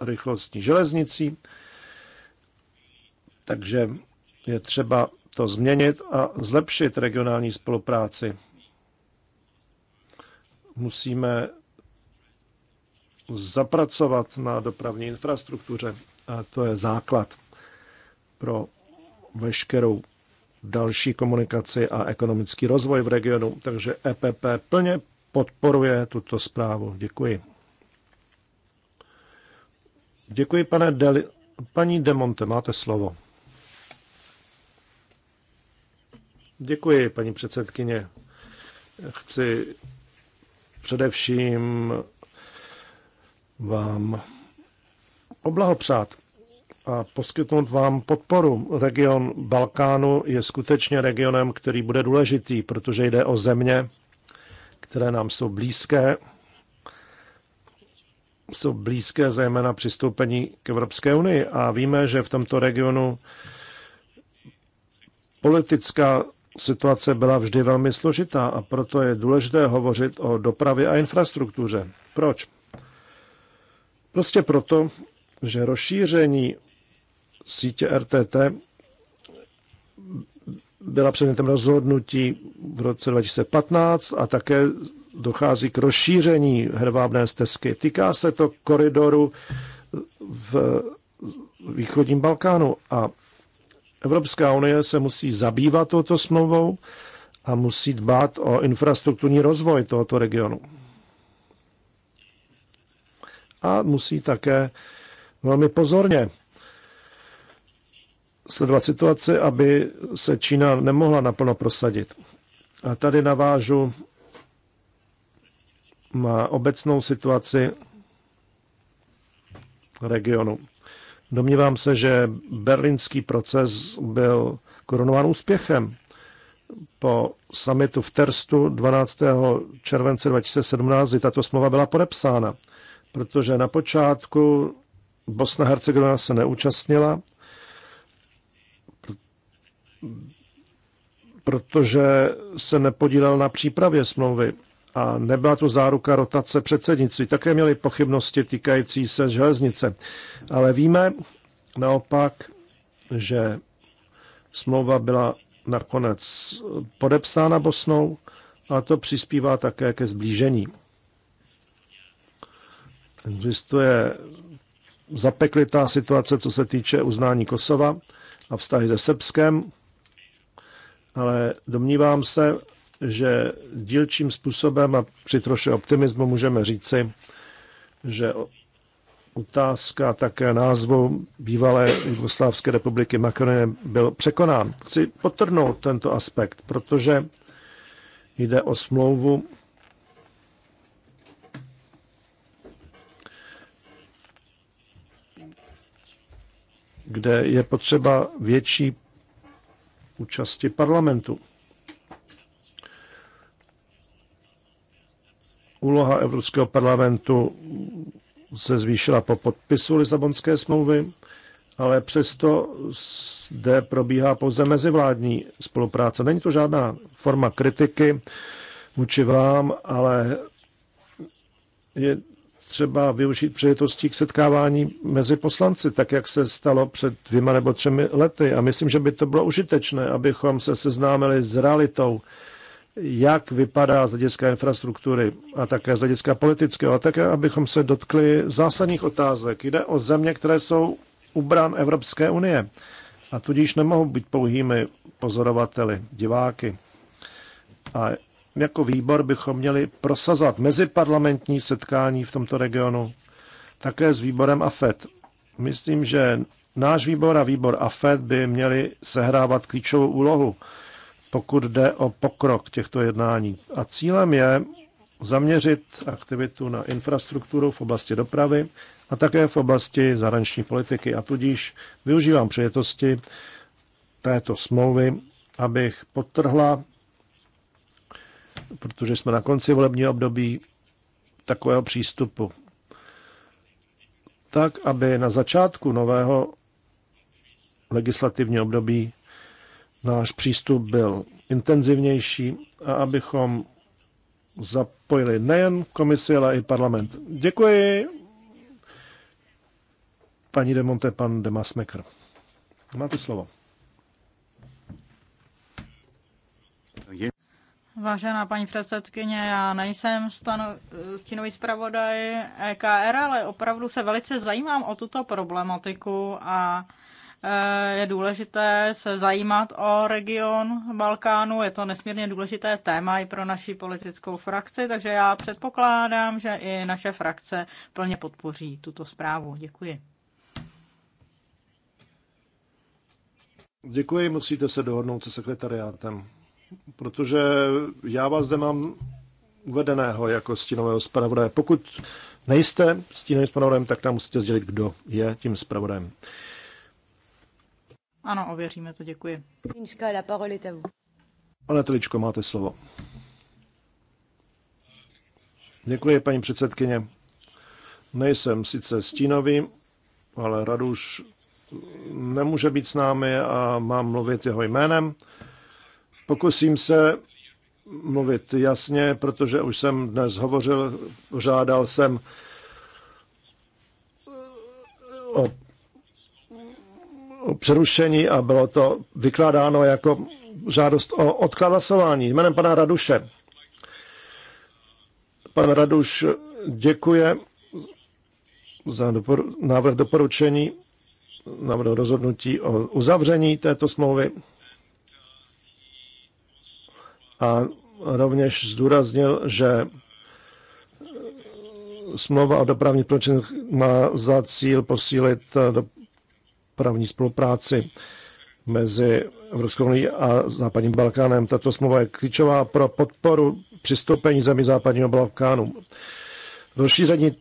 rychlostní železnicí, takže je třeba to změnit a zlepšit regionální spolupráci. Musíme zapracovat na dopravní infrastruktuře. A to je základ pro veškerou další komunikaci a ekonomický rozvoj v regionu. Takže EPP plně podporuje tuto zprávu. Děkuji. Děkuji, pane Deli. Paní Demonte, máte slovo. Děkuji, paní předsedkyně. Chci především vám oblahopřát a poskytnout vám podporu. Region Balkánu je skutečně regionem, který bude důležitý, protože jde o země, které nám jsou blízké. Jsou blízké zejména přistoupení k Evropské unii a víme, že v tomto regionu politická situace byla vždy velmi složitá a proto je důležité hovořit o dopravě a infrastruktuře. Proč? Prostě proto, že rozšíření sítě RTT byla předmětem rozhodnutí v roce 2015 a také dochází k rozšíření hedvábné stezky. Týká se to koridoru v východním Balkánu a Evropská unie se musí zabývat touto smlouvou a musí dbát o infrastrukturní rozvoj tohoto regionu a musí také velmi pozorně sledovat situaci, aby se Čína nemohla naplno prosadit. A tady navážu na obecnou situaci regionu. Domnívám se, že berlínský proces byl korunován úspěchem. Po summitu v Terstu 12. července 2017, tato smlouva byla podepsána protože na počátku Bosna Hercegovina se neúčastnila, protože se nepodílel na přípravě smlouvy a nebyla tu záruka rotace předsednictví. Také měli pochybnosti týkající se železnice. Ale víme naopak, že smlouva byla nakonec podepsána Bosnou a to přispívá také ke zblížení. Existuje zapeklitá situace, co se týče uznání Kosova a vztahy se Srbskem, ale domnívám se, že dílčím způsobem a při troše optimismu můžeme říci, že otázka také názvu bývalé Jugoslávské republiky Makedonie byl překonán. Chci potrhnout tento aspekt, protože jde o smlouvu, kde je potřeba větší účasti parlamentu. Úloha Evropského parlamentu se zvýšila po podpisu Lisabonské smlouvy, ale přesto zde probíhá pouze mezivládní spolupráce. Není to žádná forma kritiky vůči vám, ale je třeba využít příležitostí k setkávání mezi poslanci, tak jak se stalo před dvěma nebo třemi lety. A myslím, že by to bylo užitečné, abychom se seznámili s realitou, jak vypadá z hlediska infrastruktury a také z hlediska politického, a také abychom se dotkli zásadních otázek. Jde o země, které jsou ubran Evropské unie a tudíž nemohou být pouhými pozorovateli, diváky. A jako výbor bychom měli prosazovat meziparlamentní setkání v tomto regionu, také s výborem AFET. Myslím, že náš výbor a výbor AFET by měli sehrávat klíčovou úlohu, pokud jde o pokrok těchto jednání. A cílem je zaměřit aktivitu na infrastrukturu v oblasti dopravy a také v oblasti zahraniční politiky. A tudíž využívám přijetosti této smlouvy, abych podtrhla protože jsme na konci volebního období takového přístupu. Tak, aby na začátku nového legislativního období náš přístup byl intenzivnější a abychom zapojili nejen komisi, ale i parlament. Děkuji, paní Demonte, pan Demasmekr. Máte slovo. Vážená paní předsedkyně, já nejsem stano, stínový zpravodaj EKR, ale opravdu se velice zajímám o tuto problematiku a eh, je důležité se zajímat o region Balkánu. Je to nesmírně důležité téma i pro naši politickou frakci, takže já předpokládám, že i naše frakce plně podpoří tuto zprávu. Děkuji. Děkuji, musíte se dohodnout se sekretariátem protože já vás zde mám uvedeného jako stínového zpravodaje. Pokud nejste stínovým zpravodajem, tak tam musíte sdělit, kdo je tím zpravodajem. Ano, ověříme to, děkuji. Pane Teličko, máte slovo. Děkuji, paní předsedkyně. Nejsem sice stínový, ale Raduš nemůže být s námi a mám mluvit jeho jménem. Pokusím se mluvit jasně, protože už jsem dnes hovořil, žádal jsem o, o přerušení a bylo to vykládáno jako žádost o odklad hlasování jménem pana Raduše. Pan Raduš děkuje za dopor- návrh doporučení, návrh rozhodnutí o uzavření této smlouvy a rovněž zdůraznil, že smlouva o dopravní průčinech má za cíl posílit dopravní spolupráci mezi Evropskou unii a Západním Balkánem. Tato smlouva je klíčová pro podporu přistoupení zemí Západního Balkánu. Rozšíření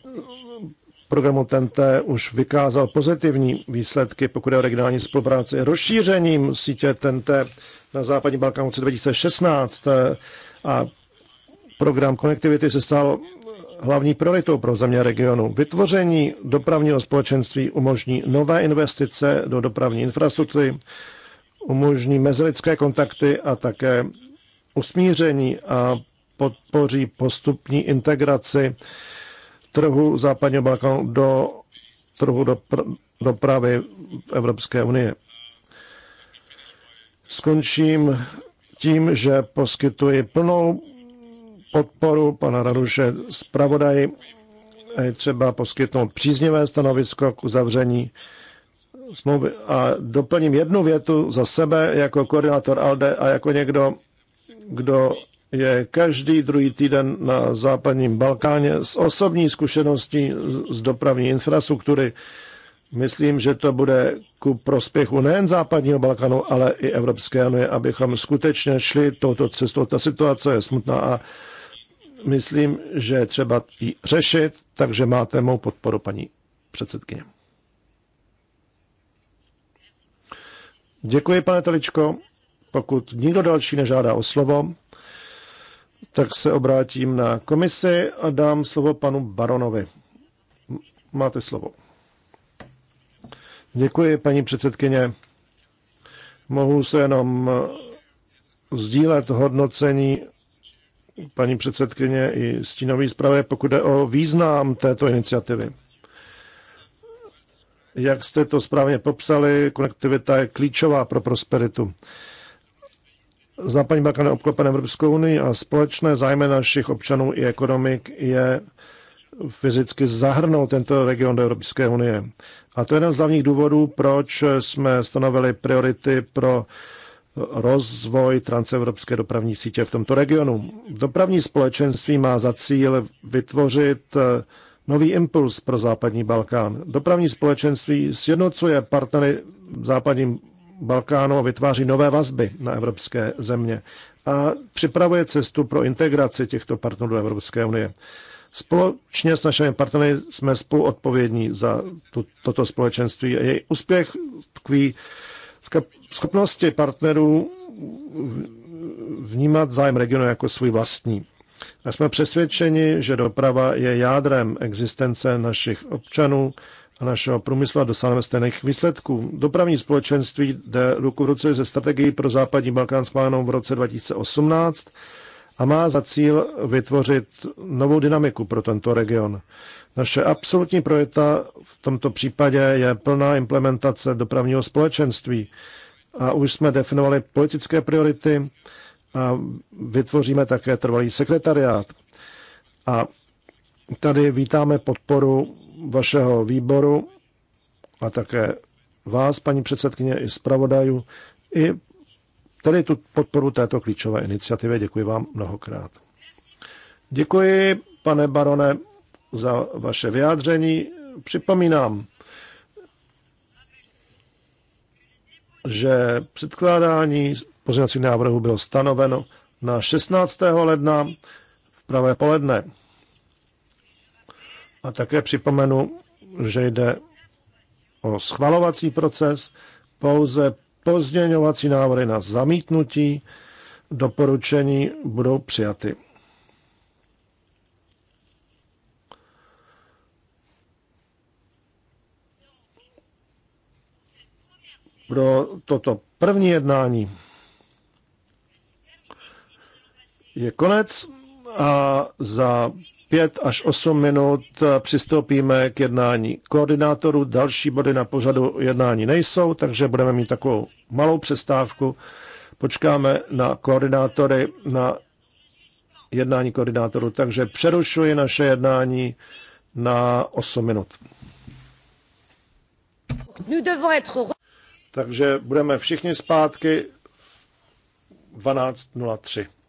programu TNT už vykázal pozitivní výsledky, pokud je o regionální spolupráci. Rozšířením sítě TNT na západní Balkán v roce 2016 eh, a program konektivity se stal hlavní prioritou pro země regionu. Vytvoření dopravního společenství umožní nové investice do dopravní infrastruktury, umožní mezilidské kontakty a také usmíření a podpoří postupní integraci trhu západního Balkánu do trhu dopra- dopravy Evropské unie skončím tím, že poskytuji plnou podporu pana Raduše a Je třeba poskytnout příznivé stanovisko k uzavření smlouvy. A doplním jednu větu za sebe jako koordinátor ALDE a jako někdo, kdo je každý druhý týden na západním Balkáně s osobní zkušeností z dopravní infrastruktury. Myslím, že to bude ku prospěchu nejen západního Balkanu, ale i Evropské unie, abychom skutečně šli touto cestou. Ta situace je smutná a myslím, že třeba ji řešit, takže máte mou podporu, paní předsedkyně. Děkuji, pane Teličko. Pokud nikdo další nežádá o slovo, tak se obrátím na komisi a dám slovo panu Baronovi. Máte slovo. Děkuji, paní předsedkyně. Mohu se jenom sdílet hodnocení paní předsedkyně i stínový zprávy, pokud jde o význam této iniciativy. Jak jste to správně popsali, konektivita je klíčová pro prosperitu. Západní Balkán je obklopen Evropskou unii a společné zájmy našich občanů i ekonomik je fyzicky zahrnout tento region do Evropské unie. A to je jeden z hlavních důvodů, proč jsme stanovili priority pro rozvoj transevropské dopravní sítě v tomto regionu. Dopravní společenství má za cíl vytvořit eh, nový impuls pro západní Balkán. Dopravní společenství sjednocuje partnery v západním Balkánu a vytváří nové vazby na evropské země a připravuje cestu pro integraci těchto partnerů do Evropské unie. Společně s našimi partnery jsme spoluodpovědní za to, toto společenství. a Její úspěch tkví v schopnosti partnerů vnímat zájem regionu jako svůj vlastní. A jsme přesvědčeni, že doprava je jádrem existence našich občanů a našeho průmyslu a dosáhneme stejných výsledků. Dopravní společenství jde ruku v ruce ze strategií pro západní Balkán schválenou v roce 2018 a má za cíl vytvořit novou dynamiku pro tento region. Naše absolutní projekta v tomto případě je plná implementace dopravního společenství a už jsme definovali politické priority a vytvoříme také trvalý sekretariát. A tady vítáme podporu vašeho výboru a také vás, paní předsedkyně, i zpravodajů, i tedy tu podporu této klíčové iniciativy. Děkuji vám mnohokrát. Děkuji, pane barone, za vaše vyjádření. Připomínám, že předkládání pozměňovacích návrhů bylo stanoveno na 16. ledna v pravé poledne. A také připomenu, že jde o schvalovací proces. Pouze Pozměňovací návrhy na zamítnutí doporučení budou přijaty. Pro toto první jednání je konec a za 5 až 8 minut přistoupíme k jednání koordinátorů. Další body na pořadu jednání nejsou, takže budeme mít takovou malou přestávku. Počkáme na koordinátory, na jednání koordinátorů, takže přerušuji naše jednání na 8 minut. Takže budeme všichni zpátky 12.03.